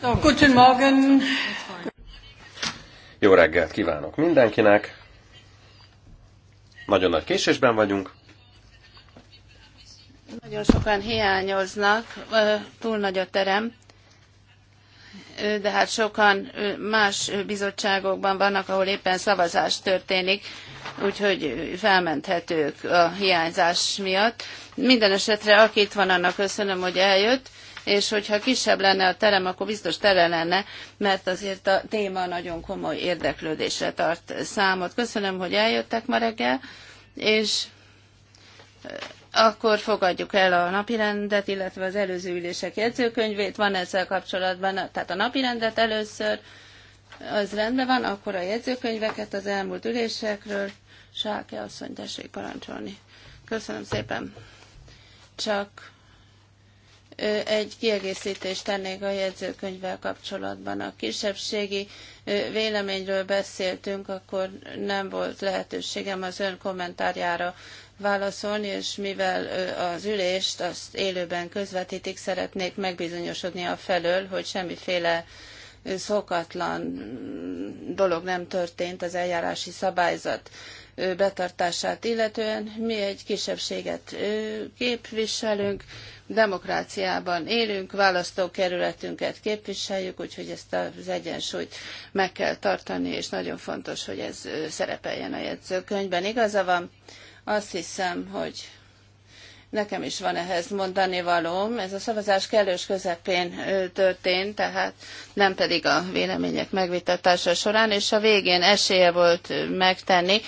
guten Morgen. Jó reggelt kívánok mindenkinek. Nagyon nagy késésben vagyunk. Nagyon sokan hiányoznak, túl nagy a terem, de hát sokan más bizottságokban vannak, ahol éppen szavazás történik, úgyhogy felmenthetők a hiányzás miatt. Minden esetre, aki itt van, annak köszönöm, hogy eljött és hogyha kisebb lenne a terem, akkor biztos tele lenne, mert azért a téma nagyon komoly érdeklődésre tart számot. Köszönöm, hogy eljöttek ma reggel, és eh, akkor fogadjuk el a napirendet, illetve az előző ülések jegyzőkönyvét. Van ezzel kapcsolatban, tehát a napirendet először, az rendben van, akkor a jegyzőkönyveket az elmúlt ülésekről. Sáke asszony, tessék parancsolni. Köszönöm szépen. Csak egy kiegészítést tennék a jegyzőkönyvvel kapcsolatban. A kisebbségi véleményről beszéltünk, akkor nem volt lehetőségem az ön kommentárjára válaszolni, és mivel az ülést azt élőben közvetítik, szeretnék megbizonyosodni a felől, hogy semmiféle szokatlan dolog nem történt az eljárási szabályzat betartását illetően mi egy kisebbséget képviselünk, demokráciában élünk, választókerületünket képviseljük, úgyhogy ezt az egyensúlyt meg kell tartani, és nagyon fontos, hogy ez szerepeljen a jegyzőkönyvben. Igaza van, azt hiszem, hogy Nekem is van ehhez mondani valóm. Ez a szavazás kellős közepén történt, tehát nem pedig a vélemények megvitatása során, és a végén esélye volt megtenni,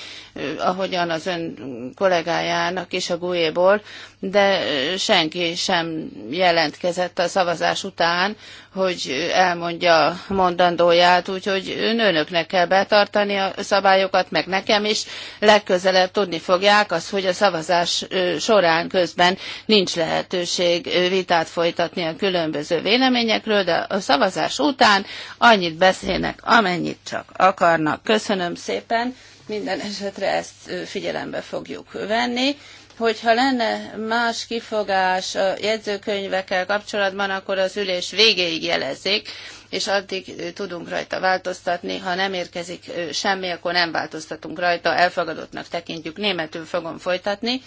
ahogyan az ön kollégájának is a gújéból, de senki sem jelentkezett a szavazás után, hogy elmondja mondandóját, úgyhogy önöknek kell betartani a szabályokat, meg nekem is. Legközelebb tudni fogják az, hogy a szavazás során közben nincs lehetőség vitát folytatni a különböző véleményekről, de a szavazás után annyit beszélnek, amennyit csak akarnak. Köszönöm szépen, minden esetre ezt figyelembe fogjuk venni. Hogyha lenne más kifogás a jegyzőkönyvekkel kapcsolatban, akkor az ülés végéig jelezik, és addig tudunk rajta változtatni. Ha nem érkezik semmi, akkor nem változtatunk rajta, elfogadottnak tekintjük. Németül fogom folytatni,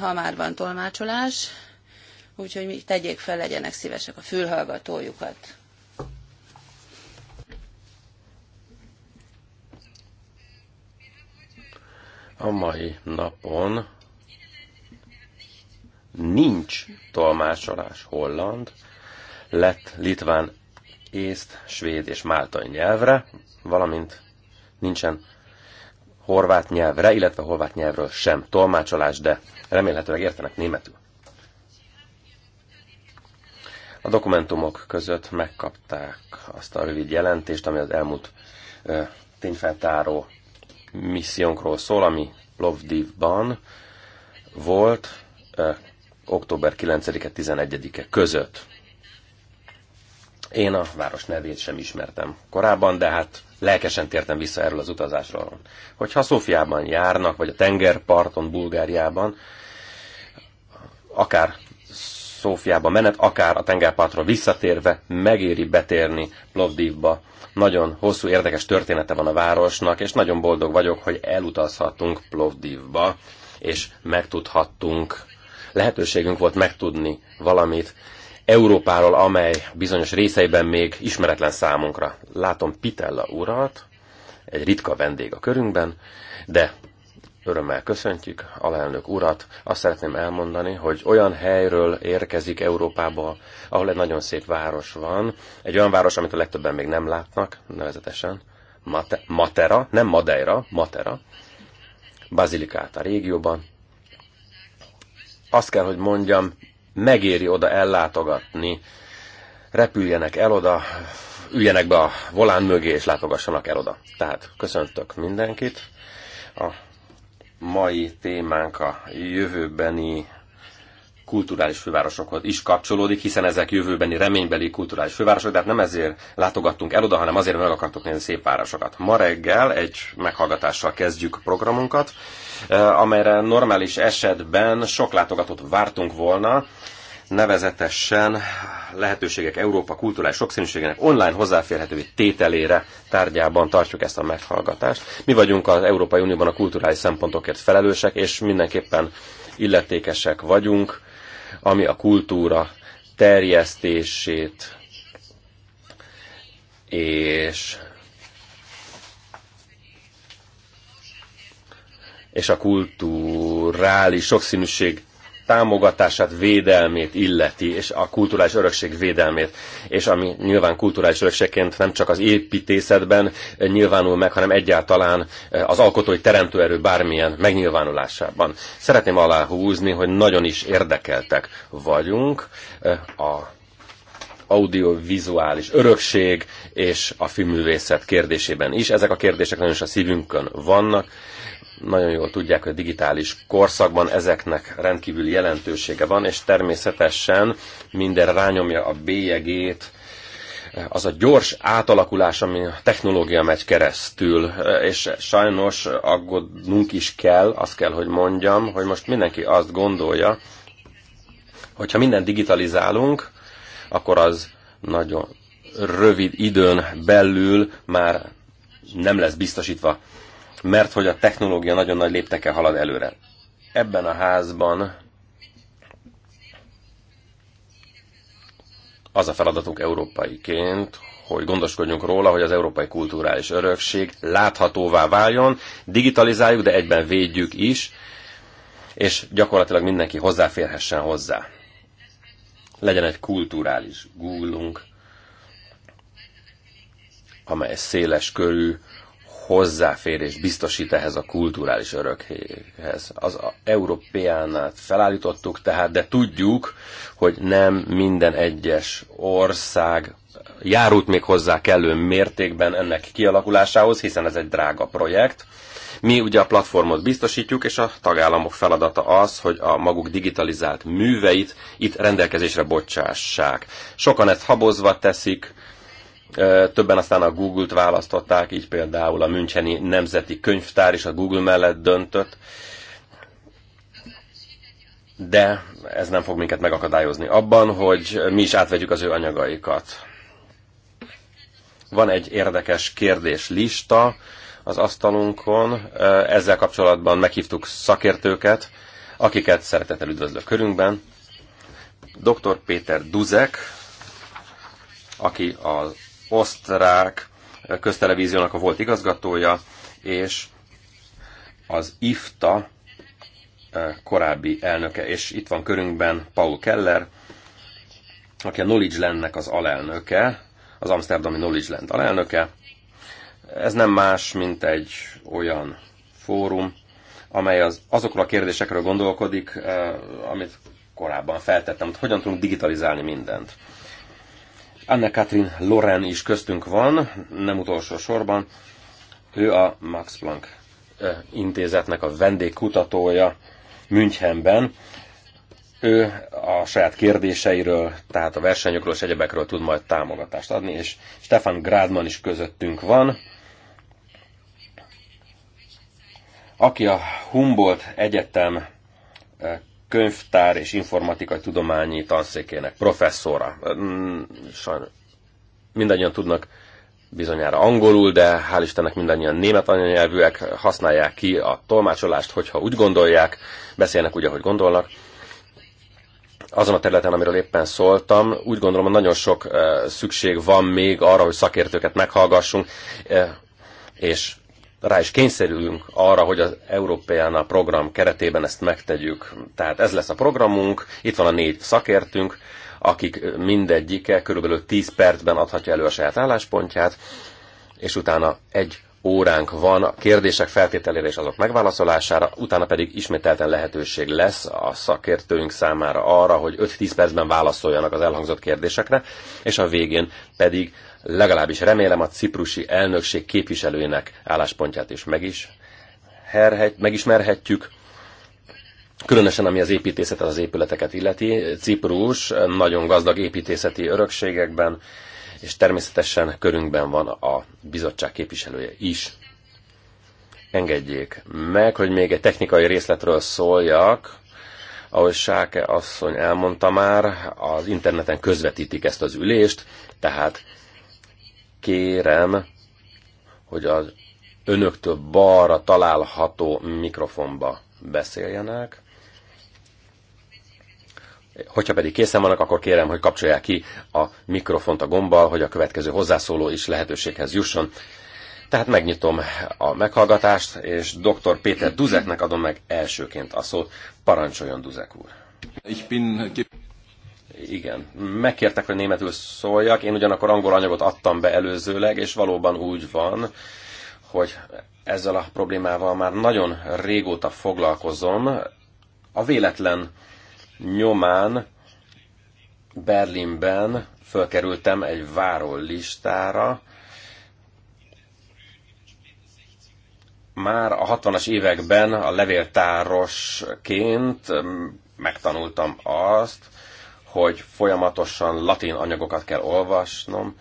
ha már van tolmácsolás. Úgyhogy mi tegyék fel, legyenek szívesek a fülhallgatójukat. A mai napon nincs tolmácsolás holland, lett litván, észt, svéd és máltai nyelvre, valamint nincsen horvát nyelvre, illetve horvát nyelvről sem tolmácsolás, de remélhetőleg értenek németül. A dokumentumok között megkapták azt a rövid jelentést, ami az elmúlt ö, tényfeltáró missziónkról szól, ami Lovdivban volt, ö, október 9-e 11-e között. Én a város nevét sem ismertem korábban, de hát lelkesen tértem vissza erről az utazásról. Hogyha Szófiában járnak, vagy a tengerparton Bulgáriában, akár Szófiában menet, akár a tengerpartról visszatérve megéri betérni Plovdivba. Nagyon hosszú, érdekes története van a városnak, és nagyon boldog vagyok, hogy elutazhatunk Plovdivba, és megtudhattunk lehetőségünk volt megtudni valamit Európáról, amely bizonyos részeiben még ismeretlen számunkra. Látom Pitella urat, egy ritka vendég a körünkben, de örömmel köszöntjük alelnök urat. Azt szeretném elmondani, hogy olyan helyről érkezik Európába, ahol egy nagyon szép város van, egy olyan város, amit a legtöbben még nem látnak, nevezetesen Mate- Matera, nem Madeira, Matera, Bazilikát a régióban, azt kell, hogy mondjam, megéri oda ellátogatni, repüljenek el oda, üljenek be a volán mögé, és látogassanak el oda. Tehát köszöntök mindenkit. A mai témánk a jövőbeni kulturális fővárosokhoz is kapcsolódik, hiszen ezek jövőbeni reménybeli kulturális fővárosok, de hát nem ezért látogattunk el oda, hanem azért, mert meg akartok nézni szép városokat. Ma reggel egy meghallgatással kezdjük programunkat, e, amelyre normális esetben sok látogatót vártunk volna, nevezetesen lehetőségek Európa kulturális sokszínűségének online hozzáférhetővé tételére tárgyában tartjuk ezt a meghallgatást. Mi vagyunk az Európai Unióban a kulturális szempontokért felelősek, és mindenképpen illetékesek vagyunk ami a kultúra terjesztését és és a kulturális sokszínűség támogatását, védelmét illeti, és a kulturális örökség védelmét, és ami nyilván kulturális örökségként nem csak az építészetben nyilvánul meg, hanem egyáltalán eh, az alkotói teremtőerő bármilyen megnyilvánulásában. Szeretném aláhúzni, hogy nagyon is érdekeltek vagyunk eh, a audiovizuális örökség és a filmművészet kérdésében is. Ezek a kérdések nagyon is a szívünkön vannak, nagyon jól tudják, hogy a digitális korszakban ezeknek rendkívül jelentősége van, és természetesen minden rányomja a bélyegét, az a gyors átalakulás, ami a technológia megy keresztül, és sajnos aggódnunk is kell, azt kell, hogy mondjam, hogy most mindenki azt gondolja, hogyha mindent digitalizálunk, akkor az nagyon rövid időn belül már nem lesz biztosítva mert hogy a technológia nagyon nagy léptekkel halad előre. Ebben a házban az a feladatunk európaiként, hogy gondoskodjunk róla, hogy az európai kulturális örökség láthatóvá váljon, digitalizáljuk, de egyben védjük is, és gyakorlatilag mindenki hozzáférhessen hozzá. Legyen egy kulturális google amely széles körű Hozzáférés biztosít ehhez a kulturális örökhez. Az európeánát felállítottuk tehát, de tudjuk, hogy nem minden egyes ország járult még hozzá kellő mértékben ennek kialakulásához, hiszen ez egy drága projekt. Mi ugye a platformot biztosítjuk, és a tagállamok feladata az, hogy a maguk digitalizált műveit itt rendelkezésre bocsássák. Sokan ezt habozva teszik, Többen aztán a Google-t választották, így például a Müncheni Nemzeti Könyvtár is a Google mellett döntött. De ez nem fog minket megakadályozni abban, hogy mi is átvegyük az ő anyagaikat. Van egy érdekes kérdéslista az asztalunkon. Ezzel kapcsolatban meghívtuk szakértőket, akiket szeretettel üdvözlök körünkben. Dr. Péter Duzek, aki az osztrák köztelevíziónak a volt igazgatója, és az IFTA eh, korábbi elnöke, és itt van körünkben Paul Keller, aki a Knowledge Landnek az alelnöke, az Amsterdami Knowledge Land alelnöke. Ez nem más, mint egy olyan fórum, amely az, azokról a kérdésekről gondolkodik, eh, amit korábban feltettem, hogy hogyan tudunk digitalizálni mindent. Anne Katrin Loren is köztünk van, nem utolsó sorban. Ő a Max Planck intézetnek a vendégkutatója Münchenben. Ő a saját kérdéseiről, tehát a versenyokról és egyebekről tud majd támogatást adni, és Stefan Grádman is közöttünk van, aki a Humboldt Egyetem könyvtár és informatikai tudományi tanszékének professzora. Hm, sajnos mindannyian tudnak bizonyára angolul, de hál' Istennek mindannyian német anyanyelvűek, használják ki a tolmácsolást, hogyha úgy gondolják, beszélnek úgy, ahogy gondolnak. Azon a területen, amiről éppen szóltam, úgy gondolom, hogy nagyon sok eh, szükség van még arra, hogy szakértőket meghallgassunk, eh, és rá is kényszerülünk arra, hogy az Európeána program keretében ezt megtegyük. Tehát ez lesz a programunk, itt van a négy szakértünk, akik mindegyike körülbelül 10 percben adhatja elő a saját álláspontját, és utána egy óránk van a kérdések feltételére és azok megválaszolására, utána pedig ismételten lehetőség lesz a szakértőink számára arra, hogy 5-10 percben válaszoljanak az elhangzott kérdésekre, és a végén pedig legalábbis remélem a ciprusi elnökség képviselőinek álláspontját is meg is herhet, megismerhetjük. Különösen ami az építészetet, az épületeket illeti. Ciprus nagyon gazdag építészeti örökségekben, és természetesen körünkben van a bizottság képviselője is. Engedjék meg, hogy még egy technikai részletről szóljak. Ahogy Sáke asszony elmondta már, az interneten közvetítik ezt az ülést, tehát kérem, hogy az önöktől balra található mikrofonba beszéljenek. Hogyha pedig készen vannak, akkor kérem, hogy kapcsolják ki a mikrofont a gombbal, hogy a következő hozzászóló is lehetőséghez jusson. Tehát megnyitom a meghallgatást, és dr. Péter Duzeknek adom meg elsőként a szót. Parancsoljon, Duzek úr! Ich bin... Igen. Megkértek, hogy németül szóljak. Én ugyanakkor angol anyagot adtam be előzőleg, és valóban úgy van, hogy ezzel a problémával már nagyon régóta foglalkozom. A véletlen nyomán Berlinben fölkerültem egy váró listára. Már a 60-as években a levéltárosként mm, megtanultam azt, hogy folyamatosan latin anyagokat kell olvasnom,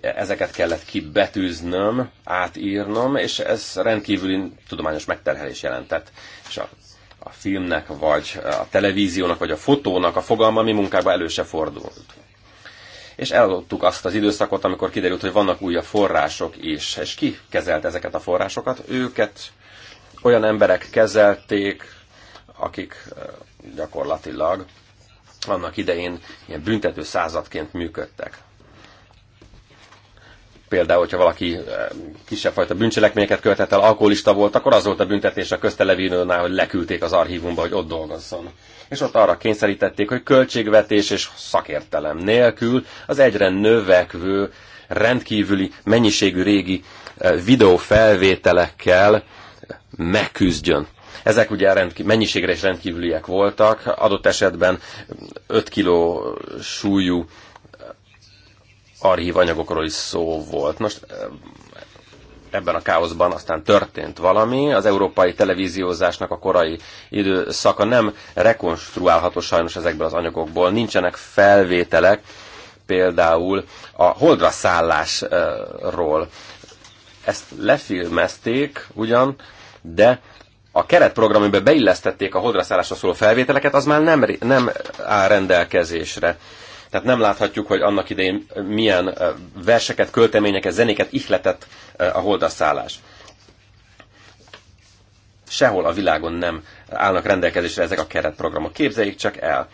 ezeket kellett kibetűznöm, átírnom, és ez rendkívüli tudományos megterhelés jelentett. És a a filmnek, vagy a televíziónak, vagy a fotónak a fogalma mi munkába elő se fordult. És eladottuk azt az időszakot, amikor kiderült, hogy vannak újabb források is. És ki kezelt ezeket a forrásokat? Őket olyan emberek kezelték, akik eh, gyakorlatilag annak idején ilyen büntető századként működtek például, hogyha valaki eh, kisebb fajta bűncselekményeket követett el, alkoholista volt, akkor az volt a büntetés a köztelevinőnál, hogy leküldték az archívumba, hogy ott dolgozzon. És ott arra kényszerítették, hogy költségvetés és szakértelem nélkül az egyre növekvő, rendkívüli mennyiségű régi eh, videófelvételekkel megküzdjön. Ezek ugye rendkív- mennyiségre is rendkívüliek voltak, adott esetben 5 kg súlyú archív anyagokról is szó volt. Most eh, ebben a káoszban aztán történt valami. Az európai televíziózásnak a korai időszaka nem rekonstruálható sajnos ezekből az anyagokból. Nincsenek felvételek, például a holdra szállásról. Ezt lefilmezték ugyan, de a keretprogram, amiben beillesztették a holdra szállásra szóló felvételeket, az már nem, nem áll rendelkezésre. Tehát nem láthatjuk, hogy annak idején milyen verseket, költeményeket, zenéket ihletett a holdaszállás. Sehol a világon nem állnak rendelkezésre ezek a keretprogramok. Képzeljék csak el.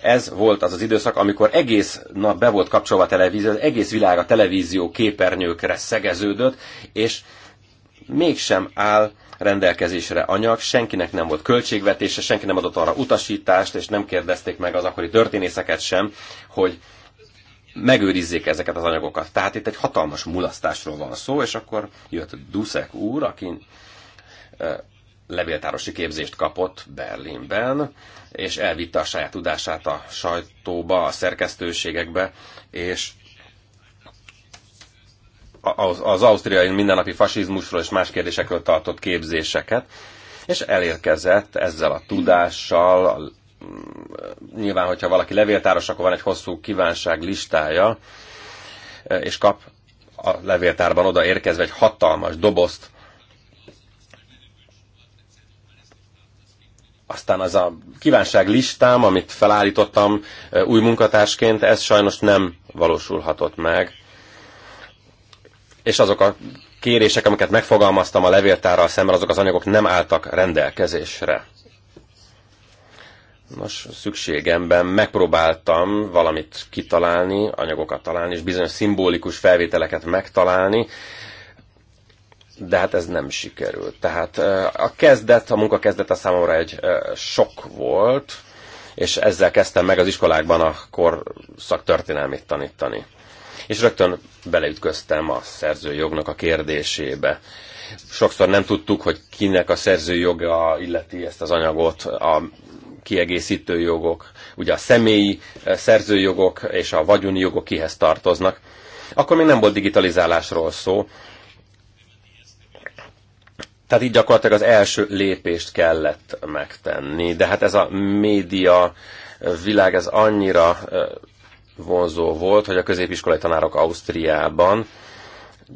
Ez volt az az időszak, amikor egész nap be volt kapcsolva a televízió, az egész világ a televízió képernyőkre szegeződött, és mégsem áll rendelkezésre anyag, senkinek nem volt költségvetése, senki nem adott arra utasítást, és nem kérdezték meg az akkori történészeket sem, hogy megőrizzék ezeket az anyagokat. Tehát itt egy hatalmas mulasztásról van szó, és akkor jött Duszek úr, aki levéltárosi képzést kapott Berlinben, és elvitte a saját tudását a sajtóba, a szerkesztőségekbe, és az, az ausztriai mindennapi fasizmusról és más kérdésekről tartott képzéseket, és elérkezett ezzel a tudással, a, mm, nyilván, hogyha valaki levéltáros, akkor van egy hosszú kívánság listája, és kap a levéltárban oda érkezve egy hatalmas dobozt, aztán az a kívánság listám, amit felállítottam új munkatársként, ez sajnos nem valósulhatott meg és azok a kérések, amiket megfogalmaztam a levéltárral szemben, azok az anyagok nem álltak rendelkezésre. Nos, szükségemben megpróbáltam valamit kitalálni, anyagokat találni, és bizonyos szimbolikus felvételeket megtalálni, de hát ez nem sikerült. Tehát a kezdet, a munka kezdete számomra egy sok volt, és ezzel kezdtem meg az iskolákban a korszak történelmét tanítani és rögtön beleütköztem a szerzőjognak a kérdésébe. Sokszor nem tudtuk, hogy kinek a szerzőjoga illeti ezt az anyagot, a kiegészítő jogok, ugye a személyi eh, szerzőjogok és a vagyoni jogok kihez tartoznak. Akkor még nem volt digitalizálásról szó, tehát így gyakorlatilag az első lépést kellett megtenni, de hát ez a média világ, ez annyira eh, vonzó volt, hogy a középiskolai tanárok Ausztriában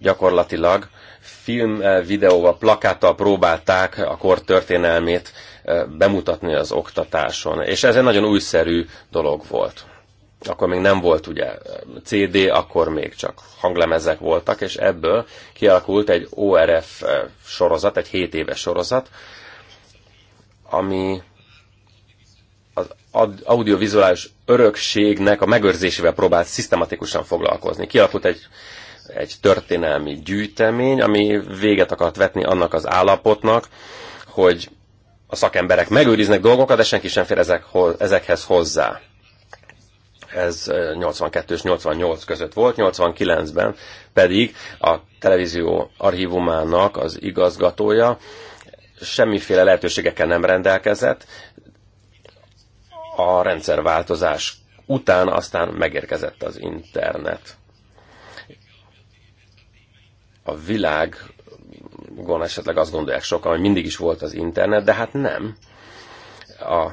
gyakorlatilag film, eh, videóval, plakáttal próbálták a kor történelmét eh, bemutatni az oktatáson. És ez egy nagyon újszerű dolog volt. Akkor még nem volt ugye eh, CD, akkor még csak hanglemezek voltak, és ebből kialakult egy ORF sorozat, egy 7 éves sorozat, ami audiovizuális örökségnek a megőrzésével próbált szisztematikusan foglalkozni. Kialakult egy, egy történelmi gyűjtemény, ami véget akart vetni annak az állapotnak, hogy a szakemberek megőriznek dolgokat, de senki sem fér ezek, ezekhez hozzá. Ez 82 és 88 között volt, 89-ben pedig a televízió archívumának az igazgatója semmiféle lehetőségekkel nem rendelkezett, a rendszerváltozás után aztán megérkezett az internet. A világon esetleg azt gondolják sokan, hogy mindig is volt az internet, de hát nem. A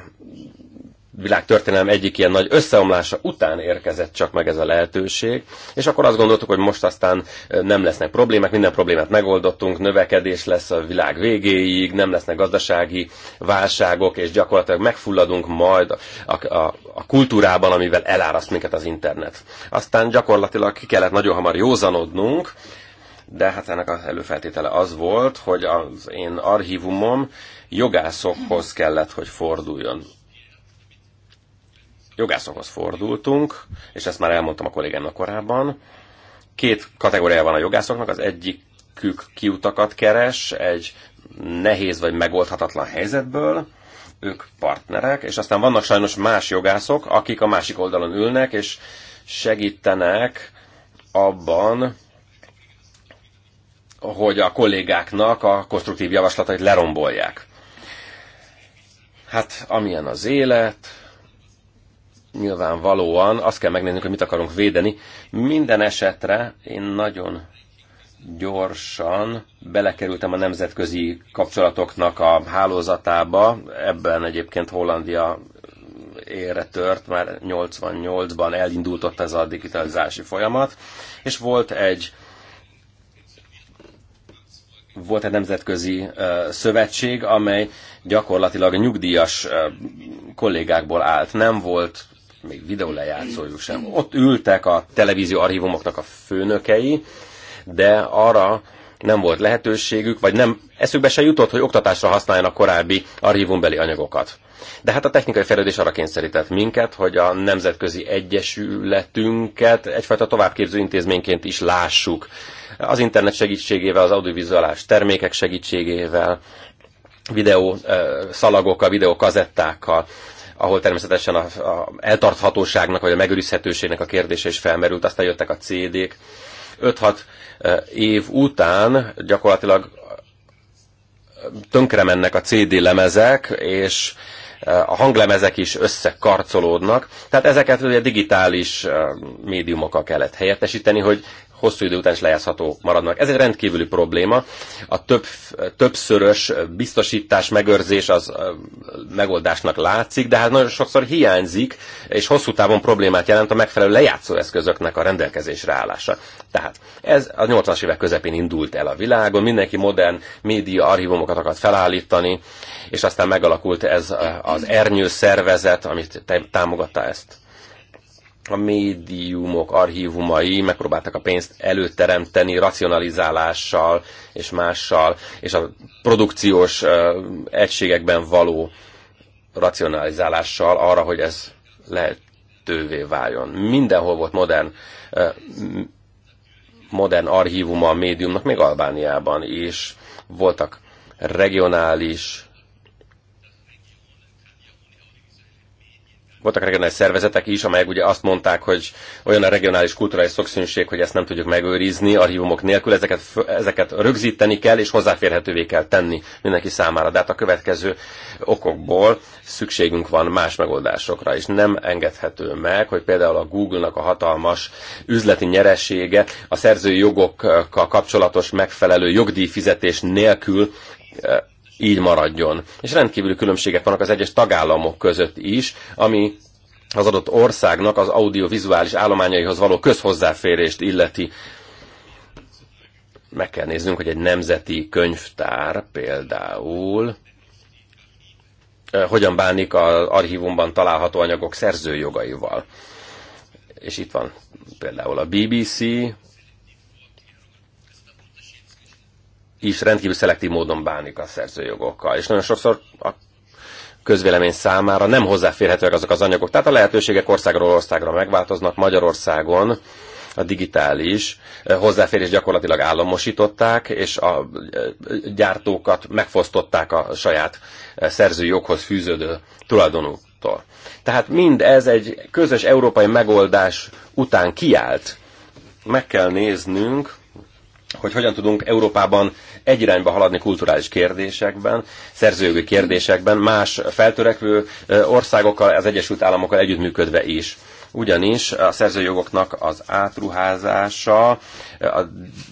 világtörténelem egyik ilyen nagy összeomlása után érkezett csak meg ez a lehetőség, és akkor azt gondoltuk, hogy most aztán nem lesznek problémák, minden problémát megoldottunk, növekedés lesz a világ végéig, nem lesznek gazdasági válságok, és gyakorlatilag megfulladunk majd a, a, a kultúrában, amivel eláraszt minket az internet. Aztán gyakorlatilag ki kellett nagyon hamar józanodnunk, de hát ennek az előfeltétele az volt, hogy az én archívumom jogászokhoz kellett, hogy forduljon jogászokhoz fordultunk, és ezt már elmondtam a kollégámnak korábban. Két kategória van a jogászoknak, az egyikük kiutakat keres egy nehéz vagy megoldhatatlan helyzetből, ők partnerek, és aztán vannak sajnos más jogászok, akik a másik oldalon ülnek, és segítenek abban, hogy a kollégáknak a konstruktív javaslatait lerombolják. Hát amilyen az élet, nyilvánvalóan azt kell megnéznünk, hogy mit akarunk védeni. Minden esetre én nagyon gyorsan belekerültem a nemzetközi kapcsolatoknak a hálózatába. Ebben egyébként Hollandia ére tört, már 88-ban elindult ott ez a digitalizási folyamat, és volt egy volt egy nemzetközi uh, szövetség, amely gyakorlatilag nyugdíjas uh, kollégákból állt. Nem volt még videólejátszójuk sem. Ott ültek a televízió archívumoknak a főnökei, de arra nem volt lehetőségük, vagy nem eszükbe se jutott, hogy oktatásra használjanak korábbi archívumbeli anyagokat. De hát a technikai fejlődés arra kényszerített minket, hogy a nemzetközi egyesületünket egyfajta továbbképző intézményként is lássuk. Az internet segítségével, az audiovizuális termékek segítségével, videó szalagokkal, videó kazettákkal, ahol természetesen a, a eltarthatóságnak vagy a megőrizhetőségnek a kérdése is felmerült, aztán jöttek a CD-k. 5-6 eh, év után gyakorlatilag eh, tönkre mennek a CD lemezek, és eh, a hanglemezek is összekarcolódnak, tehát ezeket ugye digitális médiumokkal kellett helyettesíteni, hogy hosszú idő után is lejátszható maradnak. Ez egy rendkívüli probléma. A több, többszörös biztosítás, megőrzés az megoldásnak látszik, de hát nagyon sokszor hiányzik, és hosszú távon problémát jelent a megfelelő lejátszó eszközöknek a rendelkezésre állása. Tehát ez a 80-as évek közepén indult el a világon, mindenki modern média archívumokat akart felállítani, és aztán megalakult ez az ernyő szervezet, amit támogatta ezt a médiumok archívumai megpróbáltak a pénzt előteremteni racionalizálással és mással, és a produkciós egységekben való racionalizálással arra, hogy ez lehetővé váljon. Mindenhol volt modern modern archívuma a médiumnak, még Albániában is voltak regionális voltak regionális szervezetek is, amelyek ugye azt mondták, hogy olyan a regionális kulturális szokszínűség, hogy ezt nem tudjuk megőrizni archívumok nélkül, ezeket, ezeket rögzíteni kell és hozzáférhetővé kell tenni mindenki számára. De hát a következő okokból szükségünk van más megoldásokra, és nem engedhető meg, hogy például a Google-nak a hatalmas üzleti nyeresége a szerzői jogokkal kapcsolatos megfelelő jogdíjfizetés nélkül eh, így maradjon. És rendkívüli különbségek vannak az egyes tagállamok között is, ami az adott országnak az audiovizuális állományaihoz való közhozzáférést illeti. Meg kell néznünk, hogy egy nemzeti könyvtár például eh, hogyan bánik az archívumban található anyagok szerzőjogaival. És itt van például a BBC, is rendkívül szelektív módon bánik a szerzőjogokkal, és nagyon sokszor a közvélemény számára nem hozzáférhetőek azok az anyagok. Tehát a lehetőségek országról országra megváltoznak. Magyarországon a digitális eh, hozzáférés gyakorlatilag államosították, és a eh, gyártókat megfosztották a saját eh, szerzőjoghoz fűződő tulajdonútól. Tehát mind ez egy közös európai megoldás után kiállt. Meg kell néznünk, hogy hogyan tudunk Európában egy irányba haladni kulturális kérdésekben, szerzőjogi kérdésekben, más feltörekvő országokkal, az Egyesült Államokkal együttműködve is ugyanis a szerzőjogoknak az átruházása a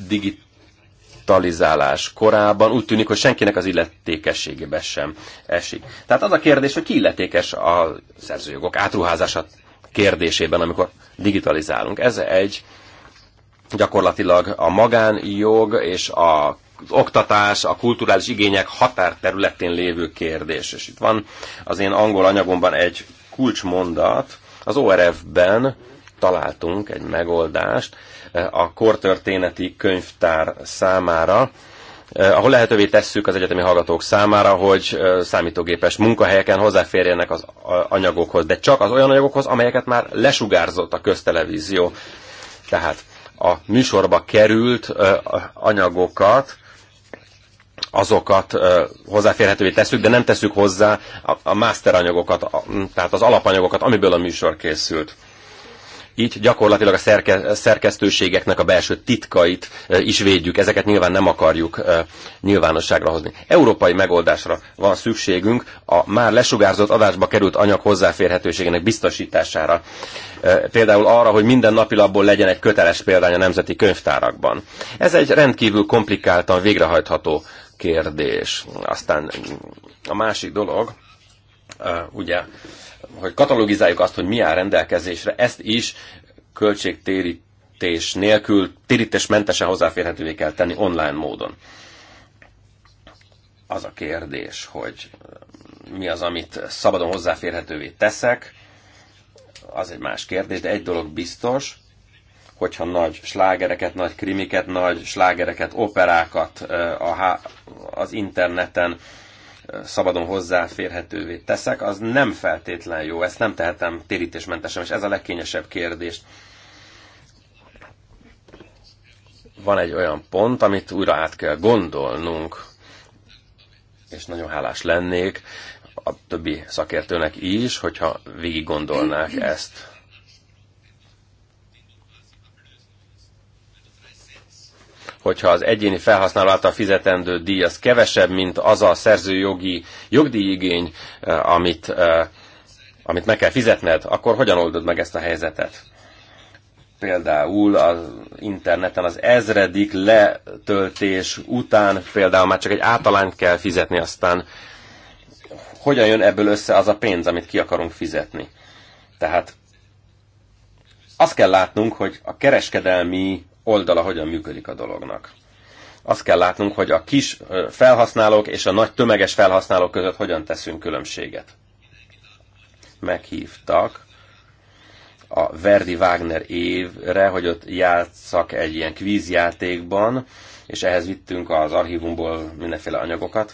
digitalizálás korában úgy tűnik, hogy senkinek az illetékességébe sem esik. Tehát az a kérdés, hogy ki illetékes a szerzőjogok átruházása kérdésében, amikor digitalizálunk. Ez egy gyakorlatilag a magánjog és a oktatás, a kulturális igények határterületén lévő kérdés. És itt van az én angol anyagomban egy kulcsmondat, az ORF-ben találtunk egy megoldást eh, a kortörténeti könyvtár számára, eh, ahol lehetővé tesszük az egyetemi hallgatók számára, hogy eh, számítógépes munkahelyeken hozzáférjenek az anyagokhoz, de csak az olyan anyagokhoz, amelyeket már lesugárzott a köztelevízió. Tehát a műsorba került anyagokat azokat hozzáférhetővé tesszük, de nem tesszük hozzá a masteranyagokat, tehát az alapanyagokat, amiből a műsor készült. Így gyakorlatilag a szerke, szerkesztőségeknek a belső titkait is védjük, ezeket nyilván nem akarjuk nyilvánosságra hozni. Európai megoldásra van szükségünk a már lesugárzott adásba került anyag hozzáférhetőségének biztosítására. Például arra, hogy minden napilapból legyen egy köteles példány a nemzeti könyvtárakban. Ez egy rendkívül komplikáltan végrehajtható kérdés. Aztán a másik dolog, ugye, hogy katalogizáljuk azt, hogy mi áll rendelkezésre, ezt is költségtérítés nélkül térítésmentesen hozzáférhetővé kell tenni online módon. Az a kérdés, hogy mi az, amit szabadon hozzáférhetővé teszek, az egy más kérdés, de egy dolog biztos, hogyha nagy slágereket, nagy krimiket, nagy slágereket, operákat a, az interneten szabadon hozzáférhetővé teszek, az nem feltétlen jó, ezt nem tehetem térítésmentesen, és ez a legkényesebb kérdés. Van egy olyan pont, amit újra át kell gondolnunk, és nagyon hálás lennék a többi szakértőnek is, hogyha végig gondolnák ezt hogyha az egyéni felhasználó által fizetendő díj az kevesebb, mint az a szerzőjogi jogdíjigény, eh, amit, eh, amit meg kell fizetned, akkor hogyan oldod meg ezt a helyzetet? például az interneten az ezredik letöltés után például már csak egy általányt kell fizetni, aztán hogyan jön ebből össze az a pénz, amit ki akarunk fizetni. Tehát azt kell látnunk, hogy a kereskedelmi oldala hogyan működik a dolognak. Azt kell látnunk, hogy a kis felhasználók és a nagy tömeges felhasználók között hogyan teszünk különbséget. Meghívtak a Verdi Wagner évre, hogy ott játszak egy ilyen kvízjátékban, és ehhez vittünk az archívumból mindenféle anyagokat.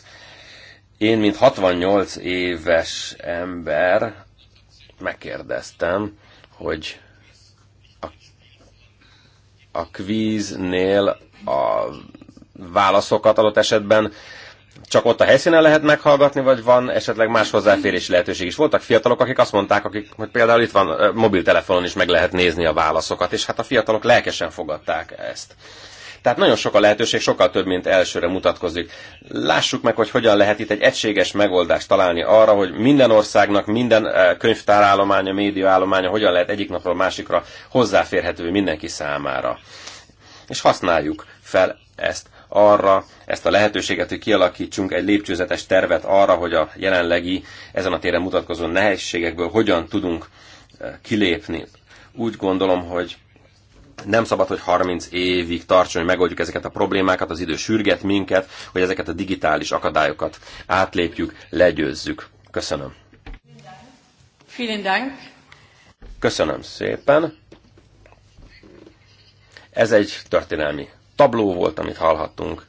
Én, mint 68 éves ember, megkérdeztem, hogy a kvíznél a válaszokat adott esetben csak ott a helyszínen lehet meghallgatni, vagy van esetleg más hozzáférési lehetőség is? Voltak fiatalok, akik azt mondták, akik, hogy például itt van mobiltelefonon is meg lehet nézni a válaszokat, és hát a fiatalok lelkesen fogadták ezt. Tehát nagyon sok a lehetőség, sokkal több, mint elsőre mutatkozik. Lássuk meg, hogy hogyan lehet itt egy egységes megoldást találni arra, hogy minden országnak, minden eh, könyvtárállománya, médiaállománya hogyan lehet egyik napról másikra hozzáférhető mindenki számára. És használjuk fel ezt arra, ezt a lehetőséget, hogy kialakítsunk egy lépcsőzetes tervet arra, hogy a jelenlegi ezen a téren mutatkozó nehézségekből hogyan tudunk eh, kilépni. Úgy gondolom, hogy nem szabad, hogy 30 évig tartson, hogy megoldjuk ezeket a problémákat, az idő sürget minket, hogy ezeket a digitális akadályokat átlépjük, legyőzzük. Köszönöm. Vielen Dank. Köszönöm szépen. Ez egy történelmi tabló volt, amit hallhattunk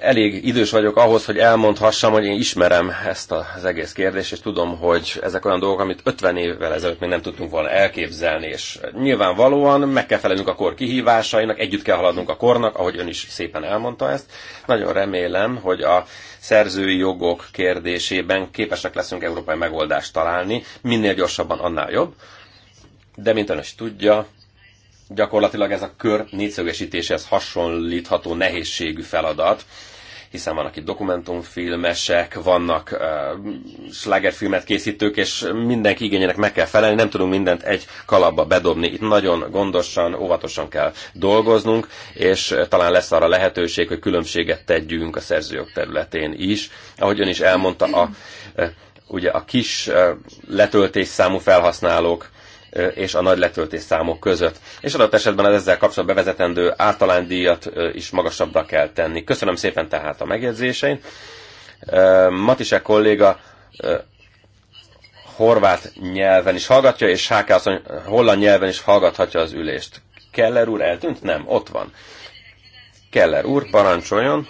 elég idős vagyok ahhoz, hogy elmondhassam, hogy én ismerem ezt az egész kérdést, és tudom, hogy ezek olyan dolgok, amit 50 évvel ezelőtt még nem tudtunk volna elképzelni, és nyilvánvalóan meg kell felelnünk a kor kihívásainak, együtt kell haladnunk a kornak, ahogy ön is szépen elmondta ezt. Nagyon remélem, hogy a szerzői jogok kérdésében képesek leszünk európai megoldást találni, minél gyorsabban, annál jobb. De mint ön is tudja, Gyakorlatilag ez a kör négyszögesítéshez hasonlítható nehézségű feladat, hiszen vannak itt dokumentumfilmesek, vannak uh, slágerfilmet készítők, és mindenki igényének meg kell felelni, nem tudunk mindent egy kalapba bedobni. Itt nagyon gondosan, óvatosan kell dolgoznunk, és talán lesz arra lehetőség, hogy különbséget tegyünk a szerzőjog területén is. Ahogy ön is elmondta, a, uh, ugye a kis uh, letöltés számú felhasználók és a nagy letöltés számok között. És adott esetben az ezzel kapcsolatban bevezetendő általánydíjat is magasabbra kell tenni. Köszönöm szépen tehát a megjegyzésein. Matisek kolléga horvát nyelven is hallgatja, és Sákászony holland nyelven is hallgathatja az ülést. Keller úr eltűnt? Nem, ott van. Keller úr, parancsoljon.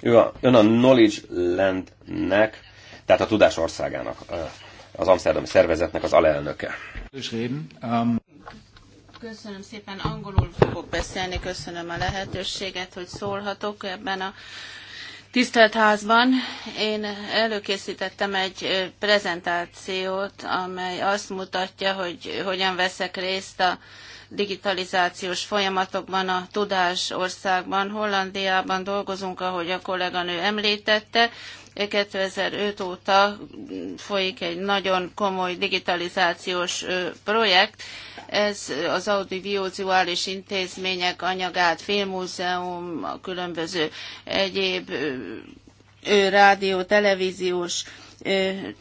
Ő a, ön a Knowledge Landnek, tehát a tudás országának, az Amsterdami szervezetnek az alelnöke. Um, köszönöm szépen, angolul fogok beszélni, köszönöm a lehetőséget, hogy szólhatok ebben a Tisztelt házban, én előkészítettem egy prezentációt, amely azt mutatja, hogy hogyan veszek részt a digitalizációs folyamatokban a tudás országban. Hollandiában dolgozunk, ahogy a kolléganő említette, 2005 óta folyik egy nagyon komoly digitalizációs projekt. Ez az audiovizuális intézmények anyagát, filmmúzeum, a különböző egyéb rádió, televíziós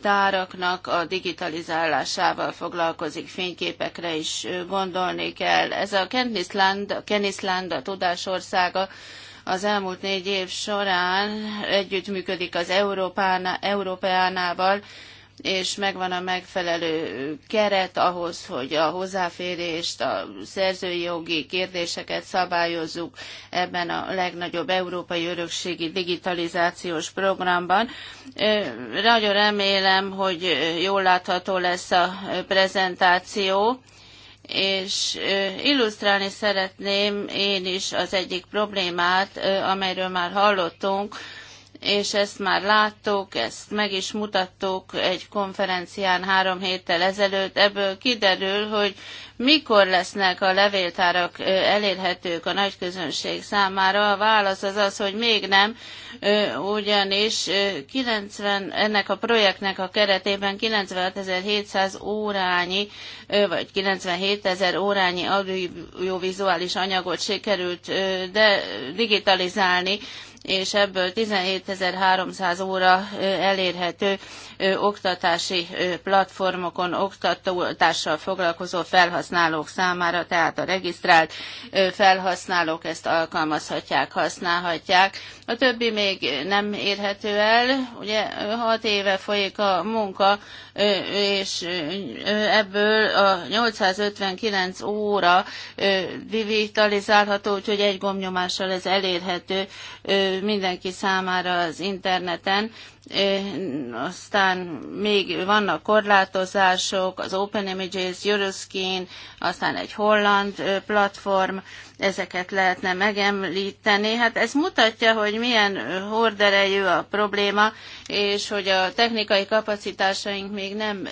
táraknak a digitalizálásával foglalkozik, fényképekre is gondolni kell. Ez a Kenisland a Kenisland, a tudásországa az elmúlt négy év során együttműködik az Európánával, és megvan a megfelelő keret ahhoz, hogy a hozzáférést, a szerzői jogi kérdéseket szabályozzuk ebben a legnagyobb európai örökségi digitalizációs programban. Nagyon remélem, hogy jól látható lesz a prezentáció és illusztrálni szeretném én is az egyik problémát, amelyről már hallottunk, és ezt már láttuk, ezt meg is mutattuk egy konferencián három héttel ezelőtt. Ebből kiderül, hogy mikor lesznek a levéltárak elérhetők a nagy közönség számára. A válasz az az, hogy még nem, ugyanis 90, ennek a projektnek a keretében 96.700 órányi, vagy 97.000 órányi audiovizuális anyagot sikerült de digitalizálni, és ebből 17.300 óra elérhető oktatási platformokon oktatással foglalkozó felhasználók számára, tehát a regisztrált felhasználók ezt alkalmazhatják, használhatják. A többi még nem érhető el, ugye 6 éve folyik a munka, és ebből a 859 óra digitalizálható, úgyhogy egy gomnyomással ez elérhető mindenki számára az interneten, aztán még vannak korlátozások, az Open Images, Euroskin, aztán egy holland platform, ezeket lehetne megemlíteni. Hát ez mutatja, hogy milyen horderejű a probléma, és hogy a technikai kapacitásaink még nem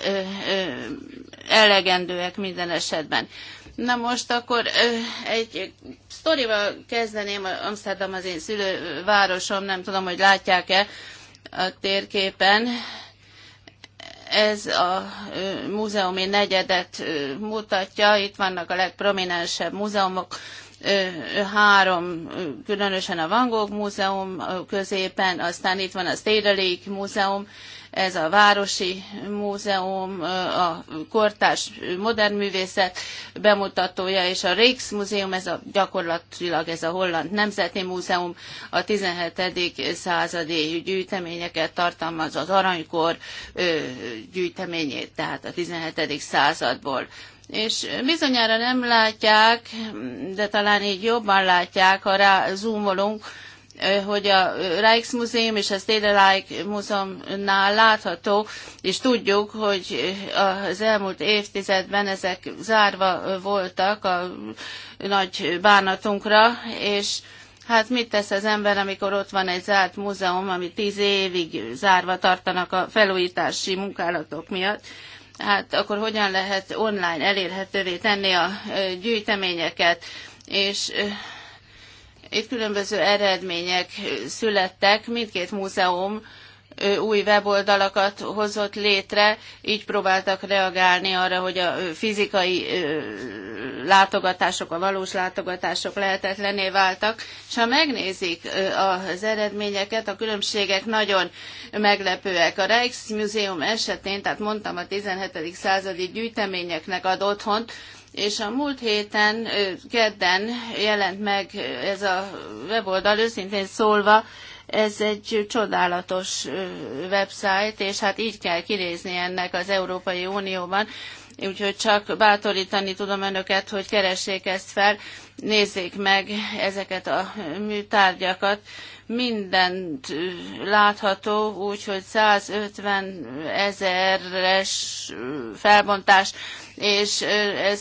elegendőek minden esetben. Na most akkor egy sztorival kezdeném, Amsterdam az én szülővárosom, nem tudom, hogy látják-e a térképen. Ez a múzeumi negyedet mutatja, itt vannak a legprominensebb múzeumok, három, különösen a Van Gogh Múzeum középen, aztán itt van a Stedelijk Múzeum, ez a Városi Múzeum, a Kortárs Modern Művészet bemutatója, és a Rix Múzeum, ez a gyakorlatilag ez a Holland Nemzeti Múzeum, a 17. századi gyűjteményeket tartalmaz az aranykor gyűjteményét, tehát a 17. századból és bizonyára nem látják, de talán így jobban látják, ha rá zoomolunk, hogy a Rijksmuseum és a Stedelijk Múzeumnál látható, és tudjuk, hogy az elmúlt évtizedben ezek zárva voltak a nagy bánatunkra, és Hát mit tesz az ember, amikor ott van egy zárt múzeum, ami tíz évig zárva tartanak a felújítási munkálatok miatt? Hát akkor hogyan lehet online elérhetővé tenni a gyűjteményeket? És itt különböző eredmények születtek, mindkét múzeum új weboldalakat hozott létre, így próbáltak reagálni arra, hogy a fizikai látogatások, a valós látogatások lehetetlené váltak, és ha megnézik az eredményeket, a különbségek nagyon meglepőek. A Rijksmuseum esetén, tehát mondtam a 17. századi gyűjteményeknek ad otthont, és a múlt héten, kedden jelent meg ez a weboldal, őszintén szólva, ez egy csodálatos website, és hát így kell kinézni ennek az Európai Unióban. Úgyhogy csak bátorítani tudom önöket, hogy keressék ezt fel, nézzék meg ezeket a műtárgyakat. Mindent látható, úgyhogy 150 ezeres felbontás, és ez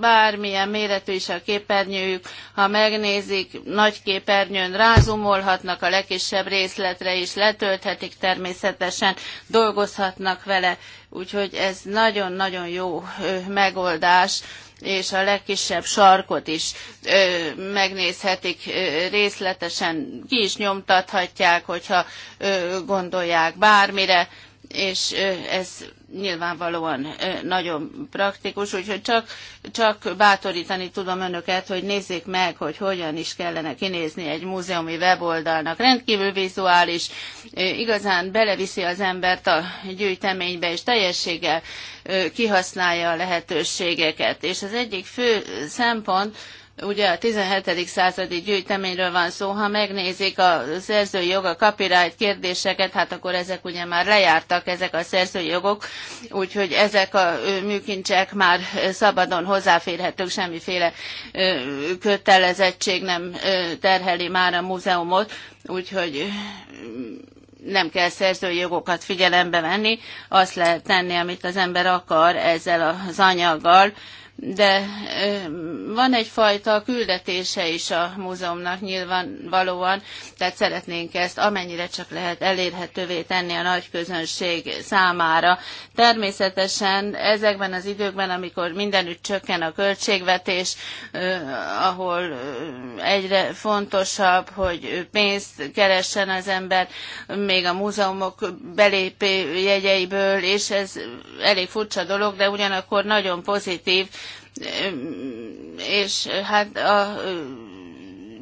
bármilyen méretű is a képernyőjük, ha megnézik, nagy képernyőn rázumolhatnak a legkisebb részletre is, letölthetik természetesen, dolgozhatnak vele, úgyhogy ez nagyon-nagyon jó megoldás és a legkisebb sarkot is ö, megnézhetik ö, részletesen, ki is nyomtathatják, hogyha ö, gondolják bármire és ez nyilvánvalóan nagyon praktikus, úgyhogy csak, csak bátorítani tudom önöket, hogy nézzék meg, hogy hogyan is kellene kinézni egy múzeumi weboldalnak. Rendkívül vizuális, igazán beleviszi az embert a gyűjteménybe, és teljességgel kihasználja a lehetőségeket. És az egyik fő szempont, Ugye a 17. századi gyűjteményről van szó, ha megnézik a szerzői jog, a copyright kérdéseket, hát akkor ezek ugye már lejártak, ezek a szerzői jogok, úgyhogy ezek a műkincsek már szabadon hozzáférhetők, semmiféle kötelezettség nem terheli már a múzeumot, úgyhogy nem kell szerzői jogokat figyelembe venni, azt lehet tenni, amit az ember akar ezzel az anyaggal, de van egyfajta küldetése is a múzeumnak nyilvánvalóan, tehát szeretnénk ezt amennyire csak lehet elérhetővé tenni a nagy közönség számára. Természetesen ezekben az időkben, amikor mindenütt csökken a költségvetés, ahol egyre fontosabb, hogy pénzt keressen az ember, még a múzeumok belépő jegyeiből, és ez elég furcsa dolog, de ugyanakkor nagyon pozitív, és hát a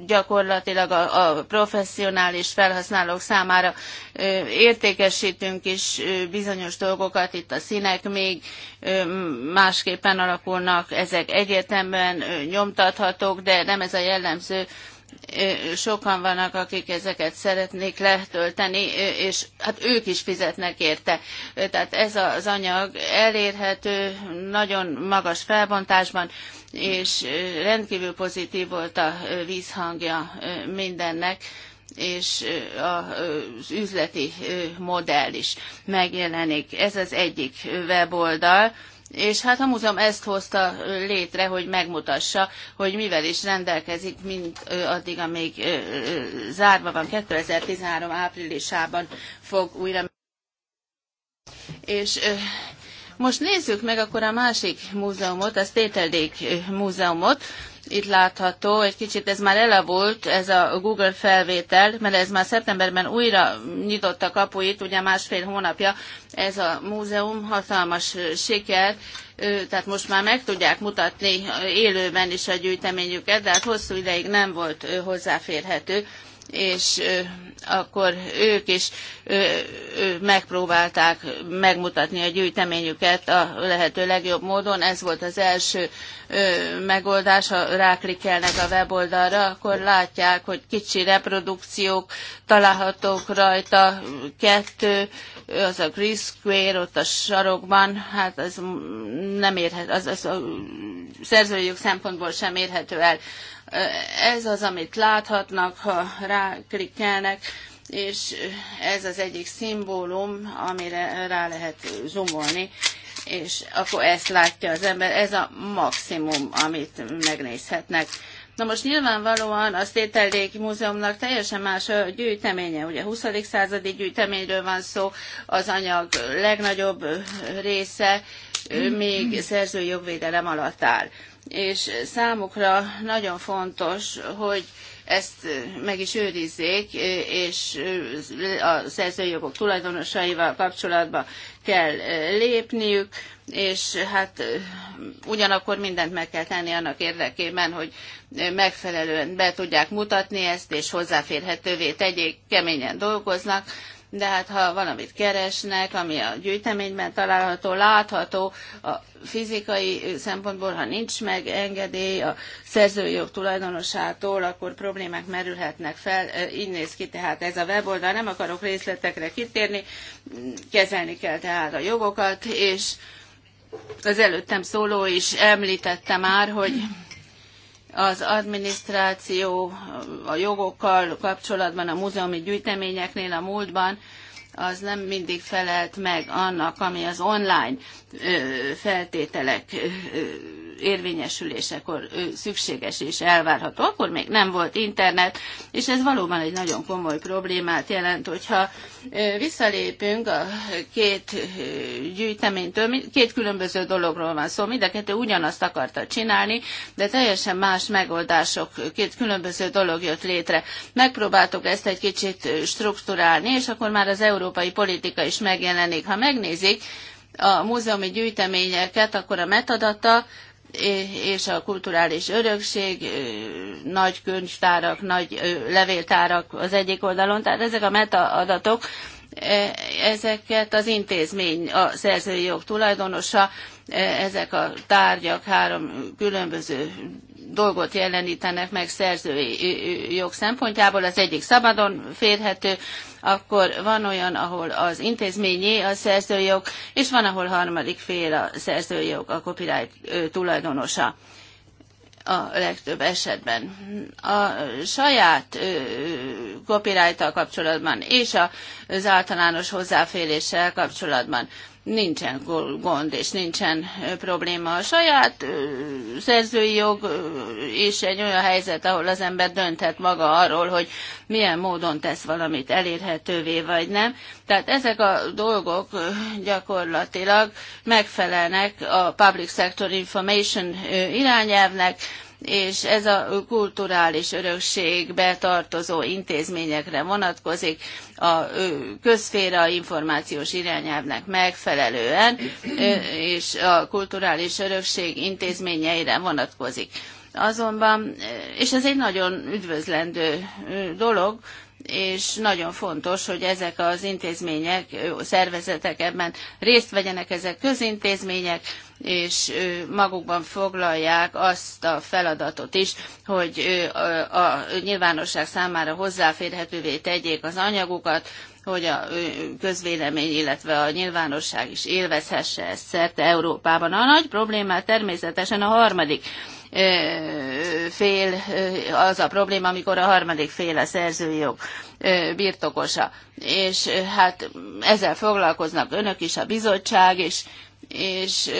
gyakorlatilag a, a professzionális felhasználók számára értékesítünk is bizonyos dolgokat, itt a színek még másképpen alakulnak, ezek egyértelműen nyomtathatók, de nem ez a jellemző sokan vannak, akik ezeket szeretnék letölteni, és hát ők is fizetnek érte. Tehát ez az anyag elérhető, nagyon magas felbontásban, és rendkívül pozitív volt a vízhangja mindennek és az üzleti modell is megjelenik. Ez az egyik weboldal, és hát a múzeum ezt hozta létre, hogy megmutassa, hogy mivel is rendelkezik, mint addig, amíg zárva van. 2013 áprilisában fog újra. És most nézzük meg akkor a másik múzeumot, a Stételdék múzeumot, itt látható, egy kicsit ez már elavult, ez a Google felvétel, mert ez már szeptemberben újra nyitotta kapuit, ugye másfél hónapja, ez a múzeum hatalmas siker, tehát most már meg tudják mutatni élőben is a gyűjteményüket, de hát hosszú ideig nem volt hozzáférhető és akkor ők is megpróbálták megmutatni a gyűjteményüket a lehető legjobb módon. Ez volt az első megoldás, ha ráklikkelnek a weboldalra, akkor látják, hogy kicsi reprodukciók találhatók rajta, kettő, az a Green Square ott a sarokban, hát az nem érhet, az, az a szerzőjük szempontból sem érhető el. Ez az, amit láthatnak, ha ráklikkelnek, és ez az egyik szimbólum, amire rá lehet zoomolni, és akkor ezt látja az ember, ez a maximum, amit megnézhetnek Na most nyilvánvalóan a Szételléki Múzeumnak teljesen más a gyűjteménye, ugye 20. századi gyűjteményről van szó, az anyag legnagyobb része még szerzői jogvédelem alatt áll. És számukra nagyon fontos, hogy ezt meg is őrizzék, és a szerzőjogok tulajdonosaival kapcsolatban kell lépniük, és hát ugyanakkor mindent meg kell tenni annak érdekében, hogy megfelelően be tudják mutatni ezt, és hozzáférhetővé tegyék, keményen dolgoznak, de hát ha valamit keresnek, ami a gyűjteményben található, látható, a fizikai szempontból, ha nincs meg engedély a szerzői tulajdonosától, akkor problémák merülhetnek fel. Így néz ki tehát ez a weboldal, nem akarok részletekre kitérni, kezelni kell tehát a jogokat, és az előttem szóló is említette már, hogy az adminisztráció a jogokkal kapcsolatban a múzeumi gyűjteményeknél a múltban, az nem mindig felelt meg annak, ami az online feltételek érvényesülésekor szükséges és elvárható. Akkor még nem volt internet, és ez valóban egy nagyon komoly problémát jelent, hogyha visszalépünk a két gyűjteménytől, két különböző dologról van szó, mind a kettő ugyanazt akarta csinálni, de teljesen más megoldások, két különböző dolog jött létre. Megpróbáltuk ezt egy kicsit strukturálni, és akkor már az európai politika is megjelenik. Ha megnézik, a múzeumi gyűjteményeket, akkor a metadata és a kulturális örökség, nagy könyvtárak, nagy levéltárak az egyik oldalon, tehát ezek a metaadatok, ezeket az intézmény, a szerzői jog tulajdonosa, ezek a tárgyak három különböző dolgot jelenítenek meg szerzői jog szempontjából. Az egyik szabadon férhető, akkor van olyan, ahol az intézményé a szerzői jog, és van, ahol harmadik fél a szerzői jog, a copyright tulajdonosa a legtöbb esetben. A saját copyright kapcsolatban és az általános hozzáféréssel kapcsolatban nincsen gond és nincsen probléma. A saját szerzői jog is egy olyan helyzet, ahol az ember dönthet maga arról, hogy milyen módon tesz valamit elérhetővé vagy nem. Tehát ezek a dolgok gyakorlatilag megfelelnek a Public Sector Information irányelvnek, és ez a kulturális örökségbe tartozó intézményekre vonatkozik a közféra információs irányelvnek megfelelően, és a kulturális örökség intézményeire vonatkozik. Azonban, és ez egy nagyon üdvözlendő dolog, és nagyon fontos, hogy ezek az intézmények, szervezetek ebben részt vegyenek, ezek közintézmények, és magukban foglalják azt a feladatot is, hogy a nyilvánosság számára hozzáférhetővé tegyék az anyagukat, hogy a közvélemény, illetve a nyilvánosság is élvezhesse ezt szerte Európában. A nagy problémát természetesen a harmadik fél az a probléma, amikor a harmadik fél a szerzői jog birtokosa. És hát ezzel foglalkoznak önök is, a bizottság, is, és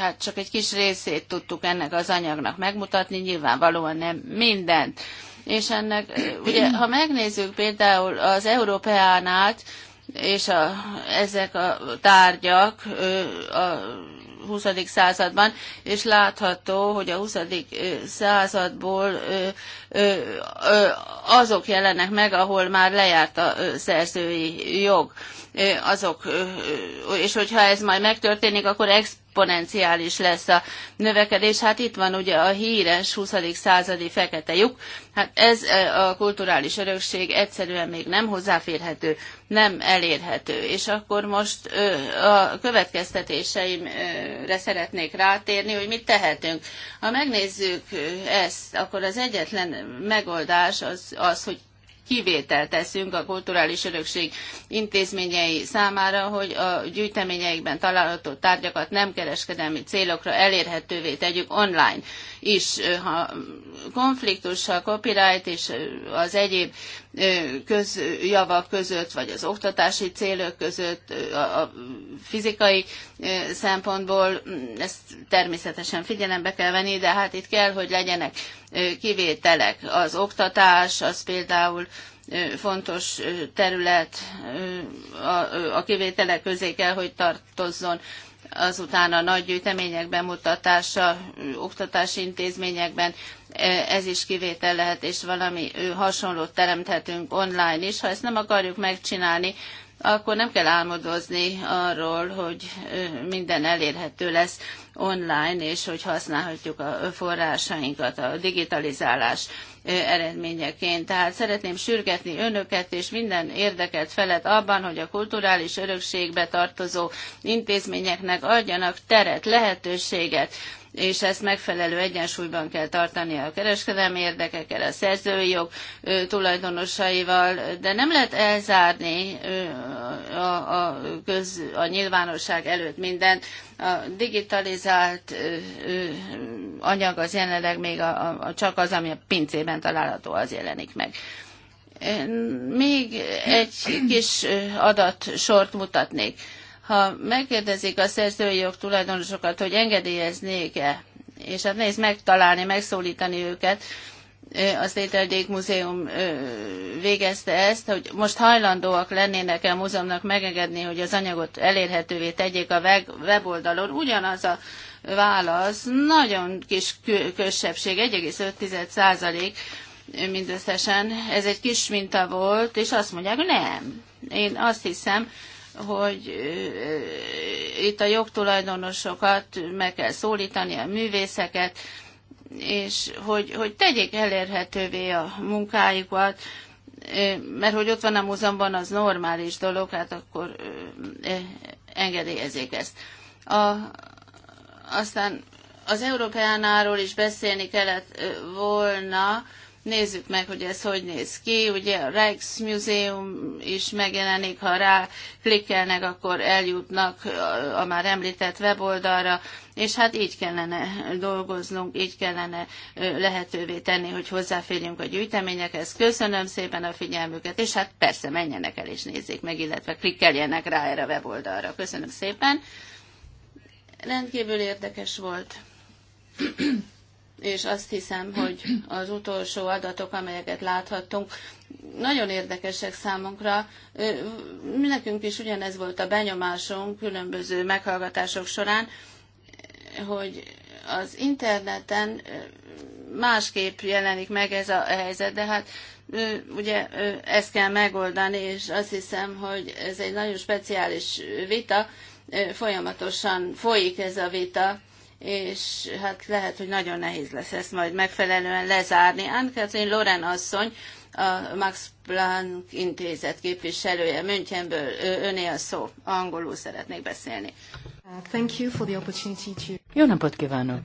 hát csak egy kis részét tudtuk ennek az anyagnak megmutatni, nyilvánvalóan nem mindent. És ennek, ugye, ha megnézzük például az Európeánát, és a, ezek a tárgyak, a 20. században, és látható, hogy a 20. századból azok jelennek meg, ahol már lejárt a szerzői jog. Azok, és hogyha ez majd megtörténik, akkor exponenciális lesz a növekedés. Hát itt van ugye a híres 20. századi fekete lyuk. Hát ez e, a kulturális örökség egyszerűen még nem hozzáférhető, nem elérhető. És akkor most a következtetéseimre szeretnék rátérni, hogy mit tehetünk. Ha megnézzük ezt, akkor az egyetlen megoldás az, az hogy kivételt teszünk a kulturális örökség intézményei számára, hogy a gyűjteményeikben található tárgyakat nem kereskedelmi célokra elérhetővé tegyük online is, ha konfliktus a copyright és az egyéb közjavak között, vagy az oktatási célok között, a fizikai szempontból mm, ezt természetesen figyelembe kell venni, de hát itt kell, hogy legyenek kivételek. Az oktatás, az például fontos terület a, a kivételek közé kell, hogy tartozzon azután a nagy gyűjtemények bemutatása, oktatási intézményekben e, ez is kivétel lehet, és valami hasonlót teremthetünk online is. Ha ezt nem akarjuk megcsinálni, akkor nem kell álmodozni arról, hogy minden elérhető lesz online, és hogy használhatjuk a forrásainkat a digitalizálás eredményeként. Tehát szeretném sürgetni önöket és minden érdeket felett abban, hogy a kulturális örökségbe tartozó intézményeknek adjanak teret, lehetőséget és ezt megfelelő egyensúlyban kell tartani a kereskedelmi érdekekkel, a szerzői jog tulajdonosaival, de nem lehet elzárni a, a, köz, a nyilvánosság előtt mindent. A digitalizált anyag az jelenleg még a, a, csak az, ami a pincében található, az jelenik meg. Még egy kis adatsort mutatnék ha megkérdezik a szerzői jog tulajdonosokat, hogy engedélyeznék-e, és hát nehéz megtalálni, megszólítani őket, az Lételdék Múzeum végezte ezt, hogy most hajlandóak lennének a múzeumnak megengedni, hogy az anyagot elérhetővé tegyék a weboldalon. Ugyanaz a válasz, nagyon kis kösebbség, 1,5 százalék mindösszesen. Ez egy kis minta volt, és azt mondják, hogy nem. Én azt hiszem, hogy itt a jogtulajdonosokat meg kell szólítani, a művészeket, és hogy, hogy tegyék elérhetővé a munkájukat, mert hogy ott van a múzeumban, az normális dolog, hát akkor engedélyezzék ezt. A, aztán az Európeánáról is beszélni kellett volna, Nézzük meg, hogy ez hogy néz ki. Ugye a Rex Museum is megjelenik, ha rá klikkelnek, akkor eljutnak a már említett weboldalra, és hát így kellene dolgoznunk, így kellene lehetővé tenni, hogy hozzáférjünk a gyűjteményekhez. Köszönöm szépen a figyelmüket, és hát persze menjenek el és nézzék meg, illetve klikkeljenek rá erre a weboldalra. Köszönöm szépen. Rendkívül érdekes volt és azt hiszem, hogy az utolsó adatok, amelyeket láthattunk, nagyon érdekesek számunkra. Nekünk is ugyanez volt a benyomásunk különböző meghallgatások során, hogy az interneten másképp jelenik meg ez a helyzet, de hát ugye ezt kell megoldani, és azt hiszem, hogy ez egy nagyon speciális vita, folyamatosan folyik ez a vita, és hát lehet, hogy nagyon nehéz lesz ezt majd megfelelően lezárni. Anne-Kathleen Loren asszony, a Max Planck intézet képviselője Münchenből, öné a szó, angolul szeretnék beszélni. Uh, thank you for the opportunity to... Jó napot kívánok!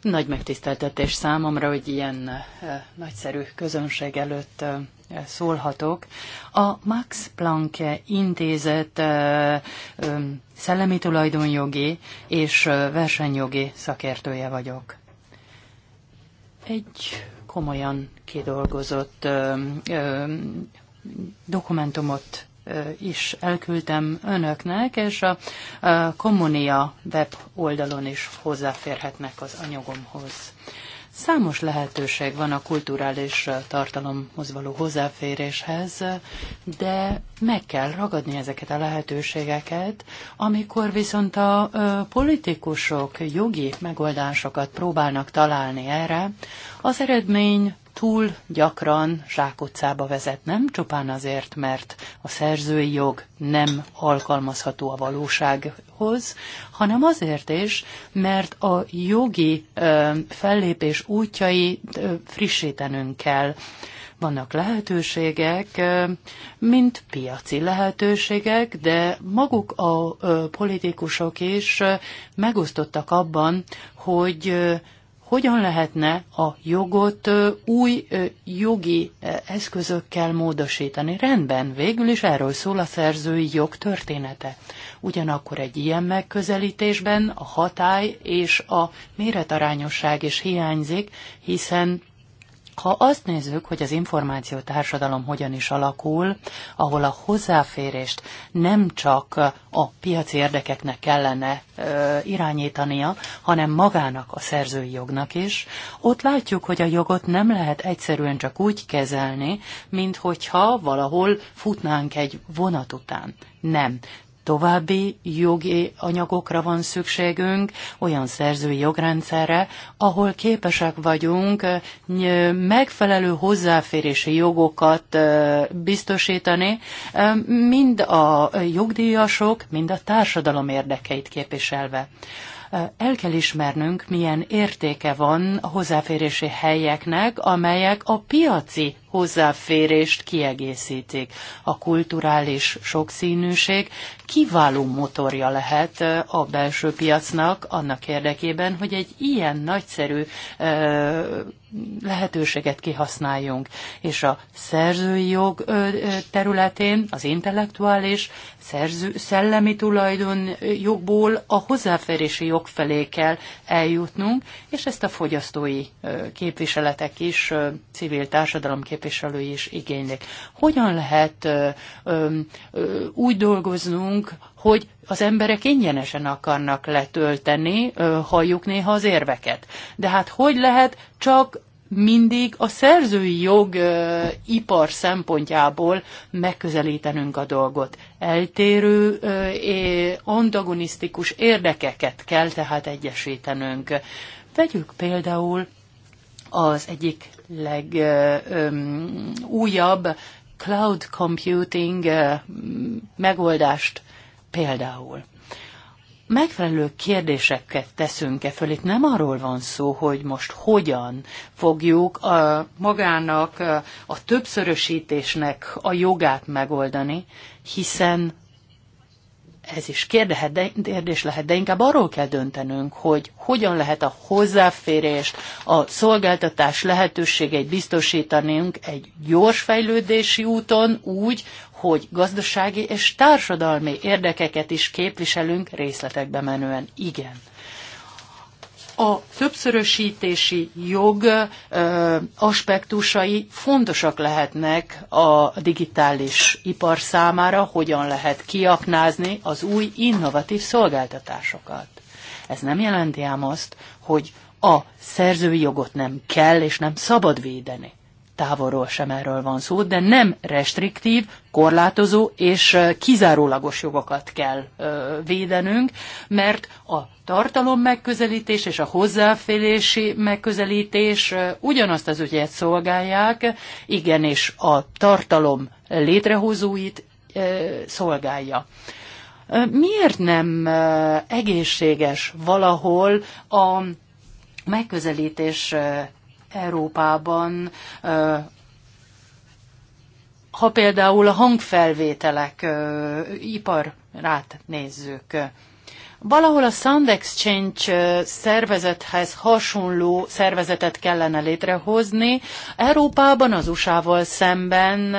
Nagy megtiszteltetés számomra, hogy ilyen eh, nagyszerű közönség előtt eh, szólhatok. A Max Planck intézet eh, szellemi tulajdonjogi és versenyjogi szakértője vagyok. Egy komolyan kidolgozott ö, ö, dokumentumot is elküldtem önöknek, és a, a Kommunia web oldalon is hozzáférhetnek az anyagomhoz. Számos lehetőség van a kulturális tartalomhoz való hozzáféréshez, de meg kell ragadni ezeket a lehetőségeket, amikor viszont a politikusok jogi megoldásokat próbálnak találni erre, az eredmény túl gyakran zsákutcába vezet, nem csupán azért, mert a szerzői jog nem alkalmazható a valóság célhoz, hanem azért is, mert a jogi ö, fellépés útjai ö, frissítenünk kell. Vannak lehetőségek, mint piaci lehetőségek, de maguk a politikusok is megosztottak abban, hogy hogyan lehetne a jogot új jogi eszközökkel módosítani. Rendben, végül is erről szól a szerzői jog története. Ugyanakkor egy ilyen megközelítésben a hatály és a méretarányosság is hiányzik, hiszen ha azt nézzük, hogy az információ társadalom hogyan is alakul, ahol a hozzáférést nem csak a piaci érdekeknek kellene ö, irányítania, hanem magának a szerzői jognak is, ott látjuk, hogy a jogot nem lehet egyszerűen csak úgy kezelni, mint hogyha valahol futnánk egy vonat után. Nem. További jogi anyagokra van szükségünk, olyan szerzői jogrendszerre, ahol képesek vagyunk eh, megfelelő hozzáférési jogokat eh, biztosítani, eh, mind a jogdíjasok, mind a társadalom érdekeit képviselve el kell ismernünk, milyen értéke van a hozzáférési helyeknek, amelyek a piaci hozzáférést kiegészítik. A kulturális sokszínűség kiváló motorja lehet a belső piacnak annak érdekében, hogy egy ilyen nagyszerű lehetőséget kihasználjunk. És a szerzői jog területén az intellektuális szerző, szellemi tulajdon jogból a hozzáférési jog felé kell eljutnunk, és ezt a fogyasztói képviseletek is, civil társadalom képviseletek képviselői is igénylik. Hogyan lehet ö, ö, úgy dolgoznunk, hogy az emberek ingyenesen akarnak letölteni, ö, halljuk néha az érveket. De hát hogy lehet csak mindig a szerzői jog ö, ipar szempontjából megközelítenünk a dolgot. Eltérő ö, antagonisztikus érdekeket kell tehát egyesítenünk. Vegyük például az egyik legújabb cloud computing megoldást például megfelelő kérdéseket teszünk-e föl. Itt nem arról van szó, hogy most hogyan fogjuk a, magának a többszörösítésnek a jogát megoldani, hiszen ez is kérdehet, de, kérdés lehet, de inkább arról kell döntenünk, hogy hogyan lehet a hozzáférést, a szolgáltatás lehetőségeit biztosítanunk egy gyors fejlődési úton úgy, hogy gazdasági és társadalmi érdekeket is képviselünk részletekbe menően. Igen a többszörösítési jog aspektusai fontosak lehetnek a digitális ipar számára, hogyan lehet kiaknázni az új innovatív szolgáltatásokat. Ez nem jelenti ám azt, hogy a szerzői jogot nem kell és nem szabad védeni távolról sem erről van szó, de nem restriktív, korlátozó és kizárólagos jogokat kell védenünk, mert a tartalom megközelítés és a hozzáférési megközelítés ugyanazt az ügyet szolgálják, igenis a tartalom létrehozóit szolgálja miért nem egészséges valahol a megközelítés Európában ha például a hangfelvételek iparát nézzük, Valahol a Sound Exchange szervezethez hasonló szervezetet kellene létrehozni. Európában az USA-val szemben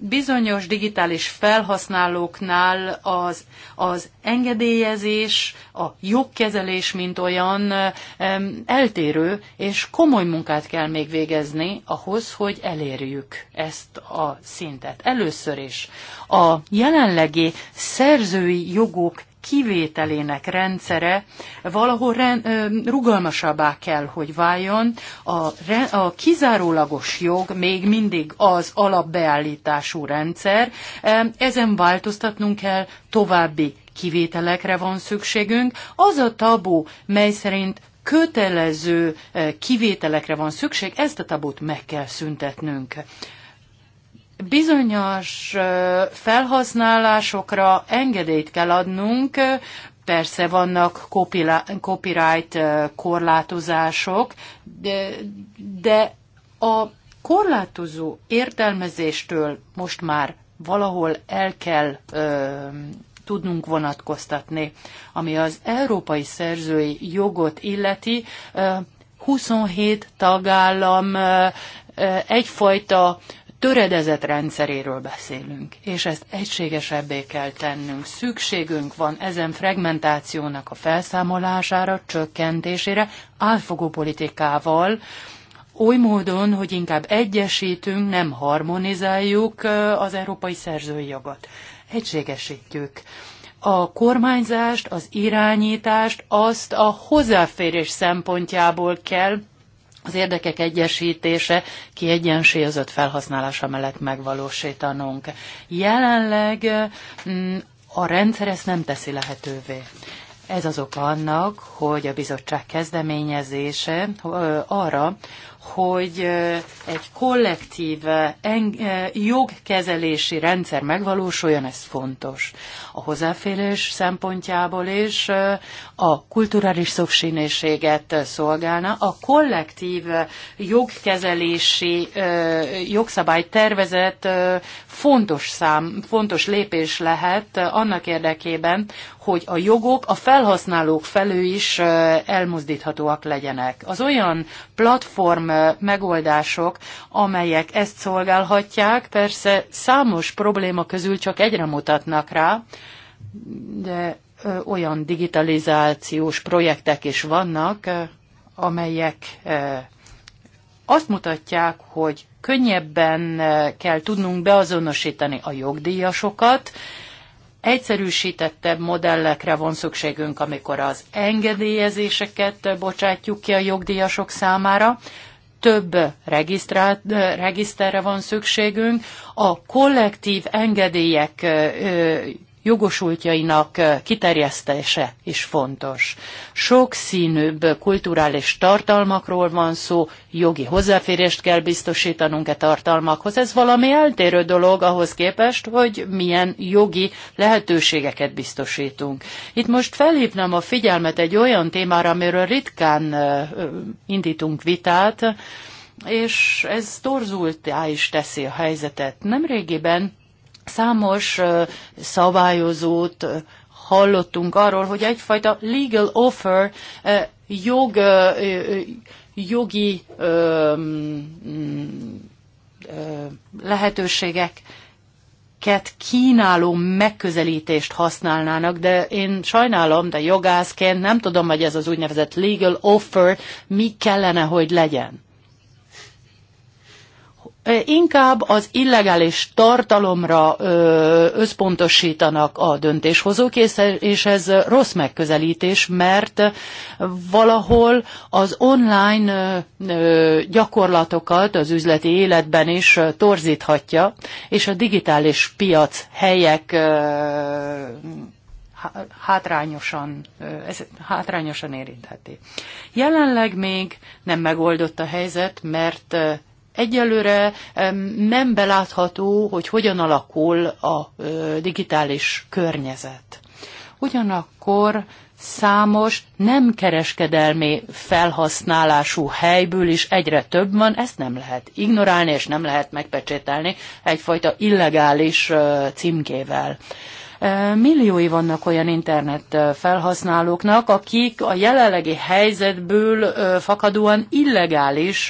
bizonyos digitális felhasználóknál az, az engedélyezés, a jogkezelés, mint olyan eltérő, és komoly munkát kell még végezni ahhoz, hogy elérjük ezt a szintet. Először is a jelenlegi szerzői jogok kivételének rendszere valahol rend, rugalmasabbá kell, hogy váljon. A, a kizárólagos jog még mindig az alapbeállítású rendszer, ezen változtatnunk kell, további kivételekre van szükségünk. Az a tabu, mely szerint kötelező kivételekre van szükség, ezt a tabut meg kell szüntetnünk bizonyos felhasználásokra engedélyt kell adnunk, Persze vannak copyright korlátozások, de, de a korlátozó értelmezéstől most már valahol el kell ö, tudnunk vonatkoztatni. Ami az európai szerzői jogot illeti, ö, 27 tagállam ö, egyfajta töredezett rendszeréről beszélünk, és ezt egységesebbé kell tennünk. Szükségünk van ezen fragmentációnak a felszámolására, csökkentésére, átfogó politikával, oly módon, hogy inkább egyesítünk, nem harmonizáljuk az európai szerzői jogot. Egységesítjük a kormányzást, az irányítást, azt a hozzáférés szempontjából kell az érdekek egyesítése kiegyensúlyozott felhasználása mellett megvalósítanunk. Jelenleg mm, a rendszer ezt nem teszi lehetővé. Ez az oka annak, hogy a bizottság kezdeményezése arra, hogy egy kollektív jogkezelési rendszer megvalósuljon, ez fontos. A hozzáférés szempontjából is a kulturális szoksínéséget szolgálna. A kollektív jogkezelési jogszabálytervezet fontos, szám, fontos lépés lehet annak érdekében, hogy a jogok a felhasználók felül is elmozdíthatóak legyenek. Az olyan platform megoldások, amelyek ezt szolgálhatják. Persze számos probléma közül csak egyre mutatnak rá, de olyan digitalizációs projektek is vannak, amelyek azt mutatják, hogy könnyebben kell tudnunk beazonosítani a jogdíjasokat, egyszerűsítettebb modellekre van szükségünk, amikor az engedélyezéseket bocsátjuk ki a jogdíjasok számára, több regisztrát, regiszterre van szükségünk, a kollektív engedélyek jogosultjainak eh, kiterjesztése is fontos. Sokszínűbb kulturális tartalmakról van szó, jogi hozzáférést kell biztosítanunk e tartalmakhoz. Ez valami eltérő dolog ahhoz képest, hogy milyen jogi lehetőségeket biztosítunk. Itt most felhívnám a figyelmet egy olyan témára, amiről ritkán eh, indítunk vitát, és ez torzultá is teszi a helyzetet. Nemrégiben Számos szabályozót hallottunk arról, hogy egyfajta legal offer jog, jogi lehetőségek kínáló megközelítést használnának, de én sajnálom, de jogászként nem tudom, hogy ez az úgynevezett legal offer mi kellene, hogy legyen inkább az illegális tartalomra összpontosítanak a döntéshozók, és ez rossz megközelítés, mert valahol az online gyakorlatokat az üzleti életben is torzíthatja, és a digitális piac helyek hátrányosan, ez hátrányosan érintheti. Jelenleg még nem megoldott a helyzet, mert egyelőre nem belátható, hogy hogyan alakul a digitális környezet. Ugyanakkor számos nem kereskedelmi felhasználású helyből is egyre több van, ezt nem lehet ignorálni, és nem lehet megpecsételni egyfajta illegális címkével milliói vannak olyan internet felhasználóknak, akik a jelenlegi helyzetből fakadóan illegális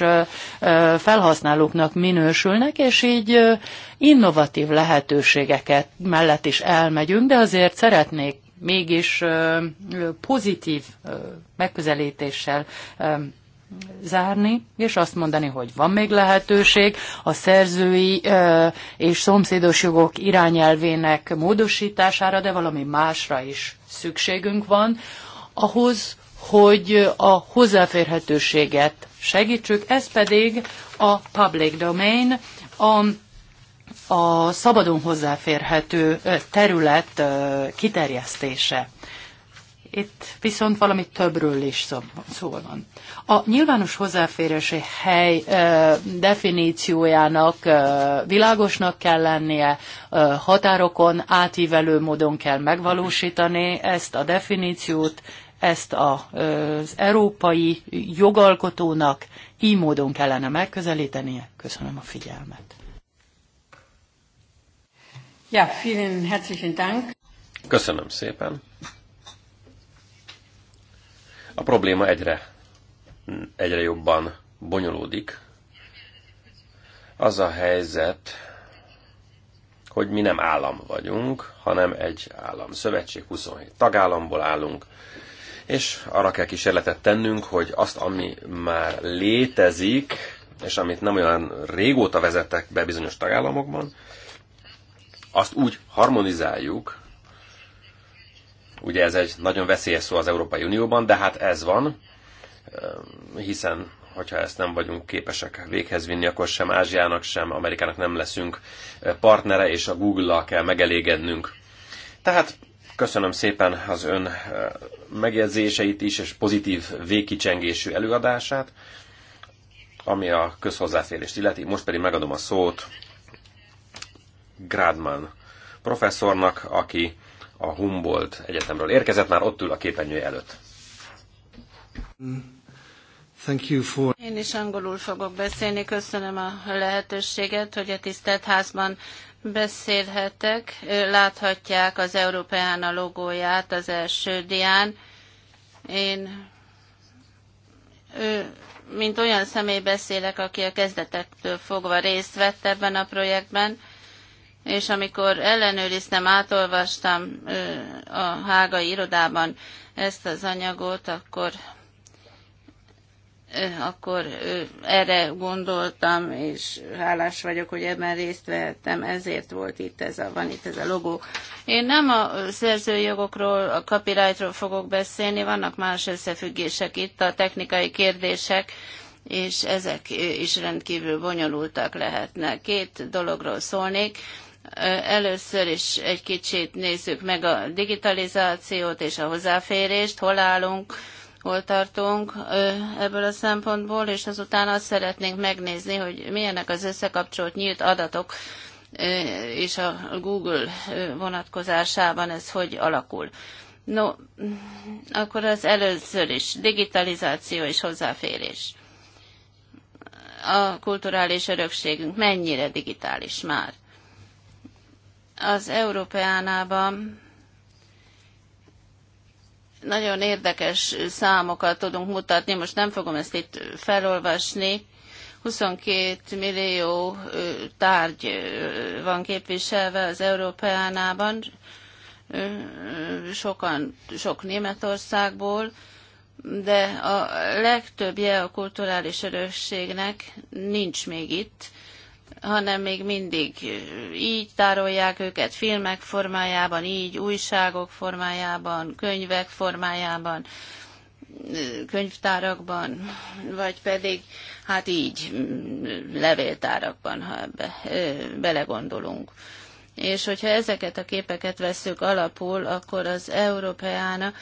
felhasználóknak minősülnek, és így innovatív lehetőségeket mellett is elmegyünk, de azért szeretnék mégis pozitív megközelítéssel zárni, és azt mondani, hogy van még lehetőség a szerzői ö, és szomszédos jogok irányelvének módosítására, de valami másra is szükségünk van, ahhoz, hogy a hozzáférhetőséget segítsük, ez pedig a public domain, a, a szabadon hozzáférhető terület kiterjesztése. Itt viszont valami többről is szó, van. A nyilvános hozzáférési hely ö, definíciójának ö, világosnak kell lennie, ö, határokon átívelő módon kell megvalósítani ezt a definíciót, ezt a, az európai jogalkotónak így módon kellene megközelítenie. Köszönöm a figyelmet. Ja, vielen herzlichen Dank. Köszönöm szépen. A probléma egyre, egyre jobban bonyolódik. Az a helyzet, hogy mi nem állam vagyunk, hanem egy állam szövetség, 27 tagállamból állunk, és arra kell kísérletet tennünk, hogy azt, ami már létezik, és amit nem olyan régóta vezettek be bizonyos tagállamokban, azt úgy harmonizáljuk, Ugye ez egy nagyon veszélyes szó az Európai Unióban, de hát ez van, hiszen hogyha ezt nem vagyunk képesek véghez vinni, akkor sem Ázsiának, sem Amerikának nem leszünk partnere, és a Google-lal kell megelégednünk. Tehát köszönöm szépen az ön megjegyzéseit is, és pozitív végkicsengésű előadását, ami a közhozzáférést illeti. Most pedig megadom a szót Grádman professzornak, aki a Humboldt Egyetemről érkezett, már ott ül a képernyő előtt. Thank you for... Én is angolul fogok beszélni. Köszönöm a lehetőséget, hogy a tisztelt házban beszélhetek. Láthatják az Európeán a logóját az első dián. Én ő, mint olyan személy beszélek, aki a kezdetektől fogva részt vett ebben a projektben és amikor ellenőriztem, átolvastam a hágai irodában ezt az anyagot, akkor akkor erre gondoltam, és hálás vagyok, hogy ebben részt vehettem, ezért volt itt ez a, van itt ez a logó. Én nem a szerzőjogokról, a copyrightról fogok beszélni, vannak más összefüggések itt, a technikai kérdések, és ezek is rendkívül bonyolultak lehetnek. Két dologról szólnék. Először is egy kicsit nézzük meg a digitalizációt és a hozzáférést, hol állunk, hol tartunk ebből a szempontból, és azután azt szeretnénk megnézni, hogy milyenek az összekapcsolt nyílt adatok, és a Google vonatkozásában ez hogy alakul. No, akkor az először is digitalizáció és hozzáférés. A kulturális örökségünk mennyire digitális már? az Európeánában nagyon érdekes számokat tudunk mutatni, most nem fogom ezt itt felolvasni. 22 millió tárgy van képviselve az Európeánában, sokan, sok Németországból, de a legtöbbje a kulturális örökségnek nincs még itt hanem még mindig így tárolják őket filmek formájában, így újságok formájában, könyvek formájában, könyvtárakban, vagy pedig hát így levéltárakban, ha ebbe belegondolunk. És hogyha ezeket a képeket veszük alapul, akkor az európeána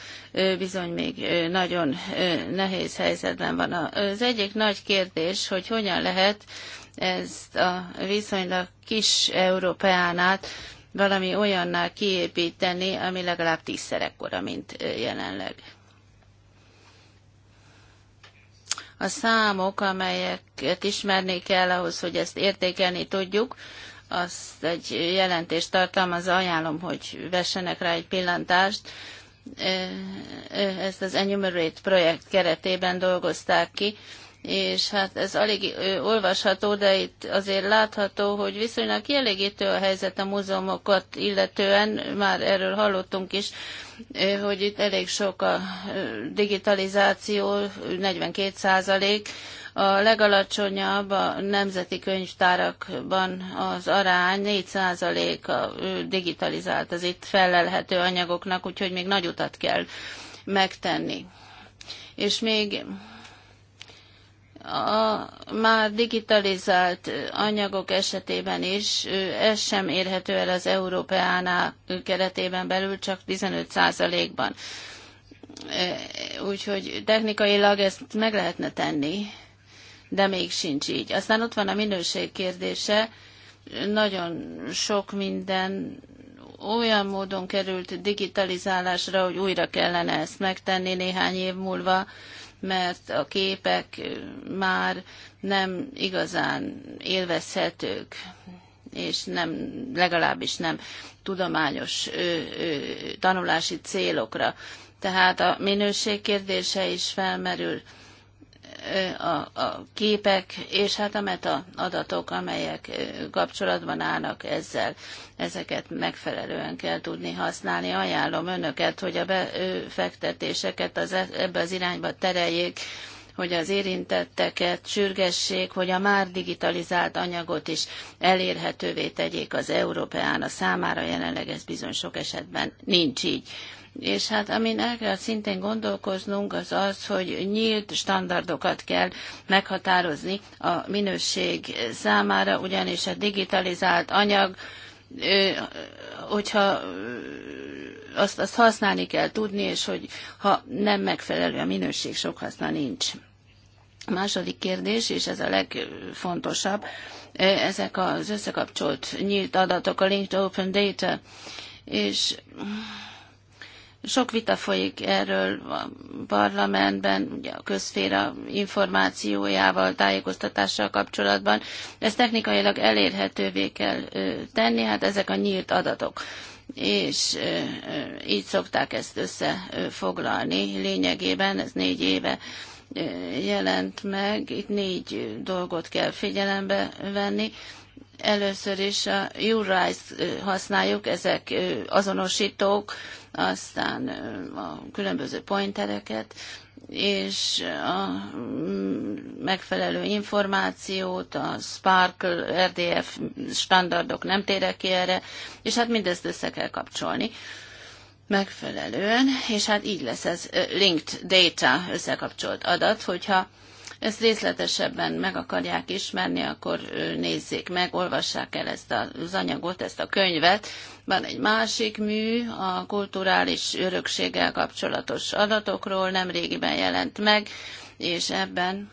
bizony még nagyon nehéz helyzetben van. Az egyik nagy kérdés, hogy hogyan lehet ezt a viszonylag kis Európeánát valami olyannál kiépíteni, ami legalább tízszerekora, mint jelenleg. A számok, amelyeket ismerni kell ahhoz, hogy ezt értékelni tudjuk, azt egy jelentést tartalmaz, ajánlom, hogy vessenek rá egy pillantást. Ezt az Enumerate projekt keretében dolgozták ki, és hát ez alig olvasható, de itt azért látható, hogy viszonylag kielégítő a helyzet a múzeumokat illetően, már erről hallottunk is, hogy itt elég sok a digitalizáció, 42 százalék, a legalacsonyabb a nemzeti könyvtárakban az arány 4% a digitalizált az itt felelhető anyagoknak, úgyhogy még nagy utat kell megtenni. És még a már digitalizált anyagok esetében is ez sem érhető el az Európeánál keretében belül, csak 15%-ban. Úgyhogy technikailag ezt meg lehetne tenni, de még sincs így. Aztán ott van a minőség kérdése. Nagyon sok minden olyan módon került digitalizálásra, hogy újra kellene ezt megtenni néhány év múlva mert a képek már nem igazán élvezhetők, és nem, legalábbis nem tudományos ö, ö, tanulási célokra. Tehát a minőség kérdése is felmerül a, a képek és hát a meta adatok, amelyek kapcsolatban állnak ezzel. Ezeket megfelelően kell tudni használni. Ajánlom önöket, hogy a befektetéseket az, e, ebbe az irányba tereljék, hogy az érintetteket sürgessék, hogy a már digitalizált anyagot is elérhetővé tegyék az Európeán a számára, jelenleg ez bizony sok esetben nincs így. És hát amin el kell szintén gondolkoznunk, az az, hogy nyílt standardokat kell meghatározni a minőség számára, ugyanis a digitalizált anyag, hogyha azt, azt használni kell tudni, és hogy ha nem megfelelő a minőség, sok haszna nincs. A második kérdés, és ez a legfontosabb, ezek az összekapcsolt nyílt adatok, a linked open data, és sok vita folyik erről a parlamentben, ugye a közféra információjával, tájékoztatással kapcsolatban. Ezt technikailag elérhetővé kell tenni, hát ezek a nyílt adatok és így szokták ezt összefoglalni. Lényegében ez négy éve jelent meg, itt négy dolgot kell figyelembe venni. Először is a URIs használjuk, ezek azonosítók, aztán a különböző pointereket, és a mm, megfelelő információt, a Sparkle, RDF standardok nem térek ki erre, és hát mindezt össze kell kapcsolni megfelelően, és hát így lesz ez linked data, összekapcsolt adat, hogyha ezt részletesebben meg akarják ismerni, akkor nézzék meg, olvassák el ezt az anyagot, ezt a könyvet. Van egy másik mű a kulturális örökséggel kapcsolatos adatokról, nem régiben jelent meg, és ebben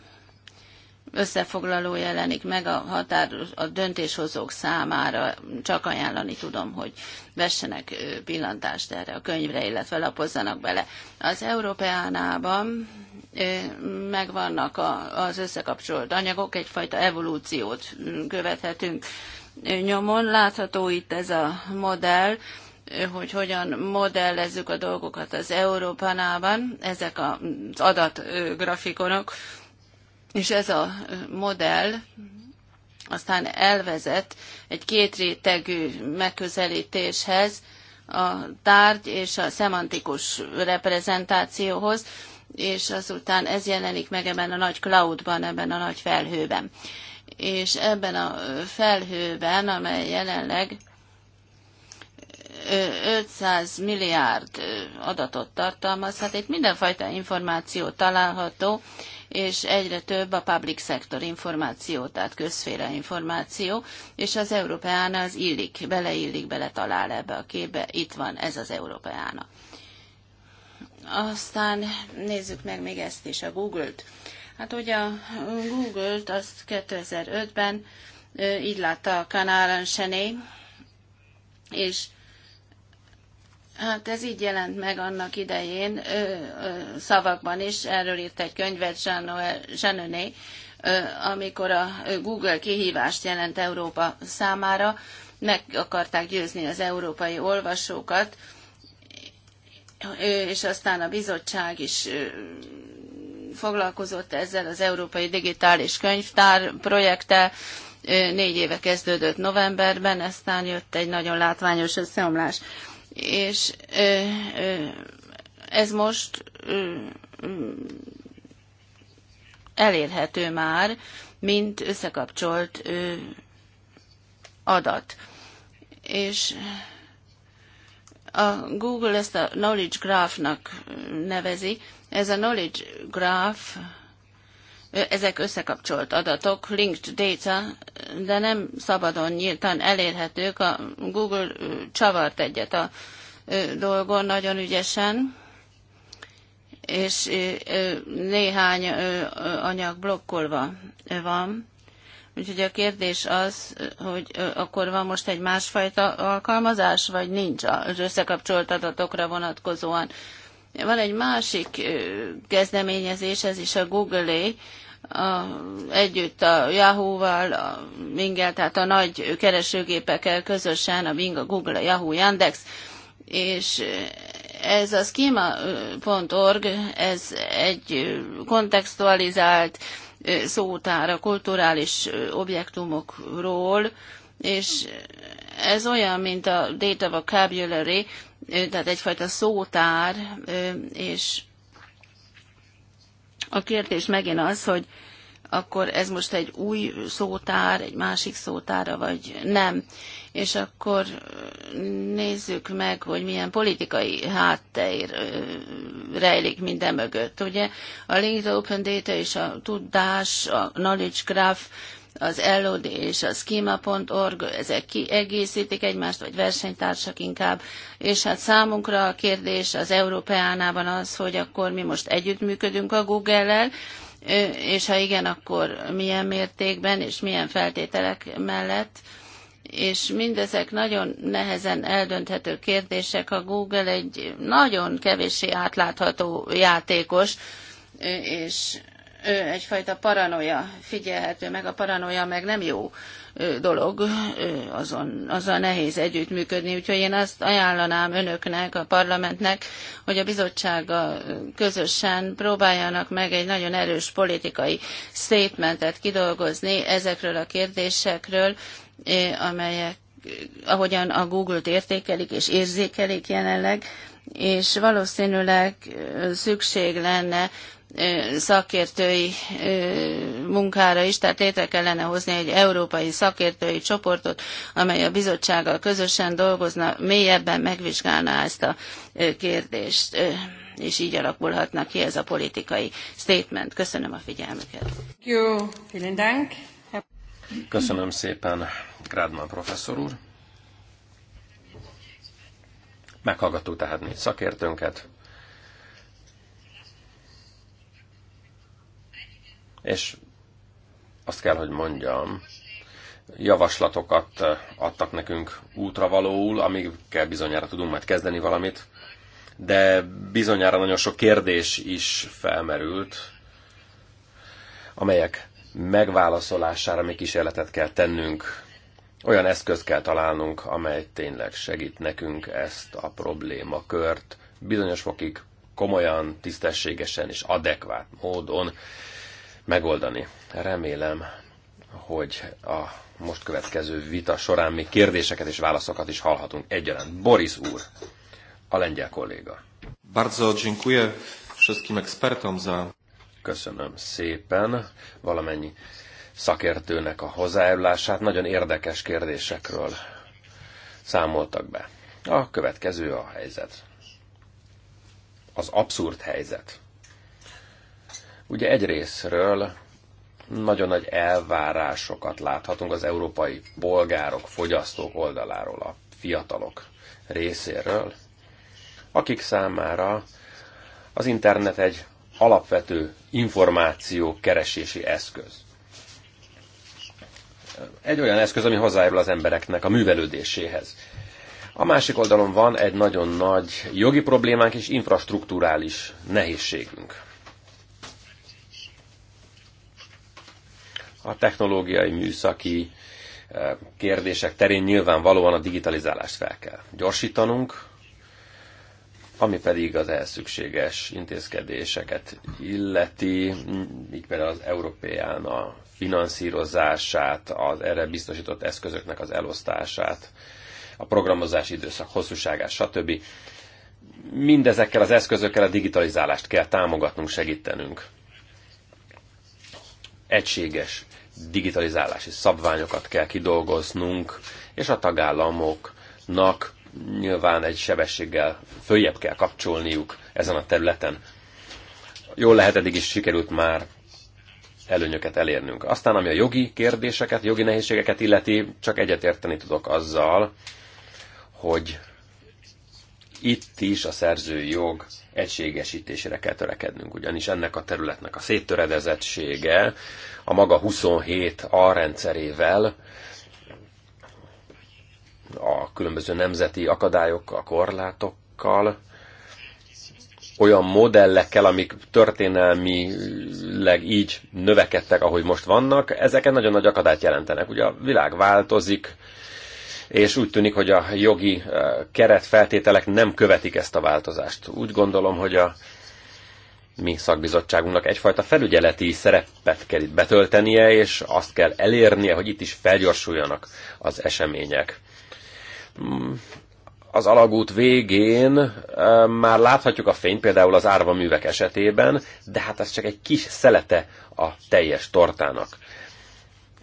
összefoglaló jelenik meg a, határ, a döntéshozók számára. Csak ajánlani tudom, hogy vessenek pillantást erre a könyvre, illetve lapozzanak bele. Az Európeánában megvannak az összekapcsolt anyagok, egyfajta evolúciót követhetünk nyomon. Látható itt ez a modell, hogy hogyan modellezzük a dolgokat az Európánában, ezek az adatgrafikonok. grafikonok és ez a modell aztán elvezet egy kétrétegű megközelítéshez, a tárgy és a szemantikus reprezentációhoz, és azután ez jelenik meg ebben a nagy cloudban, ebben a nagy felhőben. És ebben a felhőben, amely jelenleg 500 milliárd adatot tartalmaz, hát itt mindenfajta információ található, és egyre több a public sector információ, tehát közféle információ, és az Európeán az illik, beleillik, bele talál ebbe a képbe, itt van ez az Európeána. Aztán nézzük meg még ezt is, a Google-t. Hát ugye a Google-t azt 2005-ben így látta a kanálon Sené, és Hát ez így jelent meg annak idején ö, ö, szavakban is, erről írt egy könyvet Sanöné, amikor a Google kihívást jelent Európa számára, meg akarták győzni az európai olvasókat, és aztán a bizottság is foglalkozott ezzel az Európai Digitális Könyvtár projekttel. Négy éve kezdődött novemberben, aztán jött egy nagyon látványos összeomlás és ez most elérhető már, mint összekapcsolt adat. És a Google ezt a knowledge graphnak nevezi. Ez a knowledge graph ezek összekapcsolt adatok, linked data, de nem szabadon nyíltan elérhetők. A Google csavart egyet a dolgon nagyon ügyesen, és néhány anyag blokkolva van. Úgyhogy a kérdés az, hogy akkor van most egy másfajta alkalmazás, vagy nincs az összekapcsolt adatokra vonatkozóan. Van egy másik kezdeményezés, ez is a Google-é, a, együtt a Yahoo-val, a Bing-el, tehát a nagy keresőgépekkel közösen, a Bing, a Google, a Yahoo, Yandex, és ez a schema.org, ez egy kontextualizált szótár a kulturális objektumokról, és ez olyan, mint a data vocabulary, tehát egyfajta szótár, és a kérdés megint az, hogy akkor ez most egy új szótár, egy másik szótára, vagy nem. És akkor nézzük meg, hogy milyen politikai háttér rejlik minden mögött. Ugye a linked open data és a tudás, a knowledge graph az LOD és a schema.org, ezek kiegészítik egymást, vagy versenytársak inkább, és hát számunkra a kérdés az Európeánában az, hogy akkor mi most együttműködünk a Google-el, és ha igen, akkor milyen mértékben és milyen feltételek mellett, és mindezek nagyon nehezen eldönthető kérdések. A Google egy nagyon kevéssé átlátható játékos, és egyfajta paranoia figyelhető meg, a paranoia meg nem jó dolog, azon, azzal nehéz együttműködni, úgyhogy én azt ajánlanám önöknek, a parlamentnek, hogy a bizottsággal közösen próbáljanak meg egy nagyon erős politikai statementet kidolgozni ezekről a kérdésekről, amelyek ahogyan a Google-t értékelik és érzékelik jelenleg, és valószínűleg szükség lenne szakértői munkára is, tehát létre kellene hozni egy európai szakértői csoportot, amely a bizottsággal közösen dolgozna, mélyebben megvizsgálná ezt a kérdést, és így alakulhatna ki ez a politikai statement. Köszönöm a figyelmüket. vielen Dank. Köszönöm szépen, Grádman professzor úr. Meghallgattuk tehát négy szakértőnket. és azt kell, hogy mondjam, javaslatokat adtak nekünk útra amíg amikkel bizonyára tudunk majd kezdeni valamit, de bizonyára nagyon sok kérdés is felmerült, amelyek megválaszolására még kísérletet kell tennünk. Olyan eszközt kell találnunk, amely tényleg segít nekünk ezt a problémakört bizonyos fokig komolyan, tisztességesen és adekvát módon megoldani. Remélem, hogy a most következő vita során még kérdéseket és válaszokat is hallhatunk egyaránt. Boris úr, a lengyel kolléga. Bardzo dziękuję wszystkim ekspertom za... Köszönöm szépen valamennyi szakértőnek a hozzájárulását. Nagyon érdekes kérdésekről számoltak be. A következő a helyzet. Az abszurd helyzet. Ugye egyrésztről nagyon nagy elvárásokat láthatunk az európai polgárok, fogyasztók oldaláról, a fiatalok részéről, akik számára az internet egy alapvető információ keresési eszköz. Egy olyan eszköz, ami hozzájárul az embereknek a művelődéséhez. A másik oldalon van egy nagyon nagy jogi problémánk és infrastruktúrális nehézségünk. A technológiai, műszaki eh, kérdések terén nyilvánvalóan a digitalizálást fel kell gyorsítanunk, ami pedig az ehhez szükséges intézkedéseket illeti, így például az Európéján a finanszírozását, az erre biztosított eszközöknek az elosztását, a programozási időszak hosszúságát, stb. Mindezekkel az eszközökkel a digitalizálást kell támogatnunk, segítenünk. Egységes digitalizálási szabványokat kell kidolgoznunk, és a tagállamoknak nyilván egy sebességgel följebb kell kapcsolniuk ezen a területen. Jól lehet, eddig is sikerült már előnyöket elérnünk. Aztán, ami a jogi kérdéseket, jogi nehézségeket illeti, csak egyetérteni tudok azzal, hogy itt is a szerzői jog egységesítésére kell törekednünk, ugyanis ennek a területnek a széttöredezettsége a maga 27 A rendszerével a különböző nemzeti akadályokkal, korlátokkal, olyan modellekkel, amik történelmileg így növekedtek, ahogy most vannak, ezeken nagyon nagy akadályt jelentenek. Ugye a világ változik, és úgy tűnik, hogy a jogi eh, keretfeltételek nem követik ezt a változást. Úgy gondolom, hogy a mi szakbizottságunknak egyfajta felügyeleti szerepet kell itt betöltenie, és azt kell elérnie, hogy itt is felgyorsuljanak az események. Mm, az alagút végén eh, már láthatjuk a fényt például az árva művek esetében, de hát ez csak egy kis szelete a teljes tortának.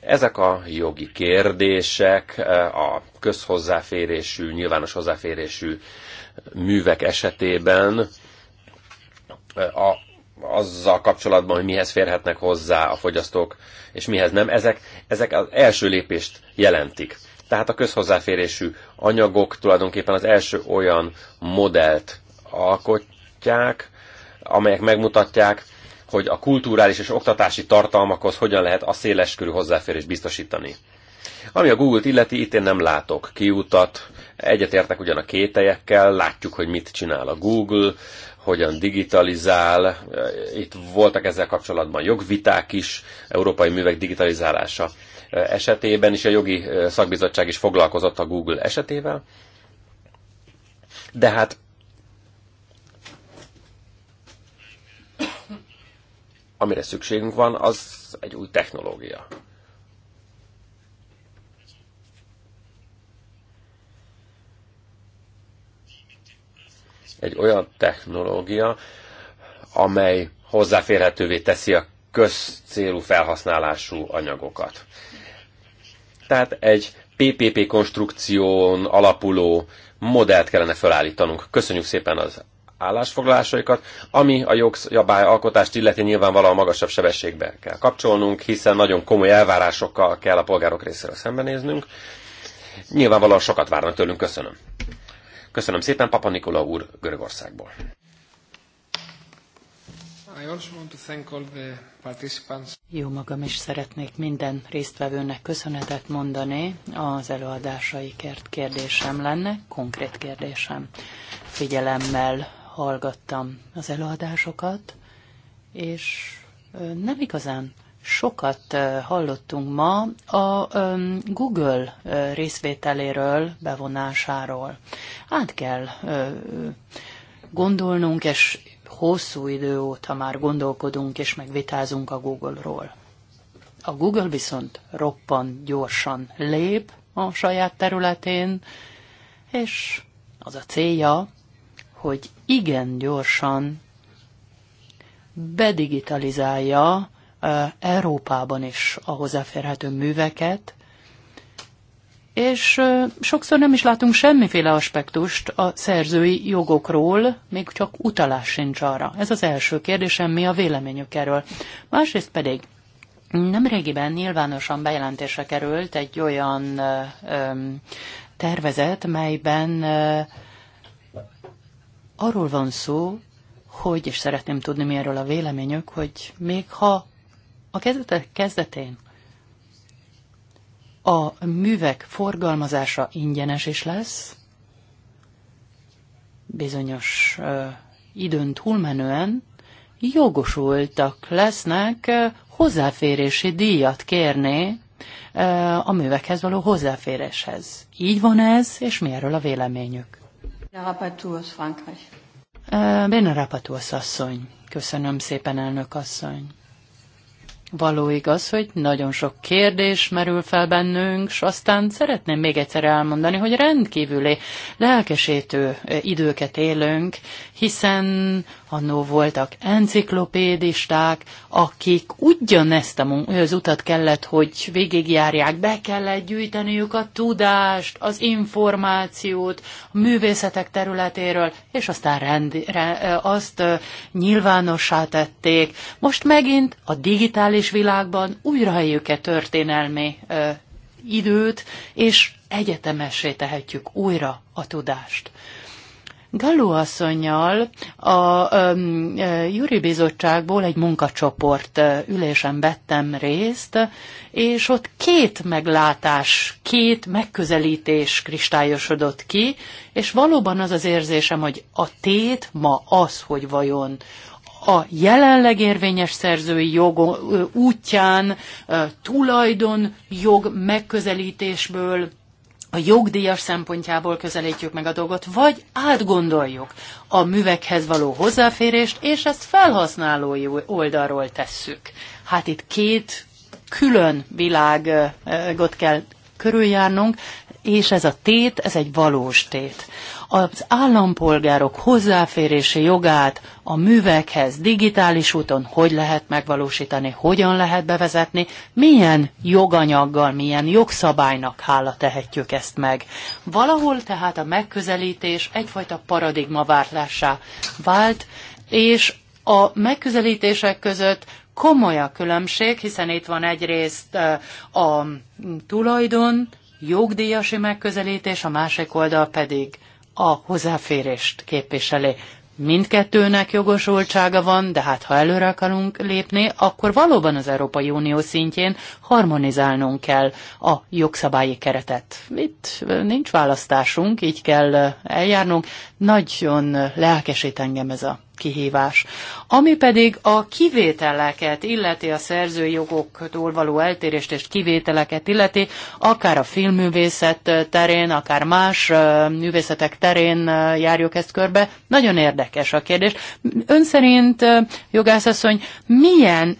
Ezek a jogi kérdések eh, a közhozzáférésű, nyilvános hozzáférésű művek esetében eh, a, azzal kapcsolatban, hogy mihez férhetnek hozzá a fogyasztók, és mihez nem, ezek, ezek az első lépést jelentik. Tehát a közhozzáférésű anyagok tulajdonképpen az első olyan modellt alkotják, amelyek megmutatják, hogy a kulturális és oktatási tartalmakhoz hogyan lehet a széleskörű hozzáférés biztosítani. Ami a Google-t illeti, itt én nem látok kiutat, egyetértek ugyan a kételyekkel, látjuk, hogy mit csinál a Google, hogyan digitalizál, itt voltak ezzel kapcsolatban jogviták is, európai művek digitalizálása esetében is, a jogi eh, szakbizottság is foglalkozott a Google esetével, de hát amire szükségünk van, az egy új technológia. Egy olyan technológia, amely hozzáférhetővé teszi a közcélú felhasználású anyagokat. Tehát egy PPP konstrukción alapuló modellt kellene felállítanunk. Köszönjük szépen az állásfoglalásaikat, ami a jogszabály alkotást illeti nyilvánvalóan magasabb sebességbe kell kapcsolnunk, hiszen nagyon komoly elvárásokkal kell a polgárok részéről szembenéznünk. Nyilvánvalóan sokat várnak tőlünk, köszönöm. Köszönöm szépen, Papa Nikola úr Görögországból. Jó magam is szeretnék minden résztvevőnek köszönetet mondani. Az előadásaikért kérdésem lenne, konkrét kérdésem. Figyelemmel hallgattam az előadásokat, és nem igazán sokat hallottunk ma a Google részvételéről, bevonásáról. Át kell gondolnunk, és hosszú idő óta már gondolkodunk és megvitázunk a Google-ról. A Google viszont roppant gyorsan lép a saját területén, és az a célja, hogy igen gyorsan bedigitalizálja Európában is a hozzáférhető műveket, és sokszor nem is látunk semmiféle aspektust a szerzői jogokról, még csak utalás sincs arra. Ez az első kérdésem, mi a véleményük erről. Másrészt pedig nemrégiben nyilvánosan bejelentése került egy olyan ö, ö, tervezet, melyben ö, Arról van szó, hogy, és szeretném tudni mi erről a véleményük, hogy még ha a kezdetek kezdetén a művek forgalmazása ingyenes is lesz, bizonyos ö, időn túlmenően jogosultak lesznek ö, hozzáférési díjat kérni ö, a művekhez való hozzáféréshez. Így van ez, és mi erről a véleményük? Béna Rapatúz asszony. Köszönöm szépen, elnök asszony. Való igaz, hogy nagyon sok kérdés merül fel bennünk, és aztán szeretném még egyszer elmondani, hogy rendkívüli lelkesítő időket élünk, hiszen annó voltak enciklopédisták, akik ugyanezt az utat kellett, hogy végigjárják, be kellett gyűjteniük a tudást, az információt a művészetek területéről, és aztán rendi, re, azt nyilvánossá tették. Most megint a digitális világban újra helyük -e történelmi időt, és egyetemessé tehetjük újra a tudást. Galló asszonynal a um, Júri Bizottságból egy munkacsoport ülésen vettem részt, és ott két meglátás, két megközelítés kristályosodott ki, és valóban az az érzésem, hogy a tét ma az, hogy vajon a jelenleg érvényes szerzői jog útján tulajdon jog megközelítésből a jogdíjas szempontjából közelítjük meg a dolgot, vagy átgondoljuk a művekhez való hozzáférést, és ezt felhasználói oldalról tesszük. Hát itt két külön világot kell körüljárnunk, és ez a tét, ez egy valós tét az állampolgárok hozzáférési jogát a művekhez digitális úton hogy lehet megvalósítani, hogyan lehet bevezetni, milyen joganyaggal, milyen jogszabálynak hála tehetjük ezt meg. Valahol tehát a megközelítés egyfajta paradigmaváltásá vált, és a megközelítések között komoly a különbség, hiszen itt van egyrészt a tulajdon, jogdíjasi megközelítés, a másik oldal pedig a hozzáférést képviseli. Mindkettőnek jogosultsága van, de hát ha előre akarunk lépni, akkor valóban az Európai Unió szintjén harmonizálnunk kell a jogszabályi keretet. Itt nincs választásunk, így kell eljárnunk. Nagyon lelkesít engem ez a kihívás. Ami pedig a kivételeket illeti, a szerzői jogoktól való eltérést és kivételeket illeti, akár a filmművészet terén, akár más művészetek terén járjuk ezt körbe, nagyon érdekes a kérdés. Ön szerint, jogászasszony, milyen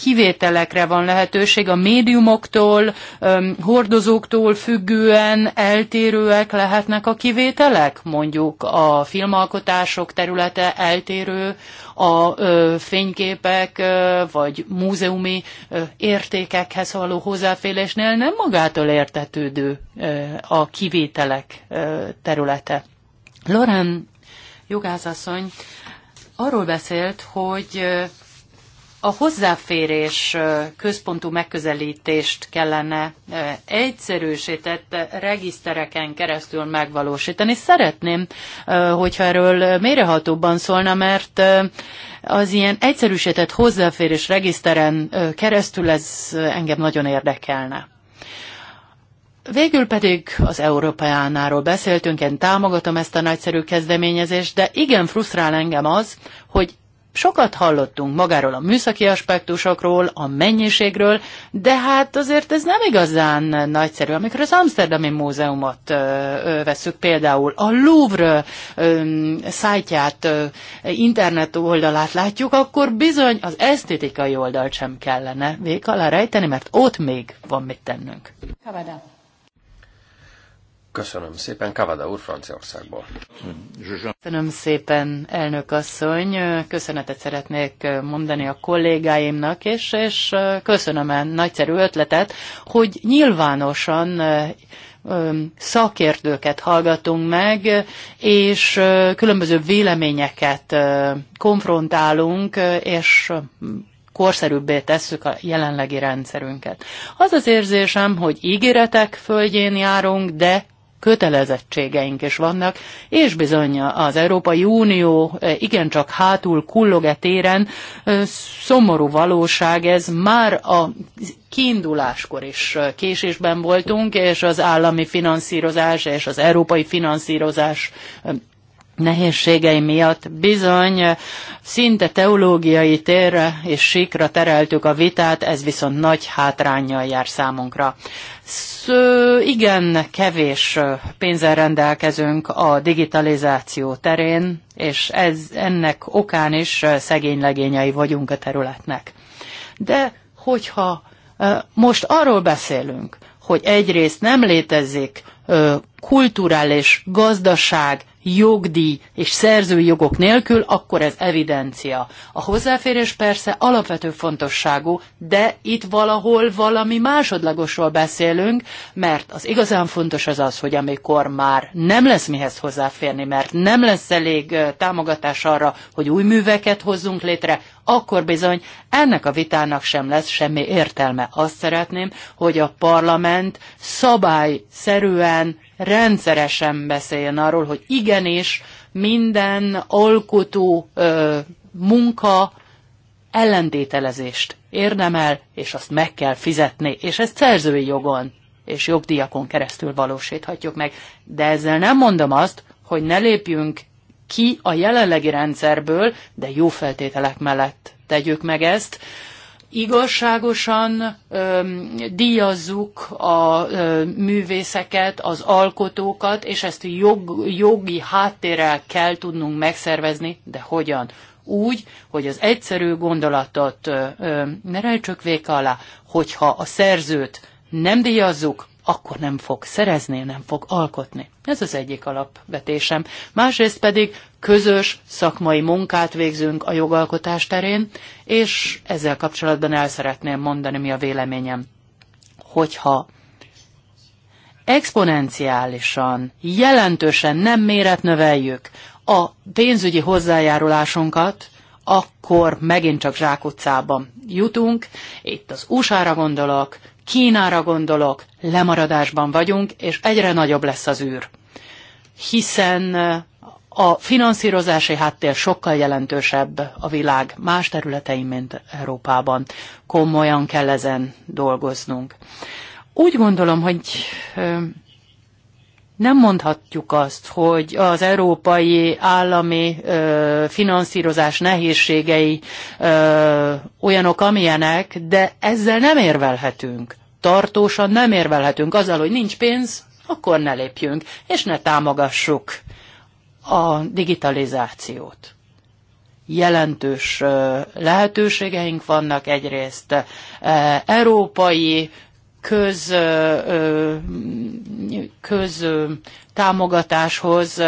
kivételekre van lehetőség a médiumoktól, hordozóktól függően eltérőek lehetnek a kivételek, mondjuk a filmalkotások területe eltérő, a fényképek vagy múzeumi értékekhez való hozzáférésnél nem magától értetődő a kivételek területe. Loren jogászasszony arról beszélt, hogy a hozzáférés központú megközelítést kellene egyszerűsített regisztereken keresztül megvalósítani. Szeretném, hogyha erről mérehatóban szólna, mert az ilyen egyszerűsített hozzáférés regiszteren keresztül ez engem nagyon érdekelne. Végül pedig az Európájánáról beszéltünk, én támogatom ezt a nagyszerű kezdeményezést, de igen frusztrál engem az, hogy Sokat hallottunk magáról a műszaki aspektusokról, a mennyiségről, de hát azért ez nem igazán nagyszerű. Amikor az Amsterdami Múzeumot veszük például, a Louvre szájtját, internet oldalát látjuk, akkor bizony az esztétikai oldalt sem kellene vék alá rejteni, mert ott még van mit tennünk. Kavada. Köszönöm szépen, Kavada úr Franciaországból. Köszönöm szépen, elnök asszony. Köszönetet szeretnék mondani a kollégáimnak, és, és köszönöm a nagyszerű ötletet, hogy nyilvánosan szakértőket hallgatunk meg, és különböző véleményeket konfrontálunk, és korszerűbbé tesszük a jelenlegi rendszerünket. Az az érzésem, hogy ígéretek földjén járunk, de kötelezettségeink is vannak, és bizony az Európai Unió eh, igencsak hátul kullogetéren eh, szomorú valóság ez már a kiinduláskor is eh, késésben voltunk, és az állami finanszírozás és az európai finanszírozás nehézségei miatt bizony szinte teológiai térre és síkra tereltük a vitát, ez viszont nagy hátrányjal jár számunkra. Sző, igen, kevés pénzzel rendelkezünk a digitalizáció terén, és ez, ennek okán is szegénylegényei vagyunk a területnek. De hogyha most arról beszélünk, hogy egyrészt nem létezik kulturális gazdaság jogdíj és szerzői jogok nélkül, akkor ez evidencia. A hozzáférés persze alapvető fontosságú, de itt valahol valami másodlagosról beszélünk, mert az igazán fontos az az, hogy amikor már nem lesz mihez hozzáférni, mert nem lesz elég támogatás arra, hogy új műveket hozzunk létre, akkor bizony ennek a vitának sem lesz semmi értelme. Azt szeretném, hogy a parlament szabályszerűen, rendszeresen beszéljen arról, hogy igenis minden alkotó ö, munka ellentételezést érdemel, és azt meg kell fizetni, és ezt szerzői jogon és jogdíjakon keresztül valósíthatjuk meg. De ezzel nem mondom azt, hogy ne lépjünk ki a jelenlegi rendszerből, de jó feltételek mellett tegyük meg ezt. Igazságosan öm, díjazzuk a öm, művészeket, az alkotókat, és ezt jog, jogi háttérrel kell tudnunk megszervezni, de hogyan? Úgy, hogy az egyszerű gondolatot öm, ne rejtsük véka alá, hogyha a szerzőt nem díjazzuk, akkor nem fog szerezni, nem fog alkotni. Ez az egyik alapvetésem. Másrészt pedig közös szakmai munkát végzünk a jogalkotás terén, és ezzel kapcsolatban el szeretném mondani, mi a véleményem. Hogyha exponenciálisan, jelentősen nem méret növeljük a pénzügyi hozzájárulásunkat, akkor megint csak zsákutcában jutunk. Itt az USA-ra gondolok, Kínára gondolok, lemaradásban vagyunk, és egyre nagyobb lesz az űr. Hiszen eh, a finanszírozási háttér sokkal jelentősebb a világ más területein, mint Európában. Komolyan kell ezen dolgoznunk. Úgy gondolom, hogy eh, nem mondhatjuk azt, hogy az európai állami ö, finanszírozás nehézségei ö, olyanok, amilyenek, de ezzel nem érvelhetünk. Tartósan nem érvelhetünk azzal, hogy nincs pénz, akkor ne lépjünk, és ne támogassuk a digitalizációt. Jelentős lehetőségeink vannak egyrészt európai köz, köz támogatáshoz,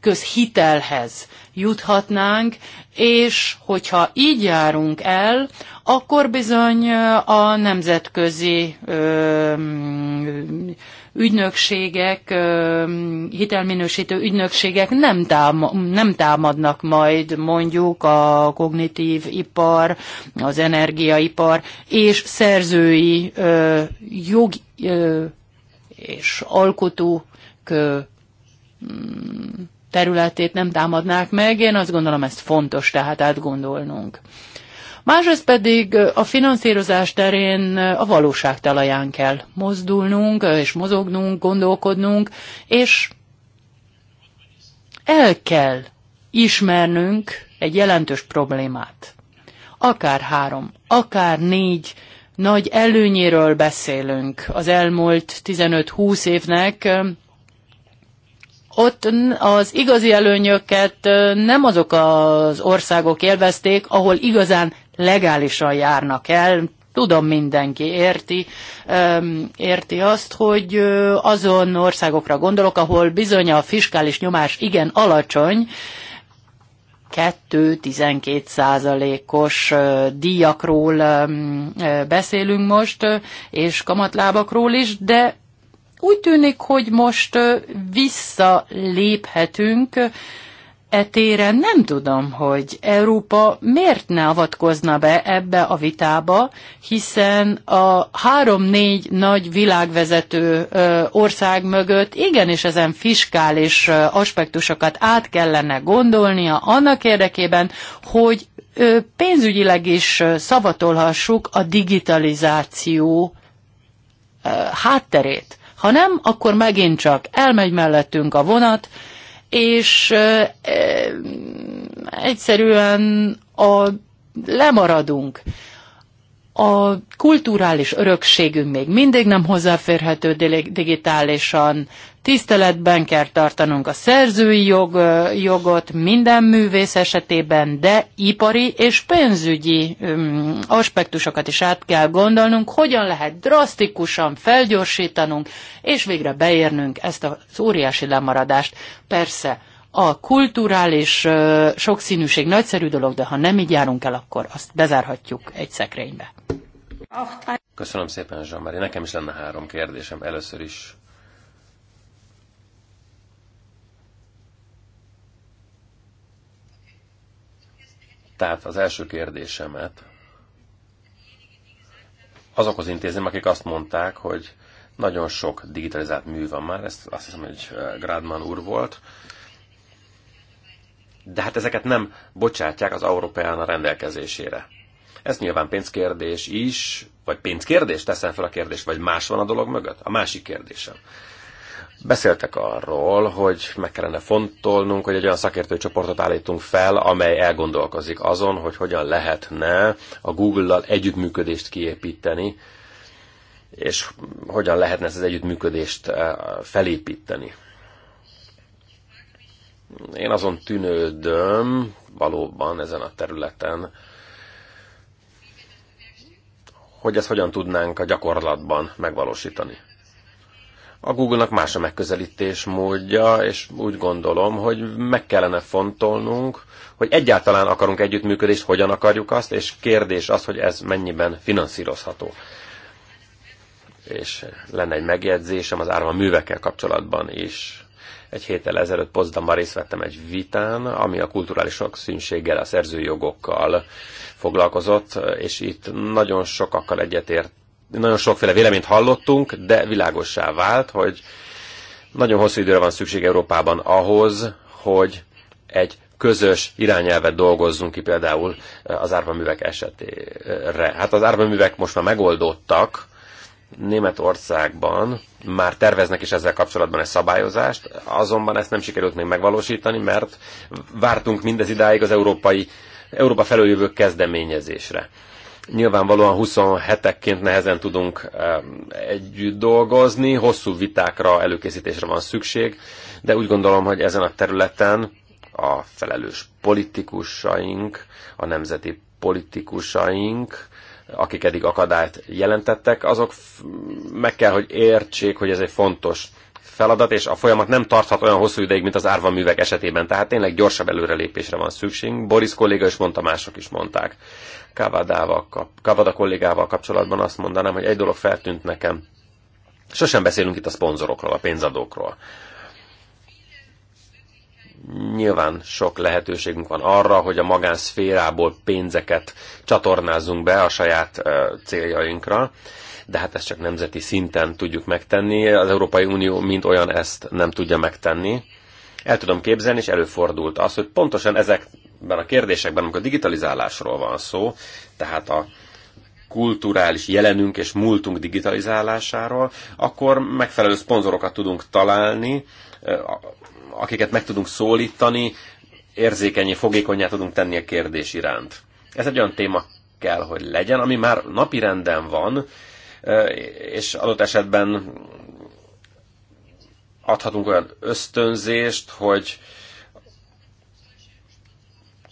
közhitelhez juthatnánk, és hogyha így járunk el, akkor bizony a nemzetközi ügynökségek, hitelminősítő ügynökségek nem, támad, nem támadnak majd mondjuk a kognitív ipar, az energiaipar és szerzői jog és alkotók mm, területét nem támadnák meg. Én azt gondolom, ezt fontos tehát átgondolnunk. Másrészt pedig a finanszírozás terén a valóság talaján kell mozdulnunk, és mozognunk, gondolkodnunk, és el kell ismernünk egy jelentős problémát. Akár három, akár négy nagy előnyéről beszélünk az elmúlt 15-20 évnek, ott az igazi előnyöket nem azok az országok élvezték, ahol igazán legálisan járnak el, Tudom, mindenki érti, érti azt, hogy azon országokra gondolok, ahol bizony a fiskális nyomás igen alacsony, 2-12 százalékos díjakról beszélünk most, és kamatlábakról is, de úgy tűnik, hogy most visszaléphetünk, etéren nem tudom, hogy Európa miért ne avatkozna be ebbe a vitába, hiszen a három-négy nagy világvezető ország mögött igenis ezen fiskális aspektusokat át kellene gondolnia annak érdekében, hogy pénzügyileg is szavatolhassuk a digitalizáció hátterét. Ha nem, akkor megint csak elmegy mellettünk a vonat, és egyszerűen a, lemaradunk. A kulturális örökségünk még mindig nem hozzáférhető digitálisan, Tiszteletben kell tartanunk a szerzői jog, jogot minden művész esetében, de ipari és pénzügyi um, aspektusokat is át kell gondolnunk, hogyan lehet drasztikusan felgyorsítanunk, és végre beérnünk ezt az óriási lemaradást. Persze, a kulturális uh, sokszínűség nagyszerű dolog, de ha nem így járunk el, akkor azt bezárhatjuk egy szekrénybe. Hát- Köszönöm szépen, Zsamari. Nekem is lenne három kérdésem. Először is Tehát az első kérdésemet azokhoz intézem, akik azt mondták, hogy nagyon sok digitalizált mű van már, ezt azt hiszem, hogy Grádman úr volt, de hát ezeket nem bocsátják az a rendelkezésére. Ez nyilván pénzkérdés is, vagy pénzkérdés, teszem fel a kérdést, vagy más van a dolog mögött? A másik kérdésem. Beszéltek arról, hogy meg kellene fontolnunk, hogy egy olyan szakértőcsoportot állítunk fel, amely elgondolkozik azon, hogy hogyan lehetne a Google-lal együttműködést kiépíteni, és hogyan lehetne ezt az együttműködést eh, felépíteni. Én azon tűnődöm valóban ezen a területen, hogy ezt hogyan tudnánk a gyakorlatban megvalósítani. A Google-nak más a megközelítés módja, és úgy gondolom, hogy meg kellene fontolnunk, hogy egyáltalán akarunk együttműködést, hogyan akarjuk azt, és kérdés az, hogy ez mennyiben finanszírozható. És lenne egy megjegyzésem az árva művekkel kapcsolatban is. Egy héttel ezelőtt Pozdamban részt vettem egy vitán, ami a kulturális szűnséggel, a szerzőjogokkal foglalkozott, és itt nagyon sokakkal egyetért nagyon sokféle véleményt hallottunk, de világossá vált, hogy nagyon hosszú időre van szükség Európában ahhoz, hogy egy közös irányelvet dolgozzunk ki például eh, az árvaművek esetére. Hát az árvaművek most már megoldottak, Németországban már terveznek is ezzel kapcsolatban egy szabályozást, azonban ezt nem sikerült még megvalósítani, mert vártunk mindez idáig az európai, Európa felüljövő kezdeményezésre. Nyilvánvalóan 27-ekként nehezen tudunk együtt dolgozni, hosszú vitákra, előkészítésre van szükség, de úgy gondolom, hogy ezen a területen a felelős politikusaink, a nemzeti politikusaink, akik eddig akadályt jelentettek, azok meg kell, hogy értsék, hogy ez egy fontos feladat, és a folyamat nem tarthat olyan hosszú ideig, mint az árva művek esetében. Tehát tényleg gyorsabb előrelépésre van szükség. Boris kolléga is mondta, mások is mondták. Kavadával, Kavada kollégával kapcsolatban azt mondanám, hogy egy dolog feltűnt nekem. Sosem beszélünk itt a szponzorokról, a pénzadókról. Nyilván sok lehetőségünk van arra, hogy a magánszférából pénzeket csatornázzunk be a saját céljainkra de hát ezt csak nemzeti szinten tudjuk megtenni. Az Európai Unió mint olyan ezt nem tudja megtenni. El tudom képzelni, és előfordult az, hogy pontosan ezekben a kérdésekben, amikor a digitalizálásról van szó, tehát a kulturális jelenünk és múltunk digitalizálásáról, akkor megfelelő szponzorokat tudunk találni, akiket meg tudunk szólítani, érzékenyé, fogékonyá tudunk tenni a kérdés iránt. Ez egy olyan téma kell, hogy legyen, ami már napirenden van, és adott esetben adhatunk olyan ösztönzést, hogy,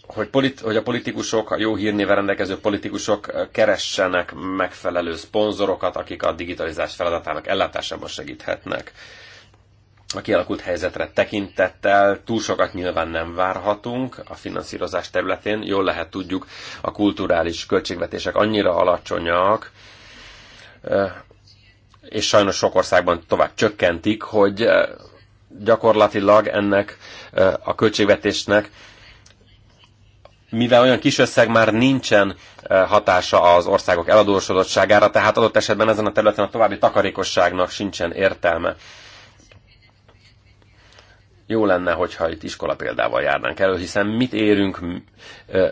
hogy, polit, hogy a politikusok, a jó hírnével rendelkező politikusok keressenek megfelelő szponzorokat, akik a digitalizás feladatának ellátásában segíthetnek. A kialakult helyzetre tekintettel túl sokat nyilván nem várhatunk a finanszírozás területén. Jól lehet tudjuk, a kulturális költségvetések annyira alacsonyak, Eh, és sajnos sok országban tovább csökkentik, hogy eh, gyakorlatilag ennek eh, a költségvetésnek mivel olyan kis összeg már nincsen hatása az országok eladósodottságára, tehát adott esetben ezen a területen a további takarékosságnak sincsen értelme. Jó lenne, hogyha itt iskola példával járnánk elő, hiszen mit érünk